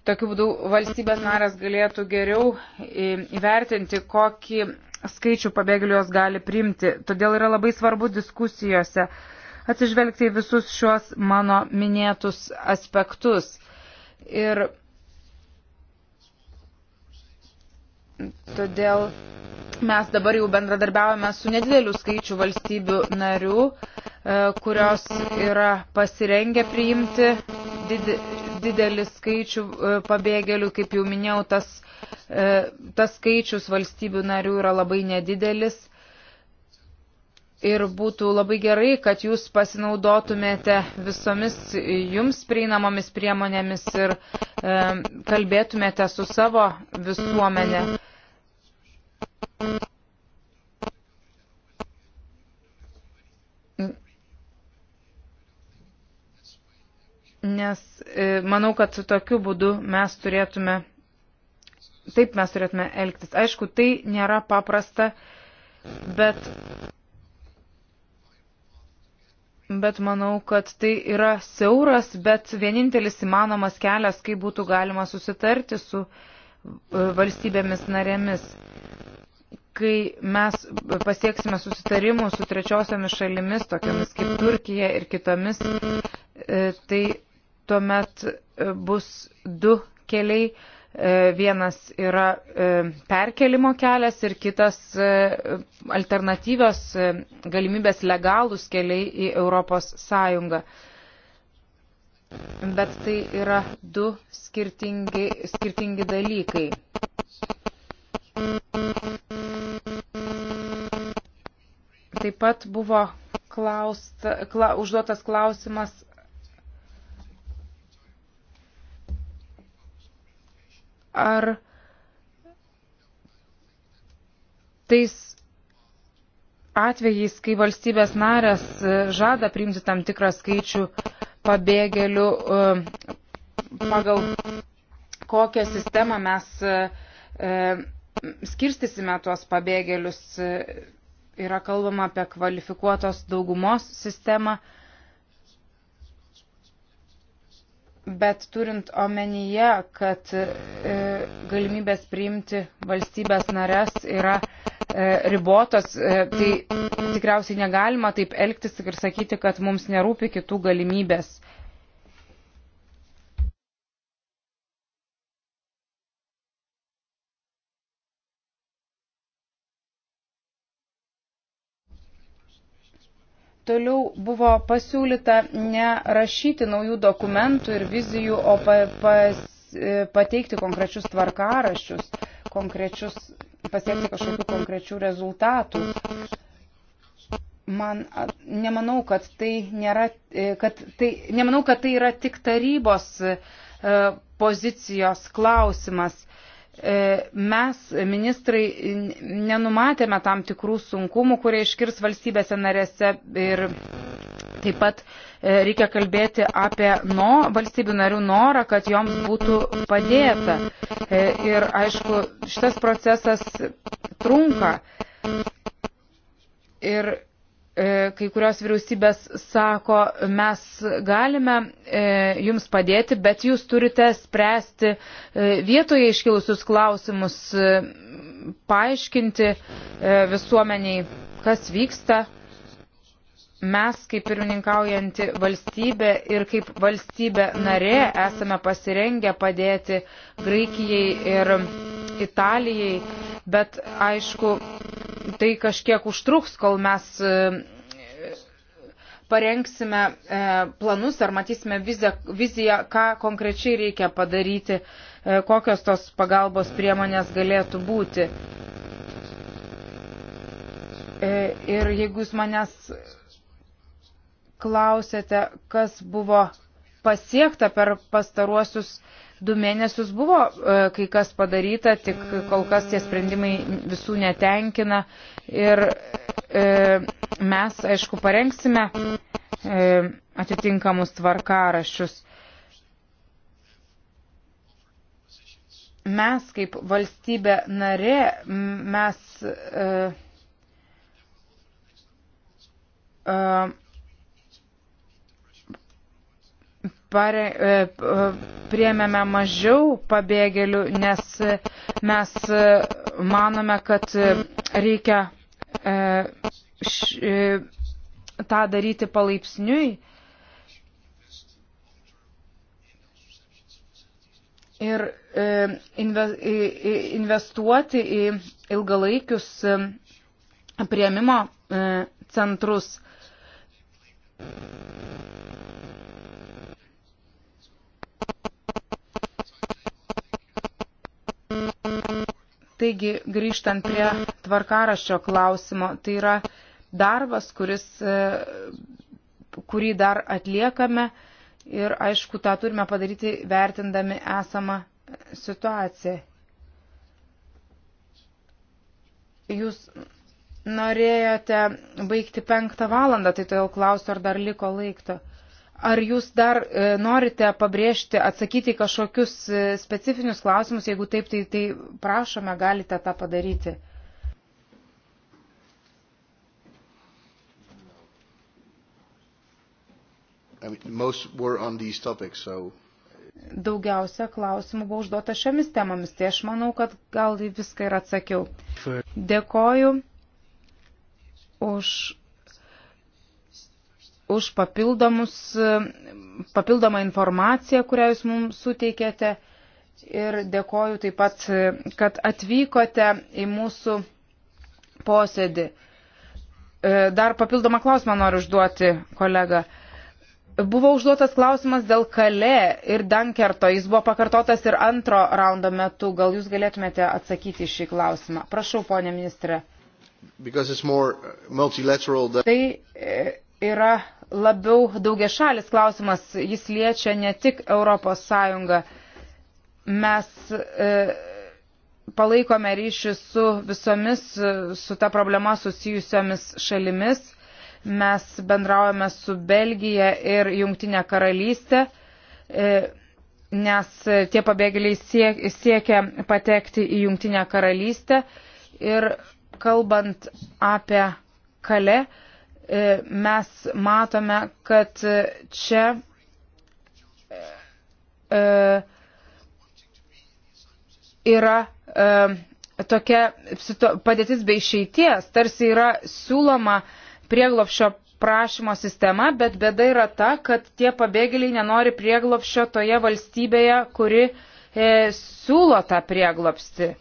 tokiu būdu valstybės naras galėtų geriau e, įvertinti, kokį skaičių pabėgėlių jos gali priimti. Todėl yra labai svarbu diskusijose atsižvelgti į visus šiuos mano minėtus aspektus. Ir todėl mes dabar jau bendradarbiaujame su nedideliu skaičiu valstybių narių, e, kurios yra pasirengę priimti didelį skaičių e, pabėgėlių. Kaip jau minėjau, tas, e, tas skaičius valstybių narių yra labai nedidelis. Ir būtų labai gerai, kad jūs pasinaudotumėte visomis jums prieinamomis priemonėmis ir e, kalbėtumėte su savo visuomenė. Nes e, manau, kad su tokiu būdu mes turėtume, taip mes turėtume elgtis. Aišku, tai nėra paprasta, bet Bet manau, kad tai yra siauras, bet vienintelis įmanomas kelias, kaip būtų galima susitarti su e, valstybėmis narėmis. Kai mes pasieksime susitarimų su trečiosiomis šalimis, tokiamis kaip Turkija ir kitomis, e, tai tuomet e, bus du keliai E, vienas yra e, perkelimo kelias ir kitas e, alternatyvios galimybės legalūs keliai į Europos Sąjungą. Bet tai yra du skirtingi, skirtingi dalykai. Taip pat buvo klaust, kla, užduotas klausimas ar tais atvejais, kai valstybės narės e, žada priimti tam tikrą skaičių pabėgėlių, e, pagal kokią sistemą mes e, skirstysime tuos pabėgėlius, yra kalbama apie kvalifikuotos daugumos sistemą. Bet turint omenyje, kad e, galimybės priimti valstybės nares yra e, ribotos, e, tai tikriausiai negalima taip elgtis ir sakyti, kad mums nerūpi kitų galimybės. Toliau buvo pasiūlyta nerašyti naujų dokumentų ir vizijų, o pa, pas, e, pateikti konkrečius tvarkaraščius, konkrečius, pasiekti kažkokių konkrečių rezultatų. Man nemanau, kad tai, nėra, e, kad tai, nemanau, kad tai yra tik tarybos e, pozicijos klausimas. E, mes, ministrai, nenumatėme tam tikrų sunkumų, kurie iškirs valstybėse narėse ir taip pat e, reikia kalbėti apie no, valstybių narių norą, kad joms būtų padėta. E, ir aišku, šitas procesas trunka. Ir E, kai kurios vyriausybės sako, mes galime e, jums padėti, bet jūs turite spręsti e, vietoje iškilusius klausimus, paaiškinti visuomeniai, kas vyksta. Mes kaip pirmininkaujanti valstybė ir kaip valstybė narė esame pasirengę padėti Graikijai ir Italijai, bet aišku, tai kažkiek užtruks, kol mes e, parengsime e, planus ar matysime viziją, viziją ką konkrečiai reikia padaryti, e, kokios tos pagalbos priemonės galėtų būti. Ir jeigu jūs manęs klausėte, kas buvo pasiekta per pastaruosius du mėnesius buvo e, kai kas padaryta, tik kol kas tie sprendimai visų netenkina. Ir e, mes, aišku, parengsime e, atitinkamus tvarkarašius. Mes kaip valstybė narė, mes uh, uh, pare, e, priemėme mažiau pabėgėlių, nes mes e, manome, kad reikia e, š, tą daryti palaipsniui. Ir investuoti į ilgalaikius prieimimo centrus Taigi, grįžtant prie tvarkaraščio klausimo, tai yra darbas, kuris, e, kurį dar atliekame ir, aišku, tą turime padaryti vertindami esamą situaciją. Jūs norėjote baigti penktą valandą, tai todėl klausiu, ar dar liko laikto. Ar jūs dar e, norite pabrėžti, atsakyti kažkokius e, specifinius klausimus, jeigu taip, tai, tai prašome, galite tą padaryti. I mean, topics, so... Daugiausia klausimų buvo užduota šiomis temomis, tai aš manau, kad gal viską ir atsakiau. Dėkoju už už papildomą informaciją, kurią jūs mums suteikėte. Ir dėkoju taip pat, kad atvykote į mūsų posėdį. E, dar papildomą klausimą noriu užduoti, kolega. Buvo užduotas klausimas dėl Kalė ir Dankerto. Jis buvo pakartotas ir antro raundo metu. Gal jūs galėtumėte atsakyti šį klausimą? Prašau, ponė ministrė. Uh, than... Tai e, yra labiau daugia šalis klausimas, jis liečia ne tik Europos Sąjungą. Mes e, palaikome ryšį su visomis, su ta problema susijusiomis šalimis. Mes bendraujame su Belgija ir Jungtinė karalystė. E, nes tie pabėgėliai siek, siekia patekti į Jungtinę karalystę. Ir kalbant apie kale, E, mes matome, kad čia e, e, yra tokia padėtis be išeities, tarsi yra siūloma prieglopšio prašymo sistema, bet bėda yra ta, kad tie pabėgėliai nenori prieglopšio toje valstybėje, kuri e, siūlo tą prieglopstį. E,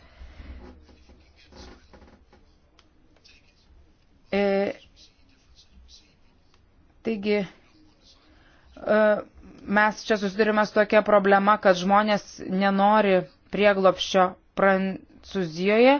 Taigi, e, mes čia susidurime su tokia problema, kad žmonės nenori prieglopščio Prancūzijoje.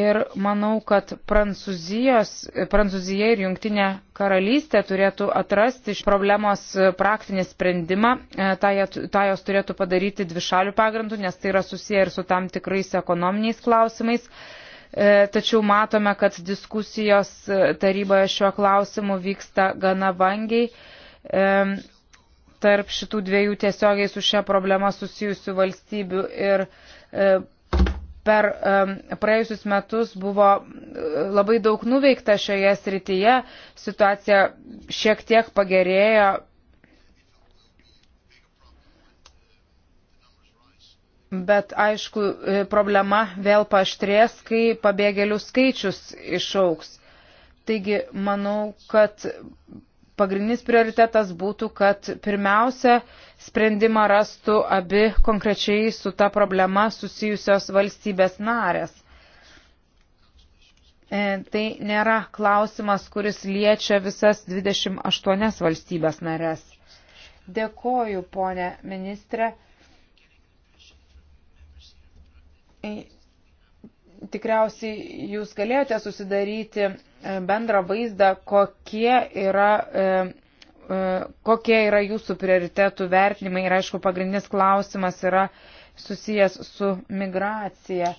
Ir manau, kad Prancūzijos, Prancūzija ir Jungtinė karalystė turėtų atrasti iš problemos praktinį sprendimą. Ta, e, ta jos turėtų padaryti dvišalių pagrindų, nes tai yra susiję ir su tam tikrais ekonominiais klausimais. Uh, E, tačiau matome, kad diskusijos e, taryboje šiuo klausimu vyksta gana vangiai. E, tarp šitų dviejų tiesiogiai su šia problema susijusių valstybių ir per praėjusius metus buvo labai daug nuveikta šioje srityje, situacija šiek tiek pagerėjo, Bet aišku, e, problema vėl paštrės, kai pabėgėlių skaičius išauks. Taigi, manau, kad pagrindinis prioritetas būtų, kad pirmiausia sprendimą rastų abi konkrečiai su ta problema susijusios valstybės narės. E, tai nėra klausimas, kuris liečia visas 28 valstybės narės. Dėkoju, ponė ministrė. tikriausiai jūs galėjote susidaryti e, bendrą vaizdą, kokie yra, e, e, kokie yra jūsų prioritetų vertinimai ir aišku, pagrindinis klausimas yra susijęs su migracija.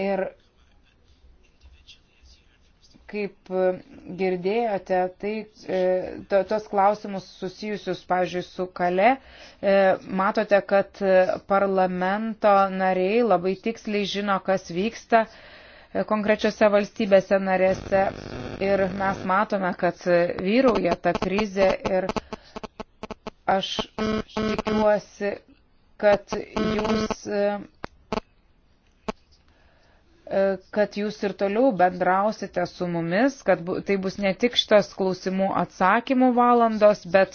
Ir kaip e, girdėjote, tai e, to, tos klausimus susijusius, pavyzdžiui, su kale, e, matote, kad parlamento nariai labai tiksliai žino, kas vyksta konkrečiose valstybėse narėse ir mes matome, kad vyrauja ta krizė ir aš tikiuosi, kad jūs kad jūs ir toliau bendrausite su mumis, kad tai bus ne tik šitas klausimų atsakymų valandos, bet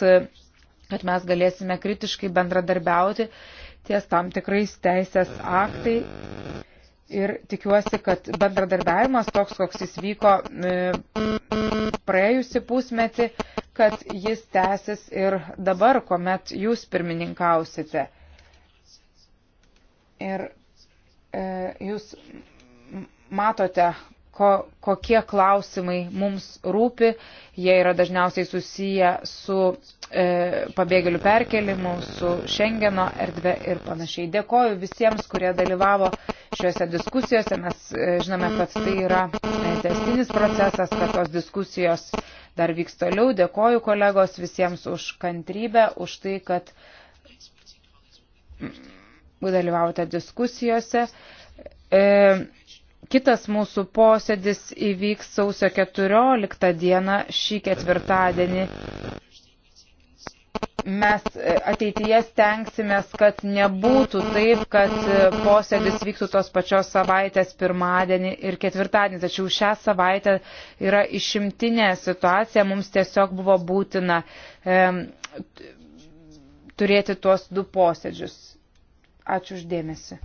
kad mes galėsime kritiškai bendradarbiauti ties tam tikrais teisės aktai. Ir tikiuosi, kad bendradarbiavimas toks, koks jis vyko e, praėjusi pusmetį, kad jis tęsis ir dabar, kuomet jūs pirmininkausite. Ir e, jūs matote, ko, kokie klausimai mums rūpi. Jie yra dažniausiai susiję su e, pabėgėlių perkelimu, su Šengeno erdve ir panašiai. Dėkoju visiems, kurie dalyvavo šiuose diskusijose. Mes e, žinome, kad tai yra e, testinis procesas, kad tos diskusijos dar vyks toliau. Dėkoju kolegos visiems už kantrybę, už tai, kad dalyvavote diskusijose. E, Kitas mūsų posėdis įvyks sausio 14 dieną šį ketvirtadienį. Mes e, ateityje stengsimės, kad nebūtų taip, kad e, posėdis vyktų tos pačios savaitės pirmadienį ir ketvirtadienį. Tačiau šią savaitę yra išimtinė situacija, mums tiesiog buvo būtina e, turėti tuos du posėdžius. Ačiū uždėmesi.